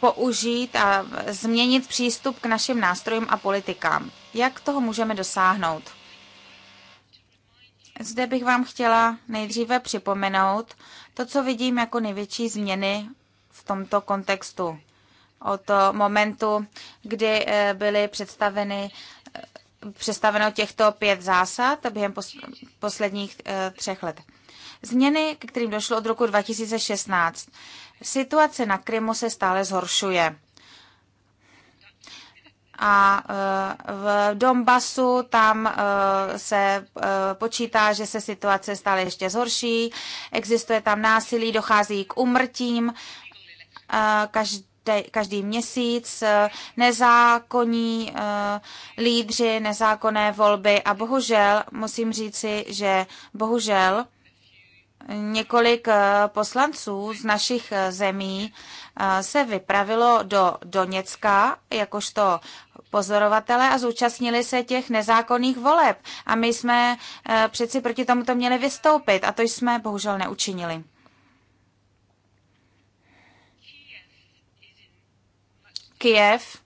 [SPEAKER 3] použít a změnit přístup k našim nástrojům a politikám. Jak toho můžeme dosáhnout? Zde bych vám chtěla nejdříve připomenout to, co vidím jako největší změny v tomto kontextu. Od momentu, kdy eh, byly představeny eh, představeno těchto pět zásad během posledních eh, třech let. Změny, k kterým došlo od roku 2016. Situace na Krymu se stále zhoršuje a eh, v Donbasu tam eh, se eh, počítá, že se situace stále ještě zhorší, existuje tam násilí, dochází k umrtím každý, každý měsíc, nezákonní lídři, nezákonné volby a bohužel musím říci, že bohužel několik poslanců z našich zemí se vypravilo do Doněcka jakožto pozorovatele a zúčastnili se těch nezákonných voleb. A my jsme e, přeci proti tomuto měli vystoupit a to jsme bohužel neučinili. Kiev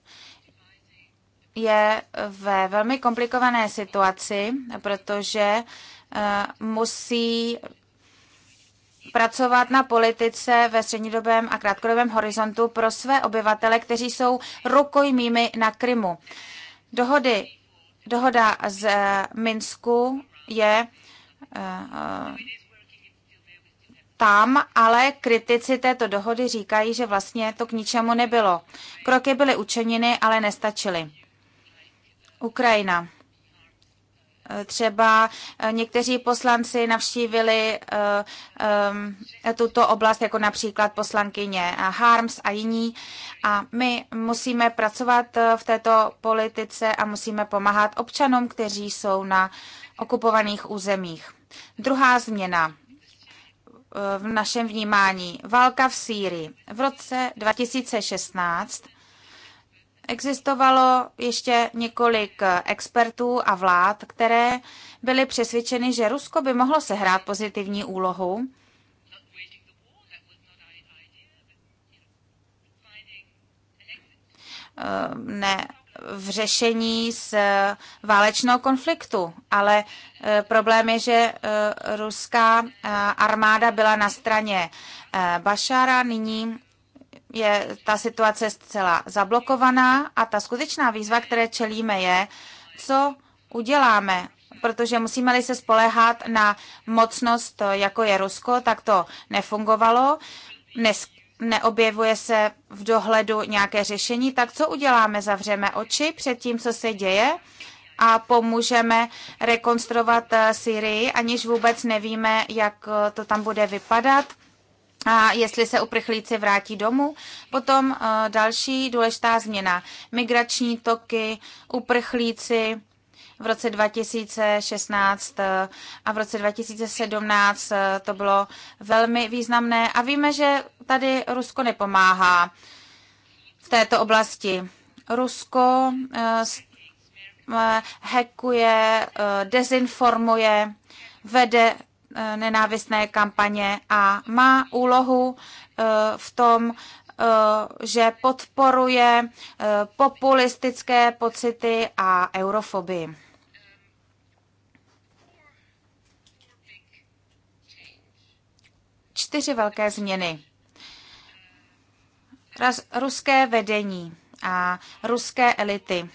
[SPEAKER 3] je ve velmi komplikované situaci, protože e, musí pracovat na politice ve střednědobém a krátkodobém horizontu pro své obyvatele, kteří jsou rukojmými na Krymu. Dohody, dohoda z eh, Minsku je eh, tam, ale kritici této dohody říkají, že vlastně to k ničemu nebylo. Kroky byly učiněny, ale nestačily. Ukrajina. Třeba eh, někteří poslanci navštívili eh, eh, tuto oblast, jako například poslankyně Harms a jiní. A my musíme pracovat v této politice a musíme pomáhat občanům, kteří jsou na okupovaných územích. Druhá změna v našem vnímání. Válka v Sýrii. V roce 2016 Existovalo ještě několik eh, expertů a vlád, které byly přesvědčeny, že Rusko by mohlo sehrát pozitivní úlohu. Eh, ne, v řešení s eh, válečného konfliktu, ale problém je, že ruská armáda byla na straně Bašara nyní je ta situace zcela zablokovaná a ta skutečná výzva, které čelíme, je, co uděláme, protože musíme-li se spoléhat na mocnost, eh, jako je Rusko, tak to nefungovalo, nes, neobjevuje se v dohledu nějaké řešení, tak co uděláme? Zavřeme oči před tím, co se děje a pomůžeme rekonstruovat eh, Syrii, aniž vůbec nevíme, jak eh, to tam bude vypadat a jestli se uprchlíci vrátí domů. Potom eh, další důležitá změna. Migrační toky, uprchlíci v roce 2016 eh, a v roce 2017 eh, to bylo velmi významné a víme, že tady Rusko nepomáhá v této oblasti. Rusko hekuje, dezinformuje, vede Eh, nenávistné kampaně a má úlohu eh, v tom, eh, že podporuje populistické pocity a eurofobii. Čtyři velké změny. Ruské vedení a ruské elity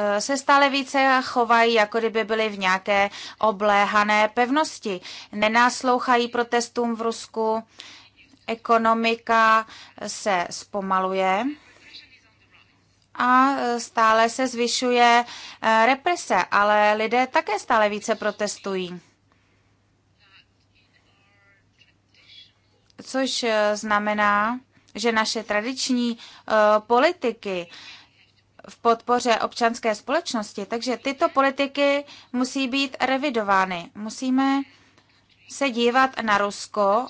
[SPEAKER 3] Eh, se stále více chovají, jako kdyby byli v nějaké obléhané pevnosti. Nenáslouchají protestům v Rusku, ekonomika se zpomaluje a eh, stále se zvyšuje eh, represe, ale lidé také stále více protestují. Což znamená, že naše tradiční politiky v podpoře občanské společnosti. Takže tyto politiky musí být revidovány. Musíme se dívat na Rusko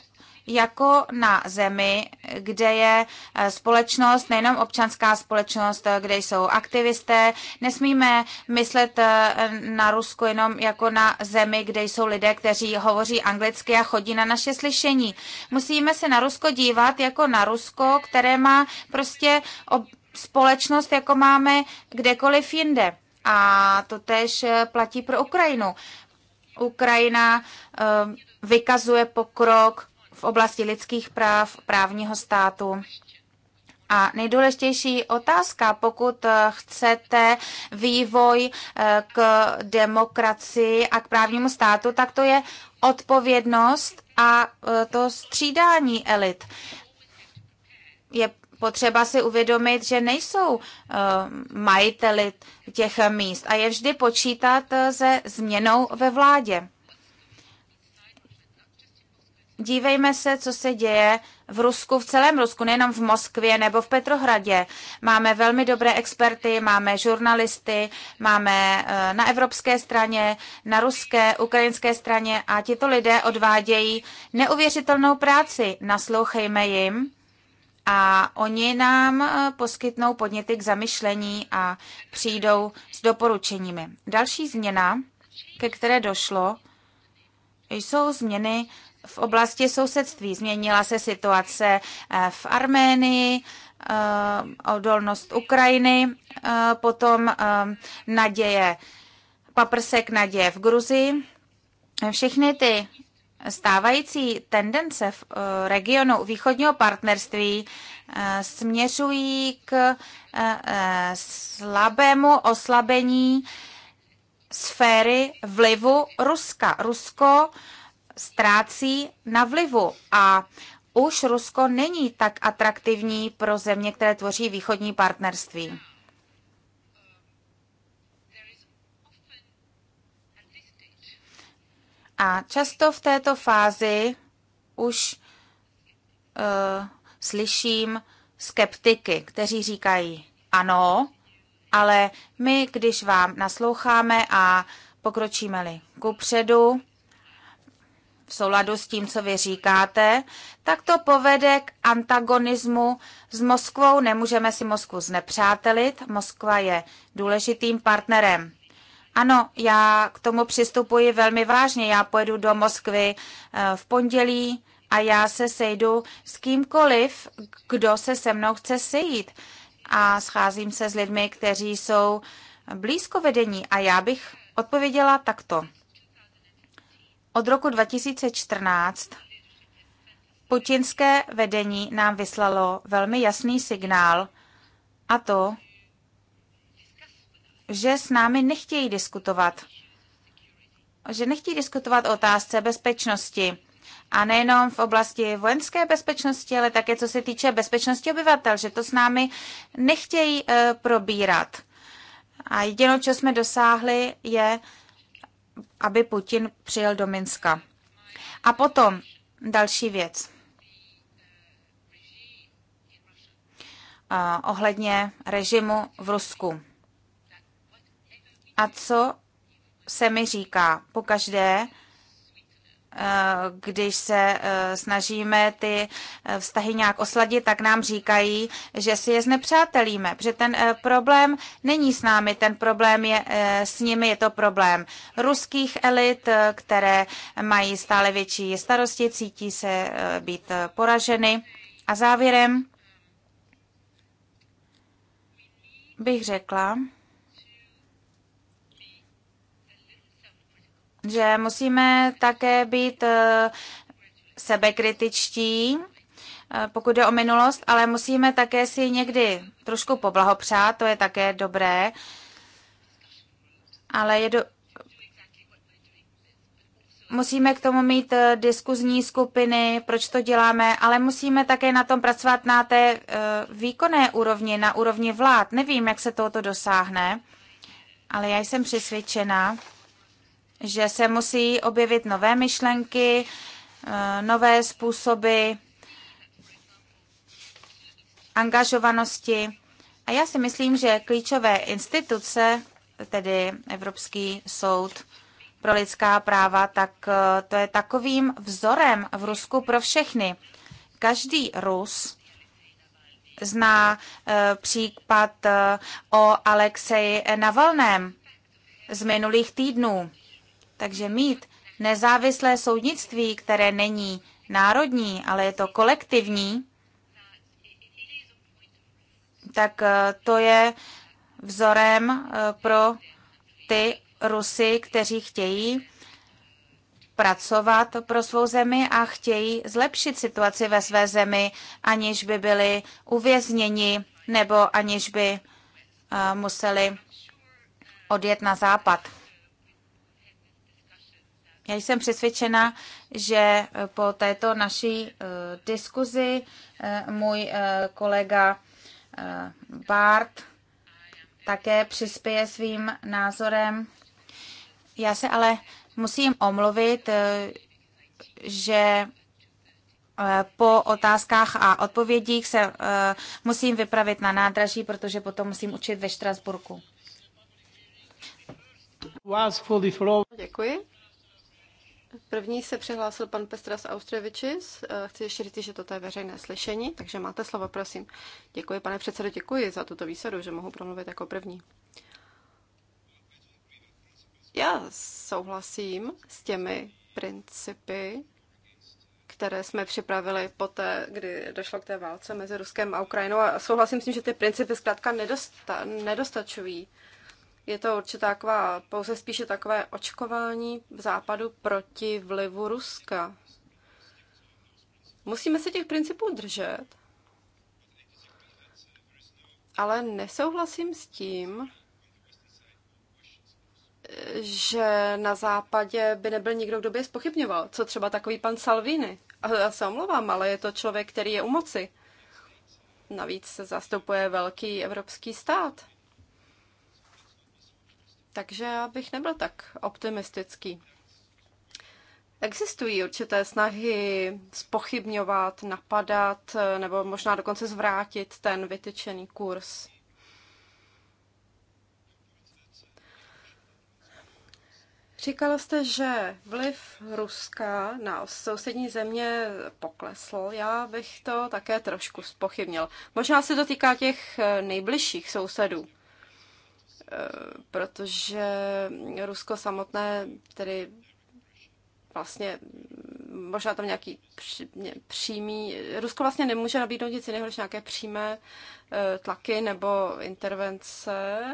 [SPEAKER 3] jako na zemi, kde je eh, společnost, nejenom občanská společnost, eh, kde jsou aktivisté. Nesmíme myslet eh, na Rusko jenom jako na zemi, kde jsou lidé, kteří hovoří anglicky a chodí na naše slyšení. Musíme se na Rusko dívat jako na Rusko, které má prostě ob- společnost, jako máme kdekoliv jinde. A to tež eh, platí pro Ukrajinu. Ukrajina eh, vykazuje pokrok v oblasti lidských práv, právního státu. A nejdůležitější otázka, pokud eh, chcete vývoj k demokracii a k právnímu státu, tak to je odpovědnost a to střídání elit. Je potřeba si uvědomit, že nejsou eh, majiteli těch míst a je vždy počítat eh, se změnou ve vládě. Dívejme se, co se děje v Rusku, v celém Rusku, nejenom v Moskvě nebo v Petrohradě. Máme velmi dobré experty, máme žurnalisty, máme eh, na evropské straně, na ruské, ukrajinské straně a tito lidé odvádějí neuvěřitelnou práci. Naslouchejme jim a oni nám eh, poskytnou podněty k zamyšlení a přijdou s doporučeními. Další změna, ke které došlo, jsou změny v oblasti sousedství. Změnila se situace eh, v Arménii, eh, odolnost Ukrajiny, potom naděje, paprsek naděje v Gruzii. Všechny ty stávající tendence v eh, regionu východního partnerství eh, směřují k eh, slabému oslabení sféry vlivu Ruska. Rusko ztrácí na vlivu a už Rusko není tak atraktivní pro země, které tvoří východní partnerství. A často v této fázi už uh, slyším skeptiky, kteří říkají ano, ale my, když vám nasloucháme a pokročíme-li kupředu, v souladu s tím, co vy říkáte, tak to povede k antagonismu s Moskvou. Nemůžeme si Moskvu znepřátelit. Moskva je důležitým partnerem. Ano, já k tomu přistupuji velmi vážně. Já pojedu do Moskvy eh, v pondělí a já se sejdu s kýmkoliv, kdo se se mnou chce sejít. A scházím se s lidmi, kteří jsou blízko vedení. A já bych odpověděla takto. Od roku 2014 putinské vedení nám vyslalo velmi jasný signál, a to, že s námi nechtějí diskutovat. Že nechtějí diskutovat o otázce bezpečnosti. A nejenom v oblasti vojenské bezpečnosti, ale také co se týče bezpečnosti obyvatel, že to s námi nechtějí uh, probírat. A jedinou, co jsme dosáhli, je, aby Putin přijel do Minska. A potom další věc. Eh, ohledně režimu v Rusku a co se mi říká pokaždé, eh, když se eh, snažíme ty eh, vztahy nějak osladit, tak nám říkají, že si je znepřátelíme, protože ten problém není s námi, ten problém je s nimi, je to problém ruských elit, které mají stále větší starosti, cítí se být poraženy. A závěrem bych řekla, že musíme také být eh, sebekritičtí, eh, pokud jde o minulost, ale musíme také si někdy trošku poblahopřát, to je také dobré, ale je do... Musíme k tomu mít eh, diskuzní skupiny, proč to děláme, ale musíme také na tom pracovat na té výkonné úrovni, na úrovni vlád. Nevím, jak se tohoto dosáhne, ale já jsem přesvědčena, že se musí objevit nové myšlenky, eh, nové způsoby angažovanosti. A já si myslím, že klíčové instituce, tedy Evropský soud pro lidská práva, tak eh, to je takovým vzorem v Rusku pro všechny. Každý Rus zná eh, případ o Alexeji Navalném z minulých týdnů. Takže mít nezávislé soudnictví, které není národní, ale je to kolektivní, tak eh, to je vzorem eh, pro ty Rusy, kteří chtějí pracovat pro svou zemi a chtějí zlepšit situaci ve své zemi, aniž by byli uvězněni nebo aniž by eh, museli odjet na západ. Já jsem přesvědčena, že eh, po této naší eh, diskuzi eh, můj kolega Bart také přispěje svým názorem. Já se ale musím omluvit, že po otázkách a odpovědích se musím vypravit na nádraží, protože potom musím učit ve Štrasburku. Děkuji. První se
[SPEAKER 1] přihlásil pan Pestras Austrevičis. Eh, chci ještě říct, že toto je veřejné slyšení, takže máte slovo, prosím. Děkuji, pane předsedo, děkuji za tuto výsadu, že mohu promluvit jako první. Já souhlasím s těmi principy, které jsme připravili poté, kdy došlo k té válce mezi Ruskem a Ukrajinou a souhlasím s tím, že ty principy zkrátka nedosta- nedostačují. Uh, je to určitě taková, pouze spíše takové očkování v západu proti vlivu Ruska. Musíme se těch principů držet, ale nesouhlasím s tím, že na západě by nebyl nikdo, kdo by je spochybňoval. Co třeba takový pan Salvini. Já se omlouvám, ale je to člověk, který je u moci. Navíc se zastupuje velký evropský stát takže já bych nebyl tak optimistický. Existují určité snahy spochybňovat, napadat eh, nebo možná dokonce zvrátit ten vytyčený kurz. Říkala jste, že vliv Ruska na sousední země poklesl. Já bych to také trošku spochybnil. Možná se to týká těch eh, nejbližších sousedů protože Rusko samotné tedy vlastně možná tam nějaký přímý, Rusko vlastně nemůže nabídnout nic jiného než nějaké přímé eh, tlaky nebo intervence,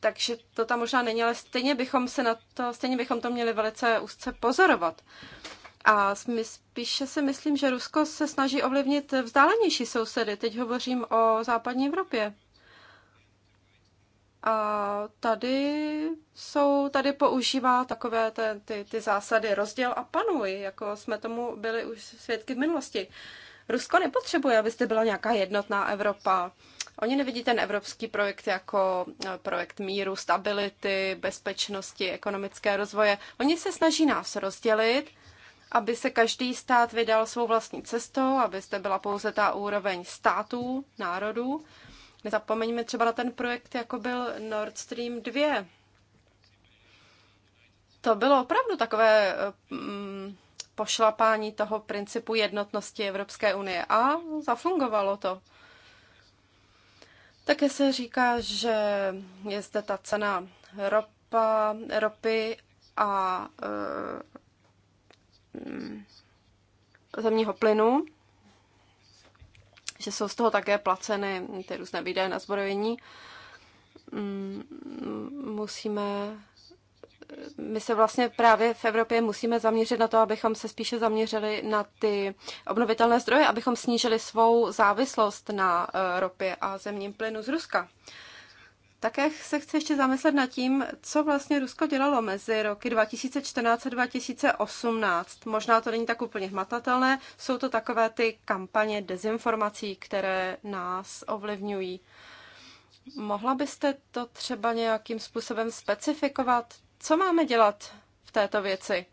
[SPEAKER 1] takže to tam možná není, ale stejně bychom se na to, stejně bychom to měli velice úzce pozorovat. A spíše si myslím, že Rusko se snaží ovlivnit vzdálenější sousedy. Teď hovořím o západní Evropě. A tady jsou, tady používá takové ty, ty, ty zásady rozděl a panuj, jako jsme tomu byli už svědky v minulosti. Rusko nepotřebuje, abyste byla nějaká jednotná Evropa. Oni nevidí ten evropský projekt jako eh, projekt míru, stability, bezpečnosti, ekonomické rozvoje. Oni se snaží nás rozdělit, aby se každý stát vydal svou vlastní cestou, aby byla pouze ta úroveň států, národů Nezapomeňme třeba na ten projekt, jako byl Nord Stream 2. To bylo opravdu takové mm, pošlapání toho principu jednotnosti Evropské unie a zafungovalo to. Také se říká, že je zde ta cena ropa, ropy a e, mm, zemního plynu že jsou z toho také placeny ty různé výdaje na zbrojení. Mm, musíme my se vlastně právě v Evropě musíme zaměřit na to, abychom se spíše zaměřili na ty obnovitelné zdroje, abychom snížili svou závislost na eh, ropě a zemním plynu z Ruska. Také se chci ještě zamyslet nad tím, co vlastně Rusko dělalo mezi roky 2014 a 2018. Možná to není tak úplně hmatatelné, jsou to takové ty kampaně dezinformací, které nás ovlivňují. Mohla byste to třeba nějakým způsobem specifikovat? Co máme dělat v této věci?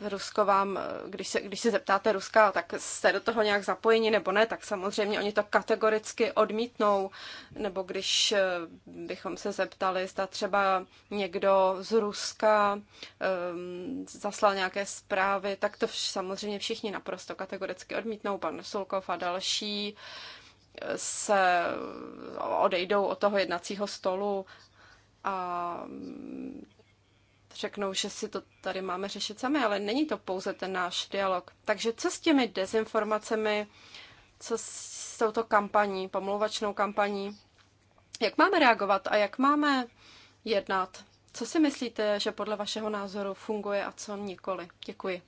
[SPEAKER 1] Rusko vám, eh, když se, když se zeptáte Ruska, tak jste do toho nějak zapojeni nebo ne, tak samozřejmě oni to kategoricky odmítnou. Nebo když eh, bychom se zeptali, zda třeba někdo z Ruska um, zaslal nějaké zprávy, tak to vš, samozřejmě všichni naprosto kategoricky odmítnou, pan Sulkov a další eh, se odejdou od toho jednacího stolu a mm, řeknou, že si to tady máme řešit sami, ale není to pouze ten náš dialog. Takže co s těmi dezinformacemi, co s touto kampaní, pomluvačnou kampaní, jak máme reagovat a jak máme jednat? Co si myslíte, že podle vašeho názoru funguje a co nikoli? Děkuji.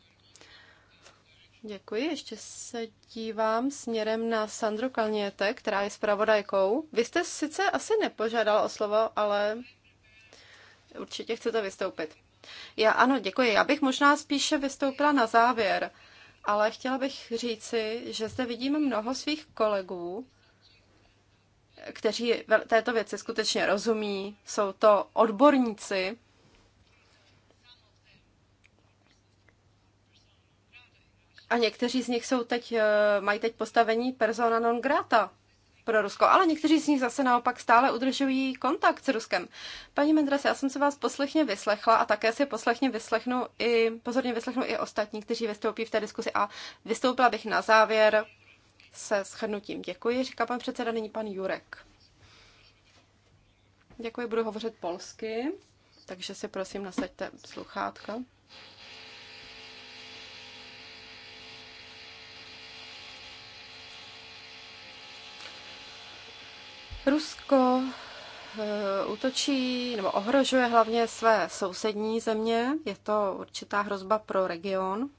[SPEAKER 1] Děkuji. Ještě se dívám směrem na Sandru Kalněte, která je zpravodajkou. Vy jste sice asi nepožádala o slovo, ale určitě chcete vystoupit. Já ano, děkuji. Já bych možná spíše vystoupila na závěr, ale chtěla bych říci, že zde vidím mnoho svých kolegů, kteří této věci skutečně rozumí, jsou to odborníci. A někteří z nich jsou teď, eh, mají teď postavení persona non grata pro Rusko, ale někteří z nich zase naopak stále udržují kontakt s Ruskem. Paní Mendres, já jsem se vás poslechně vyslechla a také si poslechně vyslechnu i, pozorně vyslechnu i ostatní, kteří vystoupí v té diskusi a vystoupila bych na závěr se shrnutím. Děkuji, říká pan předseda, nyní pan Jurek. Děkuji, budu hovořit polsky, takže si prosím nasaďte sluchátka. Rusko eh, útočí nebo ohrožuje hlavně své sousední země. Je to určitá hrozba pro region.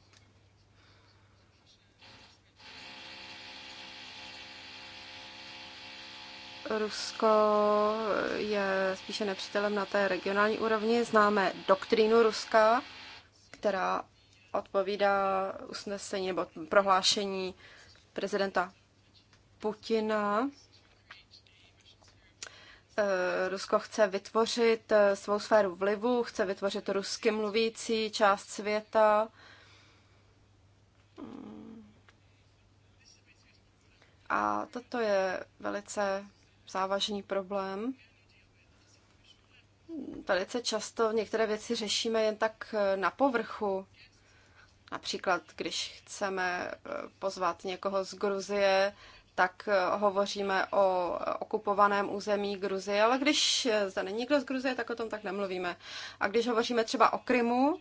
[SPEAKER 1] Rusko je spíše nepřítelem na té regionální úrovni. Známe doktrínu Ruska, která odpovídá usnesení nebo prohlášení prezidenta Putina Eh, Rusko chce vytvořit eh, svou sféru vlivu, chce vytvořit rusky mluvící část světa. A toto je velice závažný problém. Velice často některé věci řešíme jen tak eh, na povrchu. Například, když chceme pozvat někoho z Gruzie, tak eh, hovoříme o okupovaném území Gruzie, ale když eh, zde není nikdo z Gruzie, tak o tom tak nemluvíme. A když hovoříme třeba o Krymu,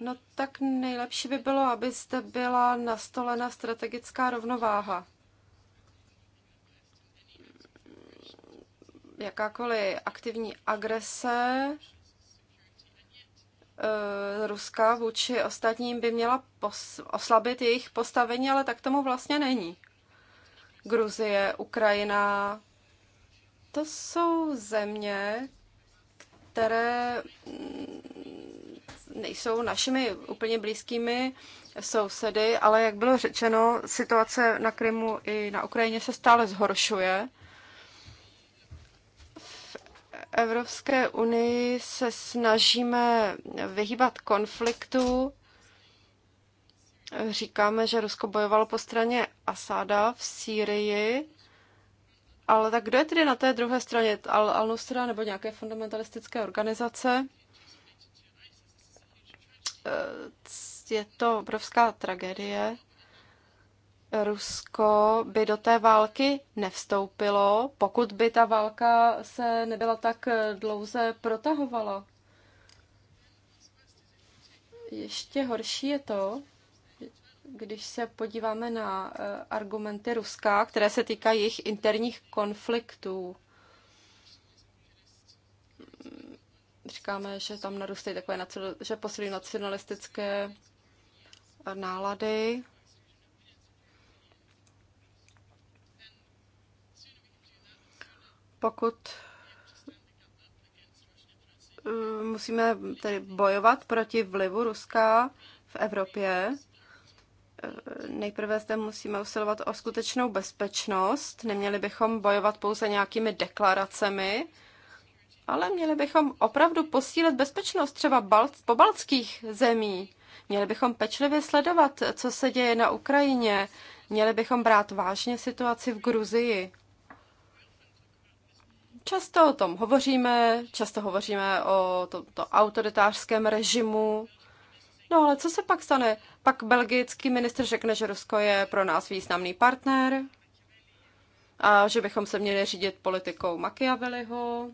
[SPEAKER 1] no tak nejlepší by bylo, aby zde byla nastolena strategická rovnováha. Jakákoliv aktivní agrese eh, Ruska vůči ostatním by měla oslabit jejich postavení, ale tak tomu vlastně není. Gruzie, Ukrajina. To jsou země, které mm, nejsou našimi úplně blízkými sousedy, ale jak bylo řečeno, situace na Krymu i na Ukrajině se stále zhoršuje. V Evropské unii se snažíme vyhýbat konfliktu, Říkáme, že Rusko bojovalo po straně Asáda v Sýrii, ale tak kdo je tedy na té druhé straně? Al-Nusra nebo nějaké fundamentalistické organizace? Eh, je to obrovská tragédie. Rusko by do té války nevstoupilo, pokud by ta válka se nebyla tak eh, dlouze protahovala. Ještě horší je to, když se podíváme na eh, argumenty Ruska, které se týkají jejich interních konfliktů, mm, říkáme, že tam narůstají takové, že posilují nacionalistické nálady. Pokud eh, musíme tedy bojovat proti vlivu Ruska v Evropě, nejprve zde musíme usilovat o skutečnou bezpečnost. Neměli bychom bojovat pouze nějakými deklaracemi, ale měli bychom opravdu posílit bezpečnost třeba bal- baltských zemí. Měli bychom pečlivě sledovat, co se děje na Ukrajině. Měli bychom brát vážně situaci v Gruzii. Často o tom hovoříme, často hovoříme o tomto autoritářském režimu, No ale co se pak stane? Pak belgický ministr řekne, že Rusko je pro nás významný partner a že bychom se měli řídit politikou Machiavelliho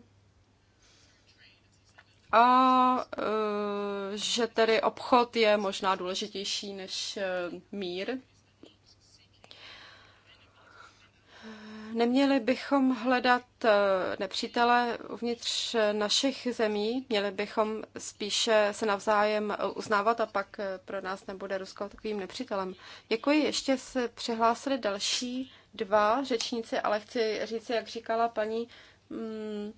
[SPEAKER 1] a eh, že tedy obchod je možná důležitější než eh, mír. neměli bychom hledat eh, nepřítele uvnitř našich zemí, měli bychom spíše se navzájem eh, uznávat a pak eh, pro nás nebude Rusko takovým nepřítelem. Děkuji, ještě se přihlásili další dva řečníci, ale chci říct, jak říkala paní mm,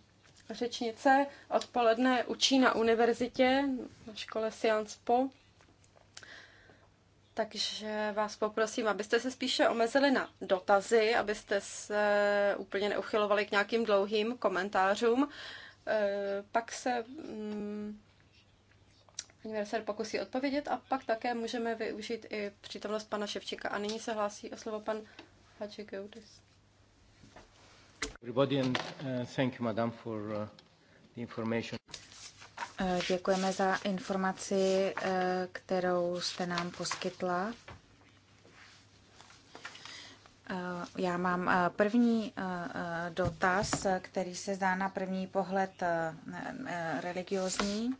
[SPEAKER 1] řečnice, odpoledne učí na univerzitě, na škole Sciences Po takže vás poprosím, abyste se spíše omezili na dotazy, abyste se úplně neuchylovali k nějakým dlouhým komentářům. E, pak se univerzitár mm, pokusí odpovědět a pak také můžeme využít i přítomnost pana Ševčíka. A nyní se hlásí o slovo pan Hadži Geudis.
[SPEAKER 2] Everybody and, uh, thank you, madam, for uh, the information.
[SPEAKER 3] Eh, děkujeme za informaci, eh, kterou jste nám poskytla. Eh, já mám první dotaz, který se zdá na první pohled religiozní,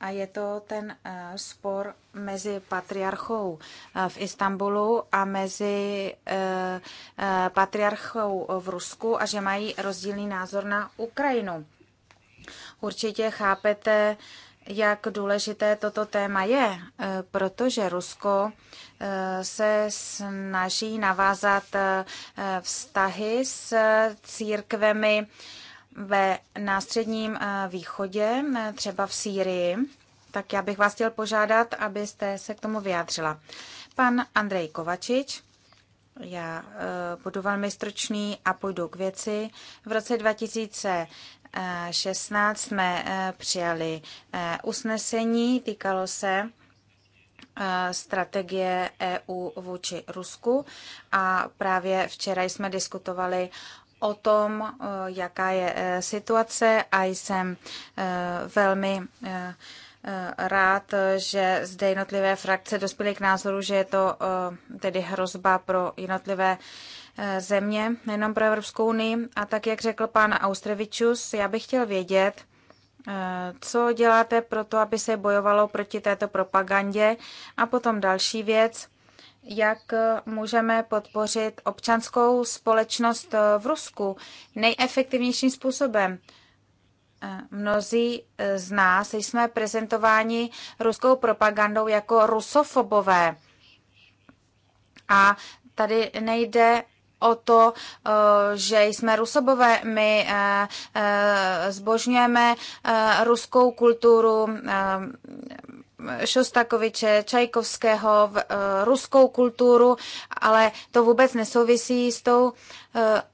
[SPEAKER 3] a je to ten spor mezi patriarchou v Istanbulu a mezi patriarchou v Rusku a že mají rozdílný názor na Ukrajinu. Určitě chápete, jak důležité toto téma je, eh, protože Rusko eh, se snaží navázat eh, vztahy s církvemi ve nástředním východě, třeba v Sýrii. Tak já bych vás chtěl požádat, abyste se k tomu vyjádřila. Pan Andrej Kovačič. Já budu velmi stručný a půjdu k věci. V roce 2000 16 jsme e, přijali e, usnesení, týkalo se e, strategie EU vůči Rusku a právě včera jsme diskutovali o tom, jaká je situace a jsem velmi rád, že zde jednotlivé frakce dospěly k názoru, že je to tedy hrozba pro jednotlivé Eh, země, nejenom pro Evropskou unii. A tak, jak řekl pan Austrevičus, já bych chtěl vědět, eh, co děláte pro to, aby se bojovalo proti této propagandě? A potom další věc, jak eh, můžeme podpořit občanskou společnost v Rusku nejefektivnějším způsobem? Mnozí z nás jsme prezentováni ruskou propagandou jako rusofobové. A tady nejde o to, eh, že jsme rusobové. My eh, eh, zbožňujeme ruskou kulturu Šostakoviče, Čajkovského, ruskou kulturu, ale to vůbec nesouvisí s tou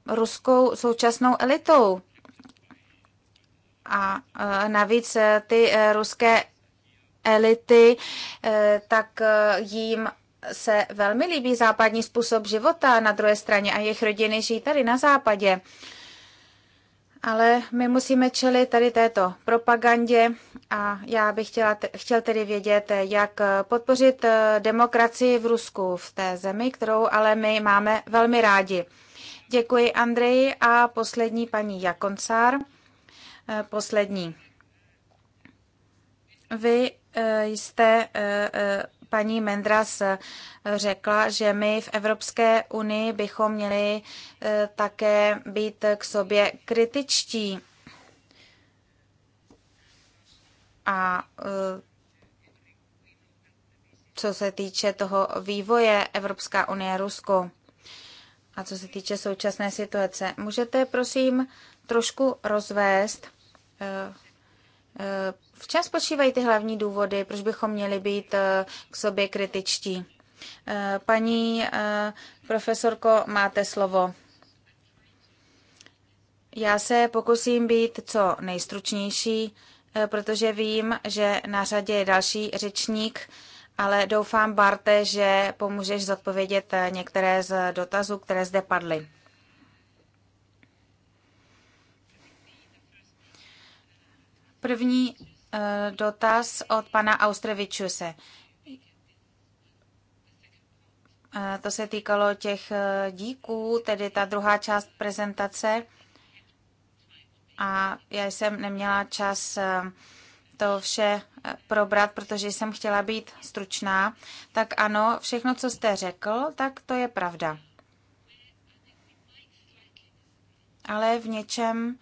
[SPEAKER 3] ruskou současnou elitou. A navíc ty ruské elity, tak jim se velmi líbí západní způsob života na druhé straně a jejich rodiny žijí tady na západě. Ale my musíme čelit tady této propagandě a já bych chtěla, chtěl tedy vědět, jak podpořit eh, demokracii v Rusku, v té zemi, kterou ale my máme velmi rádi. Děkuji Andreji a poslední paní Jakoncár. Eh, poslední. Vy eh, jste paní Mendras eh, řekla, že my v Evropské unii bychom měli eh, také být k sobě kritičtí. A eh, co se týče toho vývoje Evropská unie Rusko a co se týče současné situace, můžete prosím trošku rozvést Eh, v čem spočívají ty hlavní důvody, proč bychom měli být eh, k sobě kritičtí? Eh, paní profesorko, máte slovo. Já se pokusím být co nejstručnější, protože vím, že na řadě je další řečník, ale doufám, Barte, že pomůžeš zodpovědět některé z dotazů, které zde padly. První eh, dotaz od pana Austrevičuse. Eh, to se týkalo těch eh, díků, tedy ta druhá část prezentace. A já jsem neměla čas to vše probrat, protože jsem chtěla být stručná. Tak ano, všechno, co jste řekl, tak to je pravda. Ale v něčem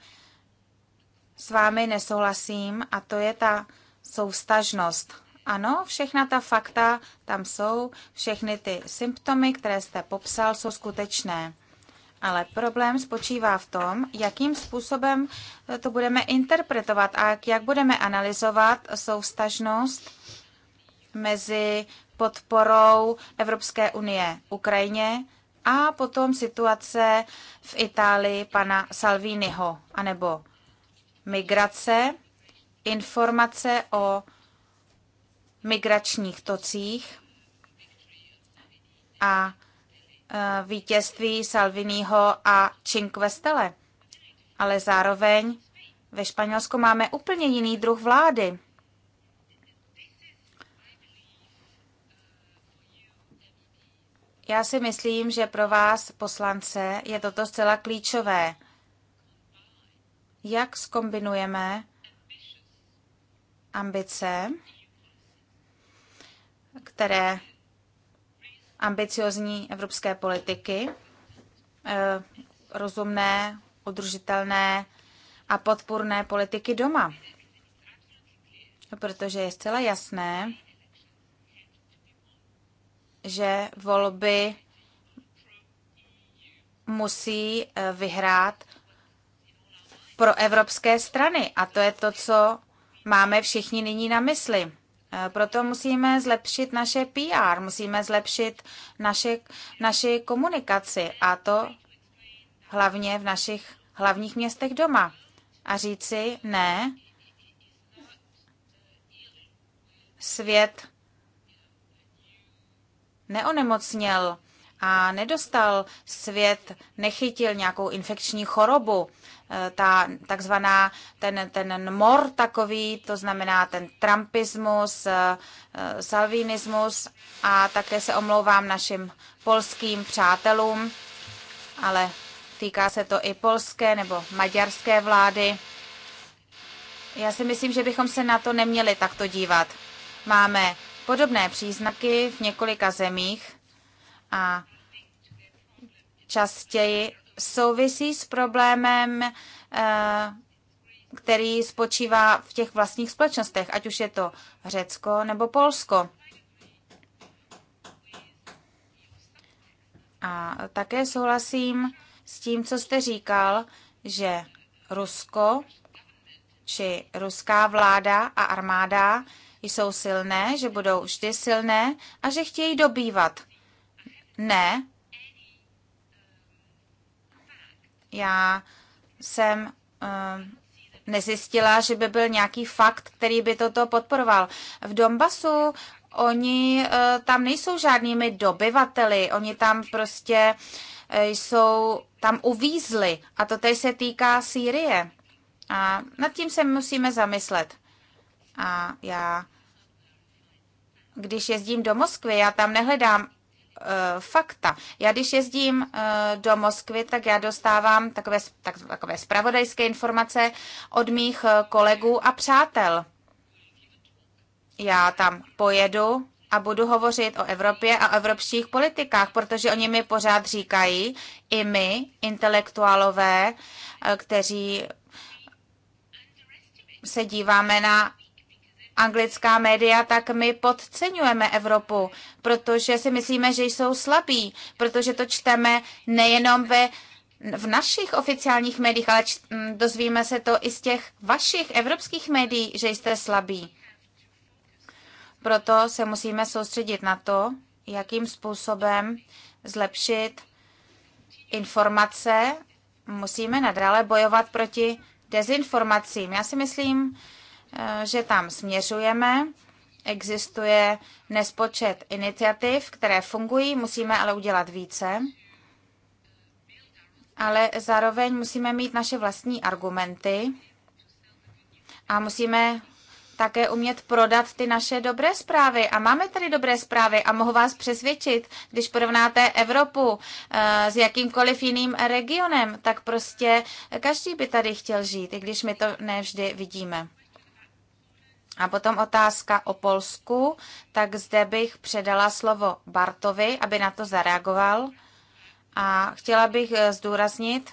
[SPEAKER 3] s vámi nesouhlasím a to je ta soustažnost. Ano, všechna ta fakta tam jsou, všechny ty symptomy, které jste popsal, jsou skutečné. Ale problém spočívá v tom, jakým způsobem to budeme interpretovat a jak budeme analyzovat soustažnost mezi podporou Evropské unie Ukrajině a potom situace v Itálii pana Salviniho, anebo migrace, informace o migračních tocích a e, vítězství Salviniho a Cinquestele. Ale zároveň ve Španělsku máme úplně jiný druh vlády. Já si myslím, že pro vás, poslance, je toto zcela klíčové jak skombinujeme ambice, které ambiciozní evropské politiky, eh, rozumné, udržitelné a podpůrné politiky doma. Protože je zcela jasné, že volby musí eh, vyhrát pro evropské strany. A to je to, co máme všichni nyní na mysli. E, proto musíme zlepšit naše PR, musíme zlepšit naše, naši komunikaci a to hlavně v našich hlavních městech doma. A říci ne, svět neonemocněl a nedostal svět, nechytil nějakou infekční chorobu. Eh, ta takzvaná, ten, ten mor takový, to znamená ten trumpismus, eh, eh, salvinismus a také se omlouvám našim polským přátelům, ale týká se to i polské nebo maďarské vlády. Já si myslím, že bychom se na to neměli takto dívat. Máme podobné příznaky v několika zemích a častěji souvisí s problémem, eh, který spočívá v těch vlastních společnostech, ať už je to Řecko nebo Polsko. A také souhlasím s tím, co jste říkal, že Rusko či ruská vláda a armáda jsou silné, že budou vždy silné a že chtějí dobývat. Ne, Já jsem eh, nezjistila, že by byl nějaký fakt, který by toto podporoval. V Donbasu oni eh, tam nejsou žádnými dobyvateli, oni tam prostě eh, jsou, tam uvízli a to teď se týká Sýrie. A nad tím se musíme zamyslet. A já, když jezdím do Moskvy, já tam nehledám Eh, fakta. Já když jezdím eh, do Moskvy, tak já dostávám takové, tak, takové spravodajské informace od mých eh, kolegů a přátel. Já tam pojedu a budu hovořit o Evropě a o evropských politikách, protože oni mi pořád říkají, i my, intelektuálové, kteří se díváme na anglická média, tak my podceňujeme Evropu, protože si myslíme, že jsou slabí, protože to čteme nejenom ve v našich oficiálních médiích, ale m, mm, dozvíme se to i z těch vašich evropských médií, že jste slabí. Proto se musíme soustředit na to, jakým způsobem zlepšit informace. Musíme nadále bojovat proti dezinformacím. Já si myslím, Eh, že tam směřujeme. Existuje nespočet iniciativ, které fungují, musíme ale udělat více. Ale zároveň musíme mít naše vlastní argumenty a musíme také umět prodat ty naše dobré zprávy. A máme tady dobré zprávy a mohu vás přesvědčit, když porovnáte Evropu eh, s jakýmkoliv jiným regionem, tak prostě každý by tady chtěl žít, i když my to nevždy vidíme. A potom otázka o Polsku, tak zde bych předala slovo Bartovi, aby na to zareagoval. A chtěla bych eh, zdůraznit,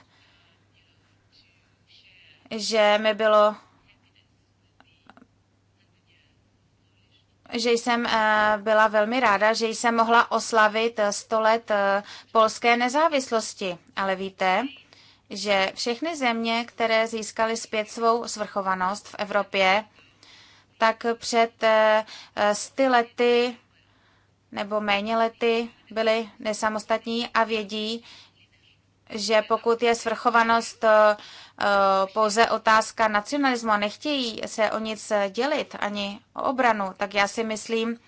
[SPEAKER 3] že mi bylo že jsem eh, byla velmi ráda, že jsem mohla oslavit 100 eh, let polské nezávislosti. Ale víte, že všechny země, které získaly zpět svou svrchovanost v Evropě, tak před eh, sty lety nebo méně lety byli nesamostatní a vědí, že pokud je svrchovanost eh, pouze otázka nacionalismu a nechtějí se o nic dělit ani o obranu, tak já si myslím,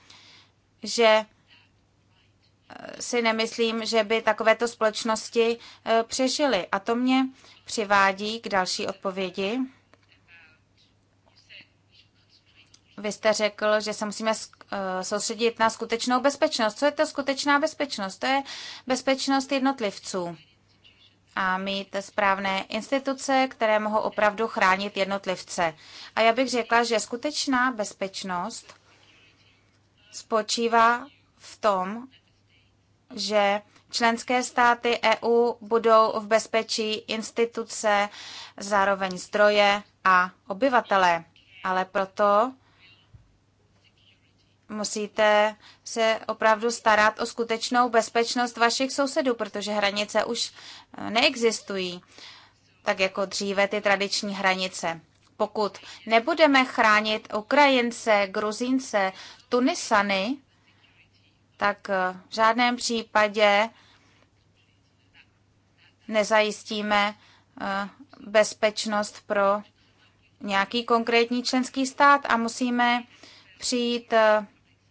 [SPEAKER 3] že eh, si nemyslím, že by takovéto společnosti přežily. A to mě přivádí k další odpovědi. Vy jste řekl, že se musíme eh, soustředit na skutečnou bezpečnost. Co je to skutečná bezpečnost? To je bezpečnost jednotlivců a mít správné instituce, které mohou opravdu chránit jednotlivce. A já bych řekla, že skutečná bezpečnost spočívá v tom, že členské státy EU budou v bezpečí instituce, zároveň zdroje a obyvatele. Ale proto musíte se opravdu starat o skutečnou bezpečnost vašich sousedů, protože hranice už eh, neexistují, tak jako dříve ty tradiční hranice. Pokud nebudeme chránit Ukrajince, Gruzínce, Tunisany, tak eh, v žádném případě nezajistíme eh, bezpečnost pro nějaký konkrétní členský stát a musíme přijít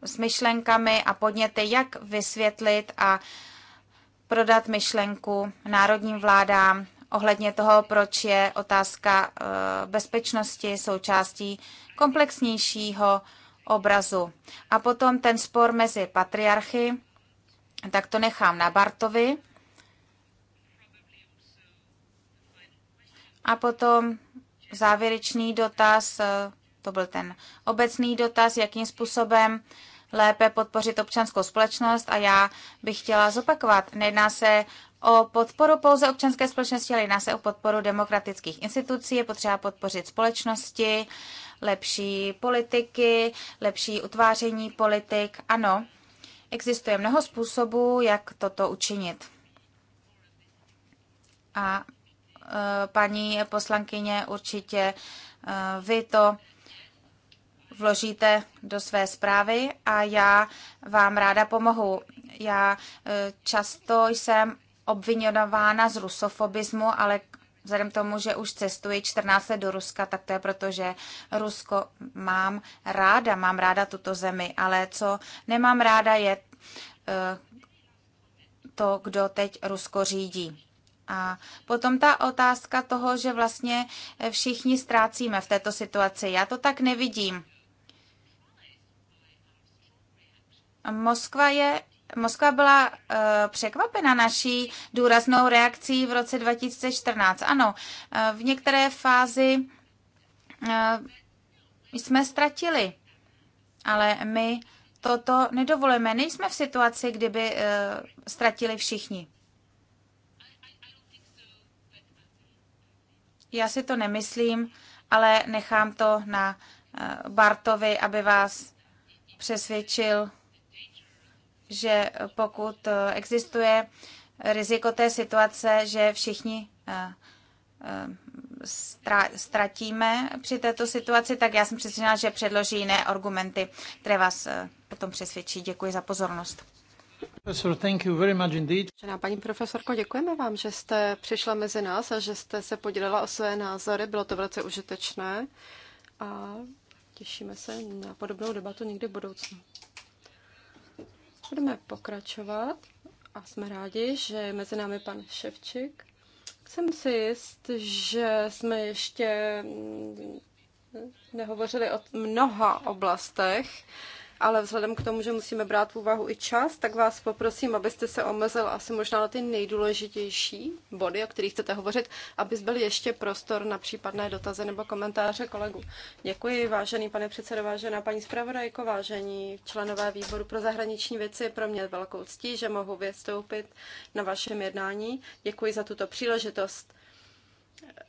[SPEAKER 3] s myšlenkami a podněty, jak vysvětlit a prodat myšlenku národním vládám ohledně toho, proč je otázka eh, bezpečnosti součástí komplexnějšího obrazu. A potom ten spor mezi patriarchy, tak to nechám na Bartovi. A potom závěrečný dotaz, eh, to byl ten obecný dotaz, jakým způsobem lépe podpořit občanskou společnost a já bych chtěla zopakovat, nejedná se o podporu pouze občanské společnosti, ale jedná se o podporu demokratických institucí, je potřeba podpořit společnosti, lepší politiky, lepší utváření politik. Ano, existuje mnoho způsobů, jak toto učinit. A e, paní poslankyně, určitě e, vy to vložíte do své zprávy a já vám ráda pomohu. Já e, často jsem obvinovaná z rusofobismu, ale vzhledem k tomu, že už cestuji 14 let do Ruska, tak to je proto, že Rusko mám ráda, mám ráda tuto zemi, ale co nemám ráda je e, to, kdo teď Rusko řídí. A potom ta otázka toho, že vlastně všichni ztrácíme v této situaci. Já to tak nevidím. Moskva je Moskva byla uh, překvapena naší důraznou reakcí v roce 2014. Ano, uh, v některé fázi uh, jsme ztratili, ale my toto nedovolíme. Nejsme v situaci, kdyby uh, ztratili všichni. Já si to nemyslím, ale nechám to na uh, Bartovi, aby vás přesvědčil že pokud eh, existuje riziko té situace, že všichni eh, eh, ztratíme při této situaci, tak já jsem přesvědčena, že předloží jiné argumenty, které vás potom přesvědčí. Děkuji za pozornost.
[SPEAKER 2] Profesor, thank you very much indeed.
[SPEAKER 1] Paní profesorko, děkujeme vám, že jste přišla mezi nás a že jste se podělila o své názory. Bylo to velice užitečné a těšíme se na podobnou debatu někdy v budoucnu. Budeme pokračovat a jsme rádi, že je mezi námi pan Ševčik. Jsem si jist, že jsme ještě nehovořili o mnoha oblastech, ale vzhledem k tomu, že musíme brát v úvahu i čas, tak vás poprosím, abyste se omezil asi možná na ty nejdůležitější body, o kterých chcete hovořit, aby byl ještě prostor na případné dotazy nebo komentáře kolegů. Děkuji, vážený pane předsedo, vážená paní zpravodajko, vážení členové výboru pro zahraniční věci. Pro mě velkou ctí, že mohu vystoupit na vašem jednání. Děkuji za tuto příležitost.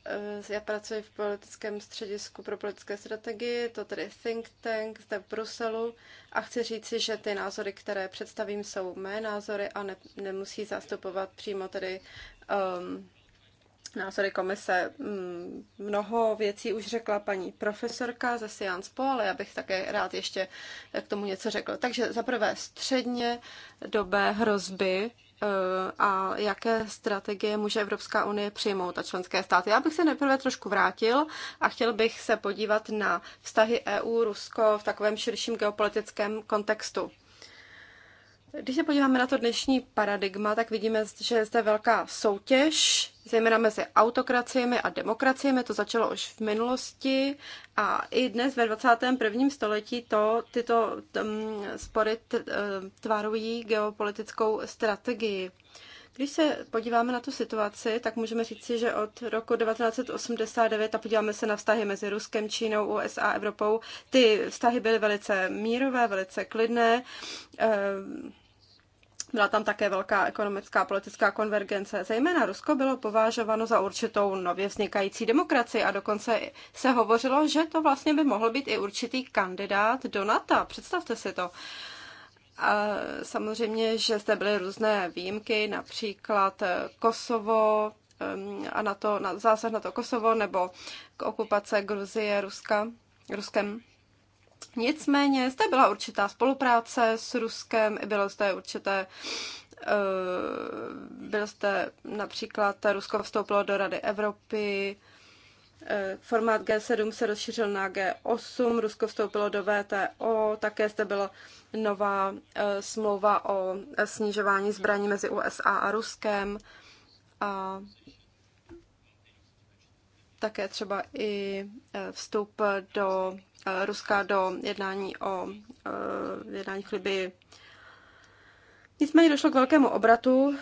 [SPEAKER 1] Eh, já pracuji v politickém středisku pro politické strategii, to tedy think tank zde v Bruselu a chci říci, že ty názory, které představím, jsou mé názory a ne, nemusí zastupovat přímo tedy um, názory komise. Mm, mnoho věcí už řekla paní profesorka ze Science Po, ale já bych také rád ještě k tomu něco řekl. Takže za prvé středně dobé hrozby a jaké strategie může Evropská unie přijmout a členské státy. Já bych se nejprve trošku vrátil a chtěl bych se podívat na vztahy EU-Rusko v takovém širším geopolitickém kontextu. Když se podíváme na to dnešní paradigma, tak vidíme, že je zde velká soutěž, zejména mezi autokraciemi a demokraciemi, to začalo už v minulosti a i dnes ve 21. století to, tyto mm, spory e, tvarují geopolitickou strategii. Když se podíváme na tu situaci, tak můžeme říci, že od roku 1989 a podíváme se na vztahy mezi Ruskem, Čínou, USA a Evropou, ty vztahy byly velice mírové, velice klidné. Ehm, byla tam také velká ekonomická a politická konvergence. Zejména Rusko bylo považováno za určitou nově vznikající demokracii a dokonce se hovořilo, že to vlastně by mohl být i určitý kandidát do NATO. Představte si to. Uh, a samozřejmě, že zde byly různé výjimky, například eh, Kosovo ehm, a na to, na zásah na to Kosovo nebo k okupace Gruzie Ruska, Ruskem. Nicméně zde byla určitá spolupráce s Ruskem, bylo zde určité eh, byl jste například, Rusko vstoupilo do Rady Evropy, eh, formát G7 se rozšířil na G8, Rusko vstoupilo do VTO, také zde bylo nová eh, smlouva o eh, snižování zbraní mezi USA a Ruskem a také třeba i eh, vstup do Ruska do jednání o jednání chliby. Nicméně došlo k velkému obratu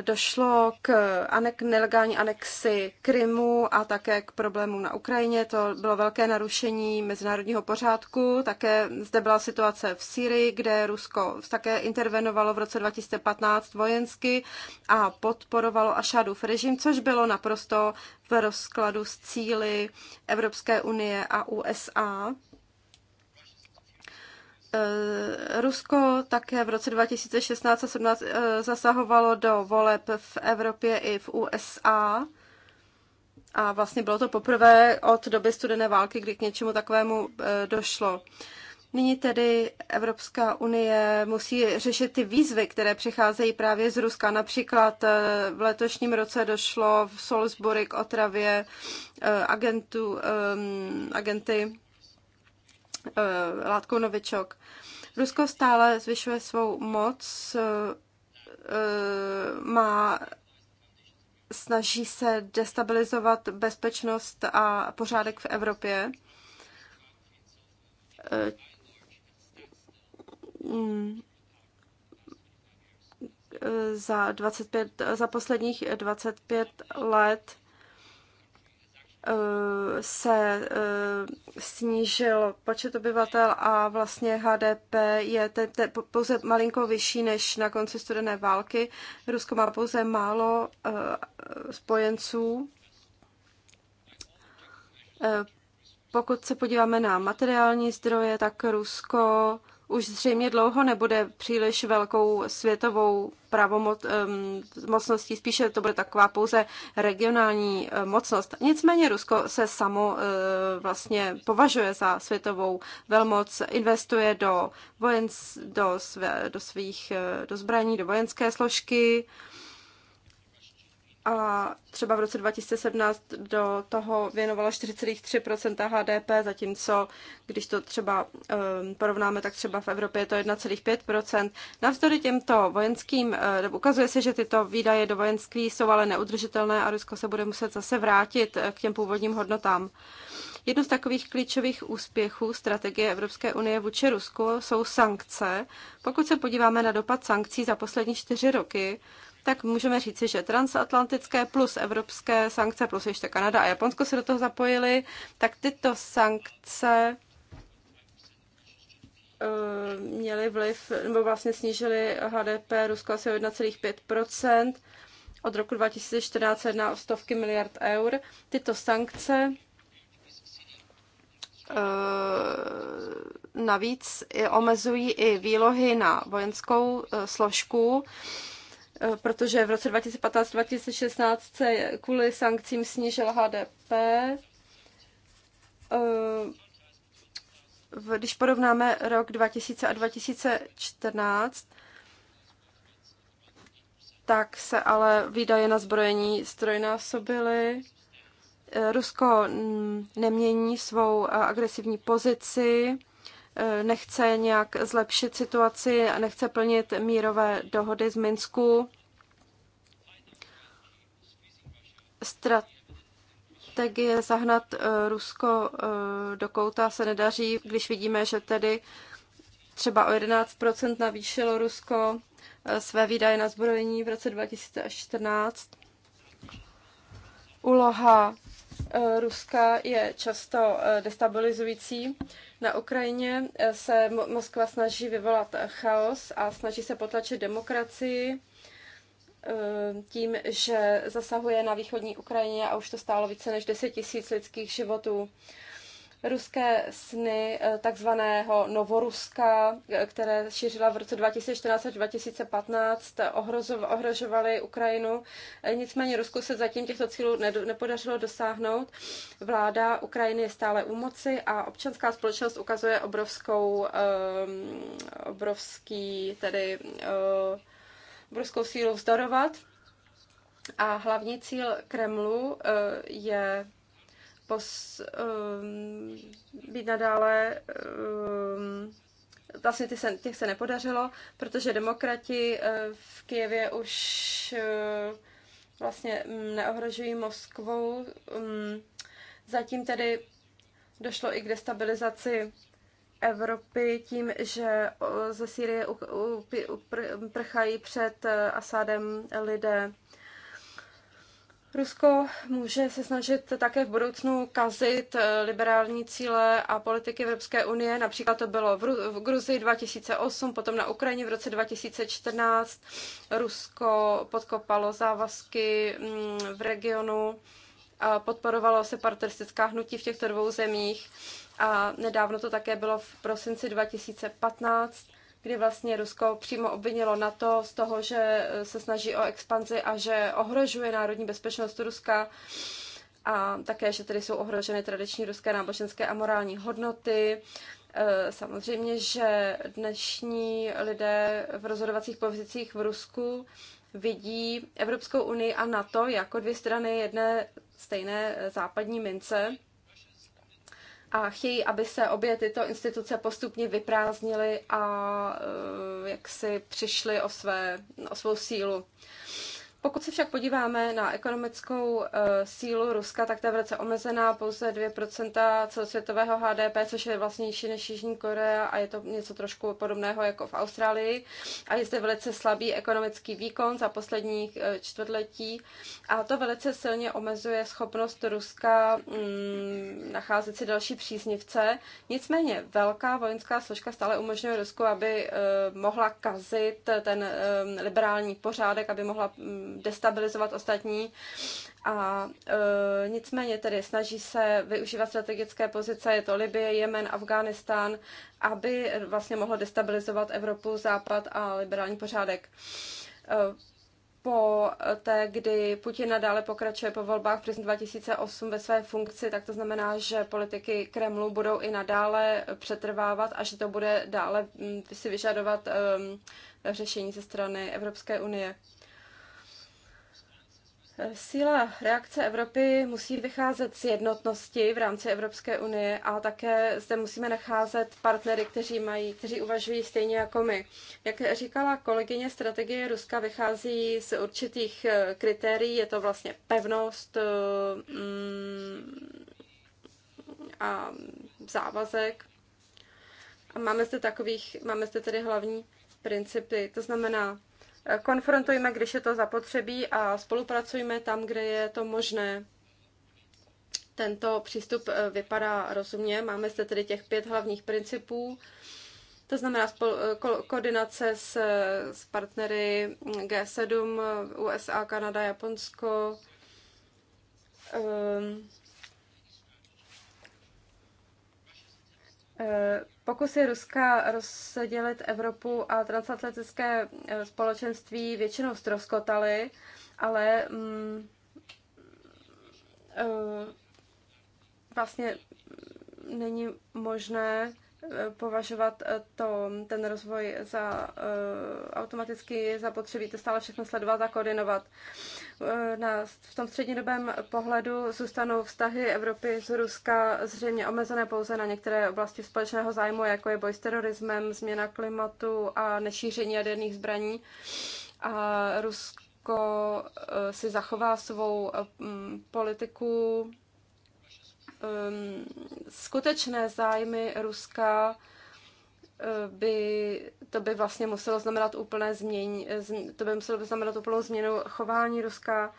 [SPEAKER 1] došlo k, anek, nelegální anexi Krymu a také k problémům na Ukrajině. To bylo velké narušení mezinárodního pořádku. Také zde byla situace v Syrii, kde Rusko také intervenovalo v roce 2015 vojensky a podporovalo Ašadův režim, což bylo naprosto v rozkladu s cíly Evropské unie a USA. Eh, Rusko také v roce 2016 a 17 eh, zasahovalo do voleb v Evropě i v USA. A vlastně bylo to poprvé od doby studené války, kdy k něčemu takovému eh, došlo. Nyní tedy Evropská unie musí řešit ty výzvy, které přicházejí právě z Ruska. Například v letošním roce došlo v Salisbury k otravě agentů, ehm, agenty Eh, látkou novičok. Rusko stále zvyšuje svou moc, eh, eh, má snaží se destabilizovat bezpečnost a pořádek v Evropě. Mm, za, 25, za posledních 25 let Eh, se eh, snížil počet obyvatel a vlastně HDP je te, te, pouze malinko vyšší než na konci studené války. Rusko má pouze málo eh, spojenců. Pokud se podíváme na materiální zdroje, tak Rusko už zřejmě dlouho nebude příliš velkou světovou pravomocností, spíše to bude taková pouze regionální eh, mocnost. Nicméně Rusko se samo eh, vlastně považuje za světovou velmoc, investuje do, vojenc, do, své, do svých eh, do zbraní, do vojenské složky, a třeba v roce 2017 do toho věnovala 4,3 HDP, zatímco když to třeba ehm, porovnáme, tak třeba v Evropě je to 1,5 Navzdory těmto vojenským, eh, ukazuje se, že tyto výdaje do vojenství jsou ale neudržitelné a Rusko se bude muset zase vrátit eh, k těm původním hodnotám. Jedno z takových klíčových úspěchů strategie Evropské unie vůči Rusku jsou sankce. Pokud se podíváme na dopad sankcí za poslední čtyři roky, tak můžeme říci, že transatlantické plus evropské sankce plus ještě Kanada a Japonsko se do toho zapojili, tak tyto sankce eh, měly vliv, nebo vlastně snížily HDP Rusko asi o 1,5 Od roku 2014 na jedná o stovky miliard eur. Tyto sankce eh, navíc omezují i výlohy na vojenskou eh, složku. Eh, protože v roce 2015-2016 se kvůli sankcím snížil HDP. Eh, když porovnáme rok 2000 a 2014, tak se ale výdaje na zbrojení strojnásobily. Eh, Rusko mm, nemění svou agresivní pozici nechce nějak zlepšit situaci a nechce plnit mírové dohody z Minsku. Strategie zahnat eh, Rusko eh, do kouta se nedaří, když vidíme, že tedy třeba o 11% navýšilo Rusko eh, své výdaje na zbrojení v roce 2014. Úloha Eh, Ruska je často eh, destabilizující. Na Ukrajině eh, se Moskva snaží vyvolat chaos a snaží se potlačit demokracii tím, že zasahuje na východní Ukrajině a už to stálo více než 10 tisíc lidských životů ruské sny eh, takzvaného Novoruska, eh, které šířila v roce 2014 až 2015, eh, ohrožovaly Ukrajinu. Nicméně Rusku se zatím těchto cílů nepodařilo dosáhnout. Vláda Ukrajiny je stále u moci a občanská společnost ukazuje obrovskou, um, obrovský, tedy um, obrovskou sílu vzdorovat. A hlavní cíl Kremlu je pos, um, být nadále. Um, vlastně ty se, těch se nepodařilo, protože demokrati uh, v Kijevě už uh, vlastně neohrožují Moskvu. Um, zatím tedy došlo i k destabilizaci Evropy tím, že ze Sýrie uprchají před uh, Asádem lidé Rusko může se snažit také v budoucnu kazit eh, liberální cíle a politiky Evropské unie. Například to bylo v, Ru- v Gruzii 2008, potom na Ukrajině v roce 2014. Rusko podkopalo závazky mm, v regionu, a podporovalo se partneristická hnutí v těchto dvou zemích a nedávno to také bylo v prosinci 2015 kdy vlastně Rusko přímo obvinilo NATO z toho, že se snaží o expanzi a že ohrožuje národní bezpečnost Ruska a také, že tady jsou ohroženy tradiční ruské náboženské a morální hodnoty. E, samozřejmě, že dnešní lidé v rozhodovacích pozicích v Rusku vidí Evropskou unii a NATO jako dvě strany jedné stejné západní mince a chtějí, aby se obě tyto instituce postupně vyprázdnily a e, jak si přišly o, své, o svou sílu. Pokud se však podíváme na ekonomickou eh, sílu Ruska, tak ta je velice omezená, pouze 2% celosvětového HDP, což je vlastně nižší než Jižní Korea a je to něco trošku podobného jako v Austrálii. A je zde velice slabý ekonomický výkon za posledních eh, čtvrtletí a to velice silně omezuje schopnost Ruska mm, nacházet si další příznivce. Nicméně velká vojenská složka stále umožňuje Rusku, aby eh, mohla kazit ten liberální pořádek, aby mohla mm, destabilizovat ostatní. A e, nicméně tedy snaží se využívat strategické pozice, je to Libie, Jemen, Afghánistán, aby vlastně mohlo destabilizovat Evropu, Západ a liberální pořádek. E, po té, kdy Putin nadále pokračuje po volbách v 2008 ve své funkci, tak to znamená, že politiky Kremlu budou i nadále přetrvávat a že to bude dále mm, si vyžadovat um, řešení ze strany Evropské unie. Síla reakce Evropy musí vycházet z jednotnosti v rámci Evropské unie a také zde musíme nacházet partnery, kteří mají, kteří uvažují stejně jako my. Jak říkala kolegyně, strategie Ruska vychází z určitých eh, kritérií, je to vlastně pevnost eh, mm, a závazek. A máme zde takových, máme zde tedy hlavní principy, to znamená konfrontujme, když je to zapotřebí a spolupracujme tam, kde je to možné. Tento přístup eh, vypadá rozumně. Máme zde tedy těch pět hlavních principů. To znamená spol- eh, ko- koordinace s, eh, s partnery G7, USA, Kanada, Japonsko, um, Eh, pokusy Ruska rozdělit Evropu a transatlantické eh, společenství většinou ztroskotaly, ale mm, eh, vlastně není možné Eh, považovat eh, to, ten rozvoj za uh, automaticky zapotřebí to stále všechno sledovat a koordinovat. Na, v tom střednědobém pohledu zůstanou vztahy Evropy z Ruska zřejmě omezené pouze na některé oblasti společného zájmu, jako je boj s terorismem, změna klimatu a nešíření jaderných zbraní. A Rusko si zachová svou politiku um, skutečné zájmy Ruska eh, by, to by vlastně muselo znamenat úplné změň, eh, to by muselo znamenat úplnou změnu chování Ruska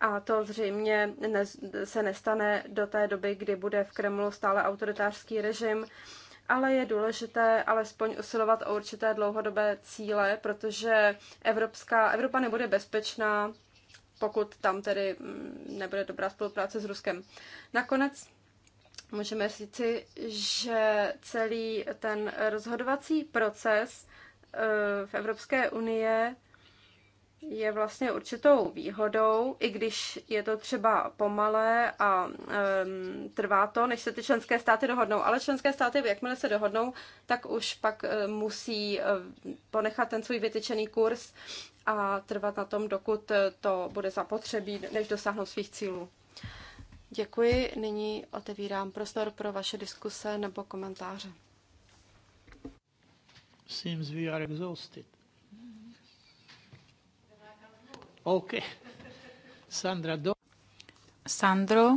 [SPEAKER 1] a to zřejmě ne, se nestane do té doby, kdy bude v Kremlu stále autoritářský režim, ale je důležité alespoň usilovat o určité dlouhodobé cíle, protože Evropská, Evropa nebude bezpečná, pokud tam tedy mm, nebude dobrá spolupráce s Ruskem. Nakonec můžeme říci, že celý ten rozhodovací proces eh, v Evropské unie je vlastně určitou výhodou, i když je to třeba pomalé a um, trvá to, než se ty členské státy dohodnou. Ale členské státy, jakmile se dohodnou, tak už pak um, musí um, ponechat ten svůj vytyčený kurz a trvat na tom, dokud to bude zapotřebí, než dosáhnou svých cílů. Děkuji. Nyní otevírám prostor pro vaše diskuse nebo komentáře.
[SPEAKER 2] Seems we are exhausted.
[SPEAKER 3] OK. Sandra, do... Sandro,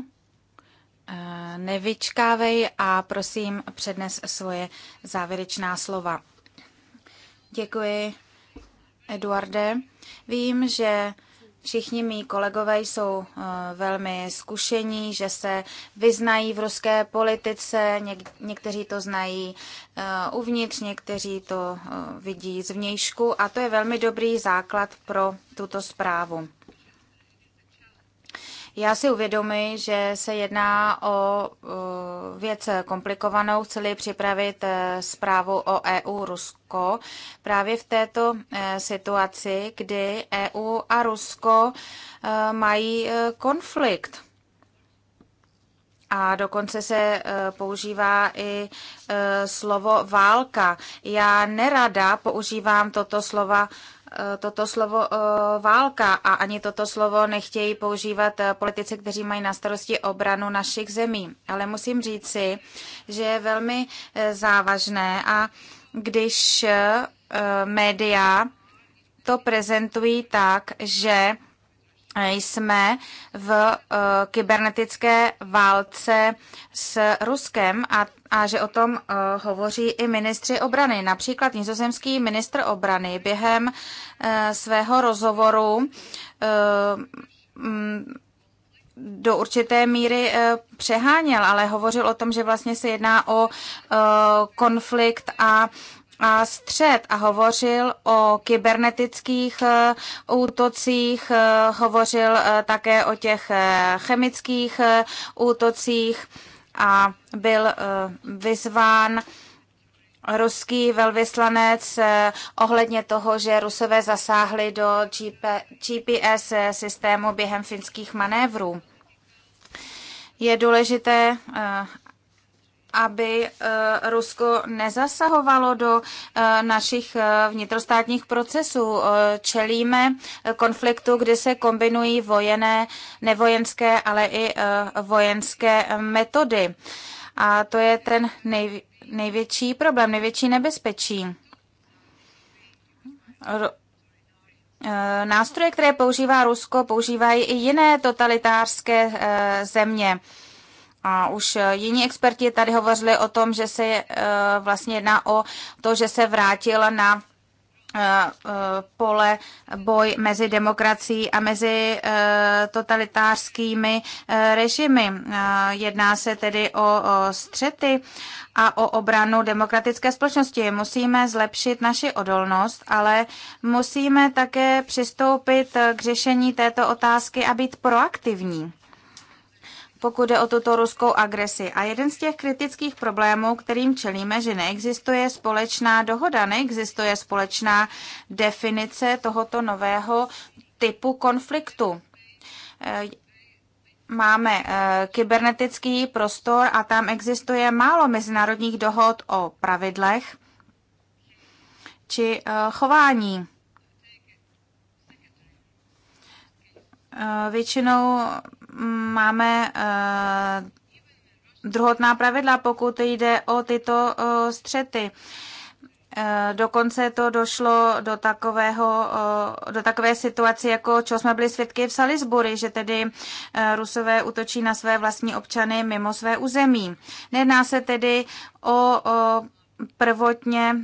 [SPEAKER 3] eh, nevyčkávej a prosím přednes svoje závěrečná slova. Děkuji, Eduarde. Vím, že Všichni mý kolegové jsou eh, velmi zkušení, že se vyznají v ruské politice, něk- někteří to znají eh, uvnitř, někteří to eh, vidí zvnějšku a to je velmi dobrý základ pro tuto zprávu. Já si uvědomuji, že se jedná o věc komplikovanou. Chceli připravit eh, zprávu o EU Rusko právě v této eh, situaci, kdy EU a Rusko eh, mají konflikt. A dokonce se používá i slovo válka. Já nerada používám toto slova Eh, toto slovo eh, válka a ani toto slovo nechtějí používat eh, politici, kteří mají na starosti obranu našich zemí. Ale musím říci, že je velmi závažné a když média to prezentují tak, že jsme v eh, kybernetické válce s Ruskem a, a že o tom eh, hovoří i ministři obrany. Například nizozemský ministr obrany během eh, svého rozhovoru mm, do určité míry přeháněl, ale hovořil o tom, že vlastně se jedná o konflikt a střed a hovořil o kybernetických eh, útocích, eh, hovořil eh, také o těch chemických útocích a byl vyzván ruský velvyslanec ohledně toho, že rusové zasáhli do GPS systému během finských manévrů. Je důležité, aby eh, Rusko nezasahovalo do eh, našich eh, vnitrostátních procesů. Čelíme konfliktu, kdy se kombinují vojené, nevojenské, ale i vojenské metody. A to je ten nej, největší problém, největší nebezpečí. Nástroje, které používá Rusko, používají i jiné totalitářské země. A už eh, jiní experti tady hovořili o tom, že se eh, vlastně jedná o to, že se vrátil na eh, pole boj mezi demokracií a mezi totalitářskými režimy. Jedná se tedy o střety a o obranu demokratické společnosti. Musíme zlepšit naši odolnost, ale musíme také přistoupit k řešení této otázky a být proaktivní pokud jde o tuto ruskou agresi. A jeden z těch kritických problémů, kterým čelíme, že neexistuje společná dohoda, neexistuje společná definice tohoto nového typu konfliktu. E, máme e, kybernetický prostor a tam existuje málo mezinárodních dohod o pravidlech či e, chování. Většinou máme eh, druhotná pravidla, pokud jde o tyto eh, střety. Eh, dokonce to došlo do, takového, do takové situace, jako čeho jsme byli svědky v Salisbury, že tedy Rusové útočí na své vlastní občany mimo své území. Nedná se tedy o, o prvotně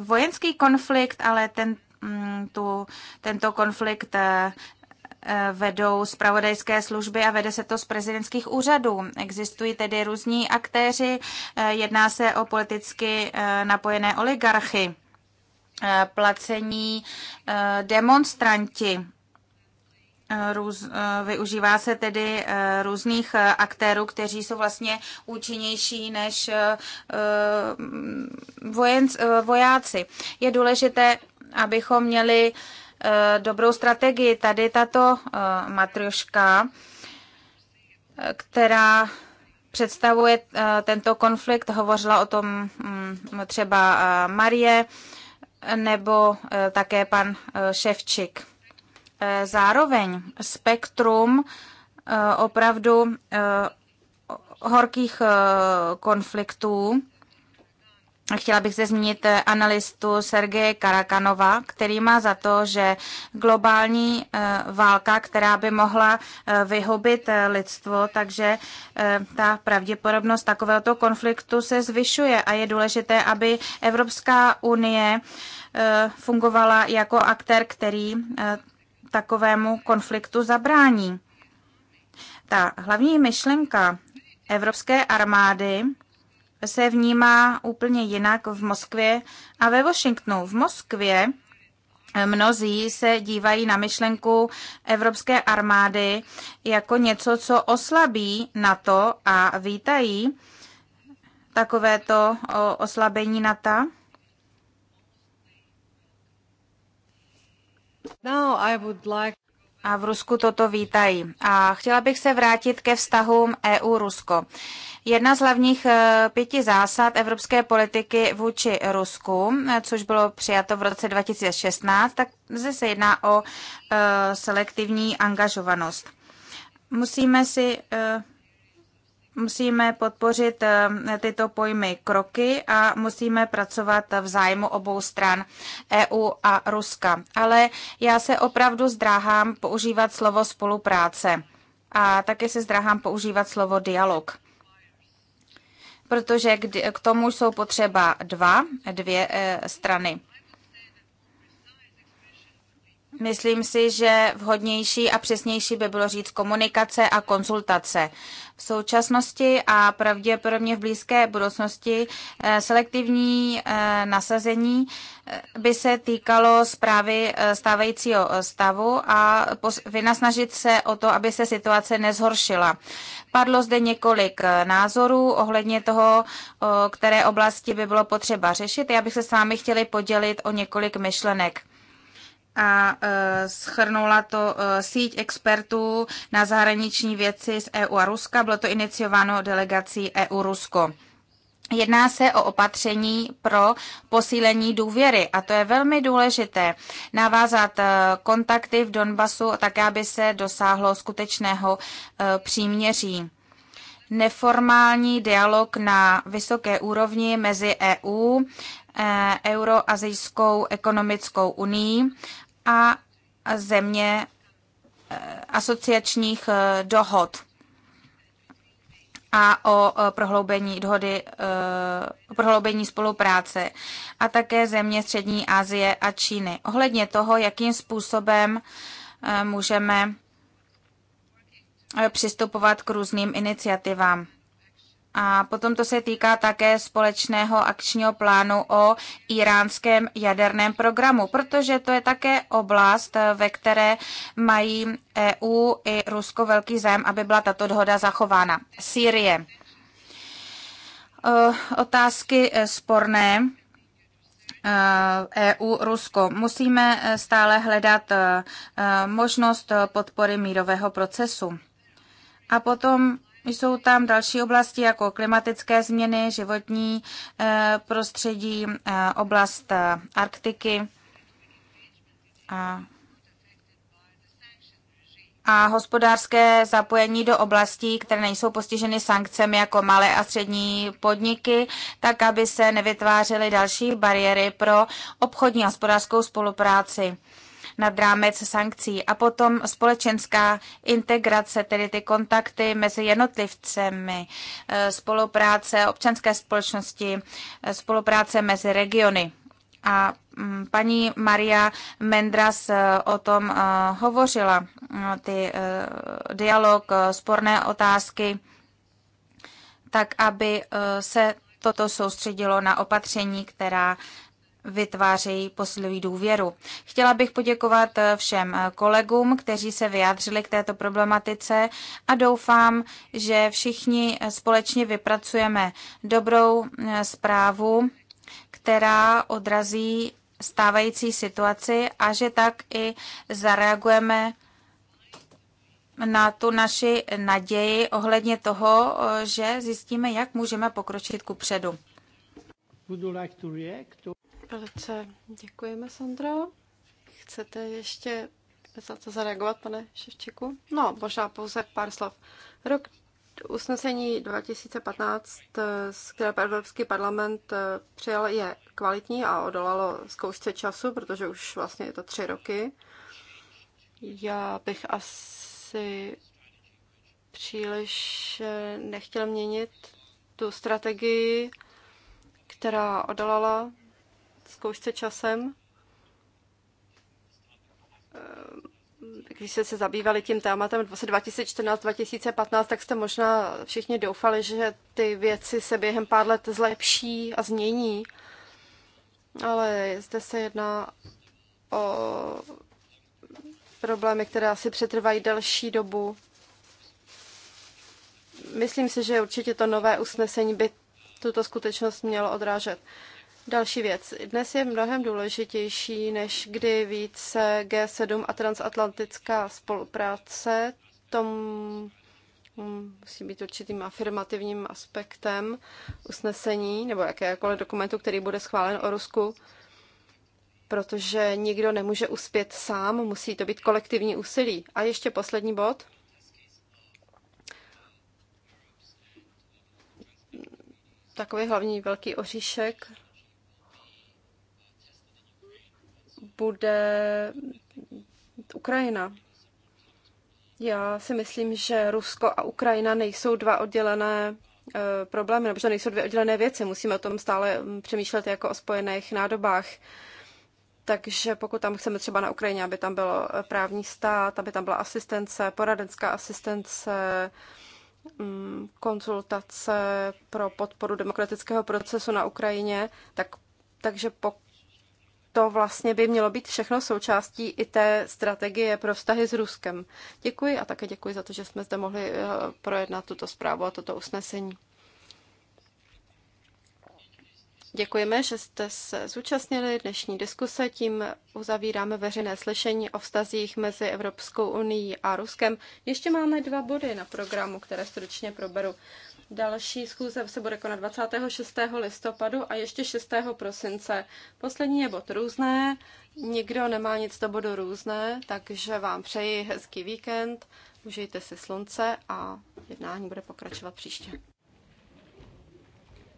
[SPEAKER 3] vojenský konflikt, ale ten, mm, tu, tento konflikt vedou zpravodajské služby a vede se to z prezidentských úřadů. Existují tedy různí aktéři, eh, jedná se o politicky eh, napojené oligarchy, eh, placení demonstranti, Růz, využívá se tedy různých aktérů, kteří jsou vlastně účinnější než vojenc, vojáci. Je důležité, abychom měli Eh, dobrou strategii. Tady tato eh, matrioška, eh, která představuje tento konflikt, hovořila o tom mm, třeba Marie nebo také pan Ševčik. Zároveň spektrum opravdu horkých konfliktů Chtěla bych se zmínit eh, analistu Sergeje Karakanova, který má za to, že globální eh, válka, která by mohla eh, vyhobit lidstvo, takže ta pravděpodobnost takovéhoto konfliktu se zvyšuje a je důležité, aby Evropská unie fungovala jako aktér, který takovému konfliktu zabrání. Ta hlavní myšlenka evropské armády se vnímá úplně jinak v Moskvě a ve Washingtonu. V Moskvě eh, Mnozí se dívají na myšlenku evropské armády jako něco, co oslabí NATO a vítají takovéto oslabení NATO. Now I would like a v Rusku toto vítají. A chtěla bych se vrátit ke vztahům EU-Rusko. Jedna z hlavních eh, pěti zásad evropské politiky vůči Rusku, eh, což bylo přijato v roce 2016, tak zde se jedná o eh, selektivní angažovanost. Musíme si musíme podpořit eh, tyto pojmy kroky a musíme pracovat v zájmu obou stran EU a Ruska. Ale já se opravdu zdráhám používat slovo spolupráce a také se zdráhám používat slovo dialog. Protože k tomu jsou potřeba dva, dvě eh, strany. Myslím si, že vhodnější a přesnější by bylo říct komunikace a konzultace. V současnosti a pravděpodobně v blízké budoucnosti eh, selektivní eh, nasazení eh, by se týkalo zprávy stávajícího stavu a vynasnažit se o to, aby se situace nezhoršila. Padlo zde několik názorů ohledně toho, které oblasti by bylo potřeba řešit. Já bych se s vámi chtěli podělit o několik myšlenek a e, schrnula to e, síť expertů na zahraniční věci z EU a Ruska. Bylo to iniciováno delegací EU-Rusko. Jedná se o opatření pro posílení důvěry a to je velmi důležité. Navázat e, kontakty v Donbasu tak, aby se dosáhlo skutečného příměří neformální dialog na vysoké úrovni mezi EU, Euroazijskou ekonomickou unii a země eh, asociačních eh, dohod a o eh, prohloubení dohody, o prohloubení spolupráce a také země Střední Asie a Číny. Ohledně toho, jakým způsobem můžeme přistupovat k různým iniciativám. A potom to se týká také společného akčního plánu o iránském jaderném programu, protože to je také oblast, ve které mají EU i Rusko velký zájem, aby byla tato dohoda zachována. Sýrie. Eh, otázky eh, sporné. EU, eh, e Rusko. Musíme stále hledat možnost podpory mírového procesu. A potom jsou tam další oblasti jako klimatické změny, životní eh, prostředí, eh, oblast eh, Arktiky a, a hospodářské zapojení do oblastí, které nejsou postiženy sankcemi jako malé a střední podniky, tak aby se nevytvářely další bariéry pro obchodní a hospodářskou spolupráci nad rámec sankcí. A potom společenská integrace, tedy ty kontakty mezi jednotlivcemi, eh, spolupráce občanské společnosti, eh, spolupráce mezi regiony. A mm, paní Maria Mendras eh, o tom hovořila, no, ty dialog, sporné otázky, tak aby se toto soustředilo na opatření, která vytvářejí posilují důvěru. Chtěla bych poděkovat eh, všem eh, kolegům, kteří se vyjádřili k této problematice a doufám, že všichni eh, společně vypracujeme dobrou zprávu, která odrazí stávající situaci a že tak i zareagujeme na tu naši naději ohledně toho, že zjistíme, jak můžeme pokročit ku předu.
[SPEAKER 1] Velice děkujeme, Sandro. Chcete ještě za to zareagovat, pane Ševčiku? No, možná pouze pár slov. Rok usnesení 2015, eh, které Evropský parlament eh, přijal, je kvalitní a odolalo zkoušce času, protože už vlastně je to tři roky. Já bych asi příliš eh, nechtěl měnit tu strategii, která odolala zkoušce časem, když jste se zabývali tím tématem 2014-2015, tak jste možná všichni doufali, že ty věci se během pár let zlepší a změní. Ale zde se jedná o problémy, které asi přetrvají delší dobu. Myslím si, že určitě to nové usnesení by tuto skutečnost mělo odrážet. Další věc. Dnes je mnohem důležitější, než kdy více G7 a transatlantická spolupráce. Tom mm, musí být určitým afirmativním aspektem usnesení nebo jakékoliv dokumentu, který bude schválen o Rusku, protože nikdo nemůže uspět sám, musí to být kolektivní úsilí. A ještě poslední bod. Takový hlavní velký oříšek bude Ukrajina. Já si myslím, že Rusko a Ukrajina nejsou dva oddělené eh, problémy, nebo že nejsou dvě oddělené věci. Musíme o tom stále mm, přemýšlet jako o spojených nádobách. Takže pokud tam chceme třeba na Ukrajině, aby tam byl eh, právní stát, aby tam byla asistence, poradenská asistence, mm, konzultace pro podporu demokratického procesu na Ukrajině, tak, takže pokud to vlastně by mělo být všechno součástí i té strategie pro vztahy s Ruskem. Děkuji a také děkuji za to, že jsme zde mohli eh, projednat tuto zprávu a toto usnesení. Děkujeme, že jste se zúčastnili dnešní diskuse. Tím uzavíráme veřejné slyšení o vztazích mezi Evropskou unii a Ruskem. Ještě máme dva body na programu, které stručně proberu. Další schůze se bude konat 26. listopadu a ještě 6. prosince. Poslední je bod různé, nikdo nemá nic do bodu různé, takže vám přeji hezký víkend, užijte si slunce a jednání bude pokračovat příště.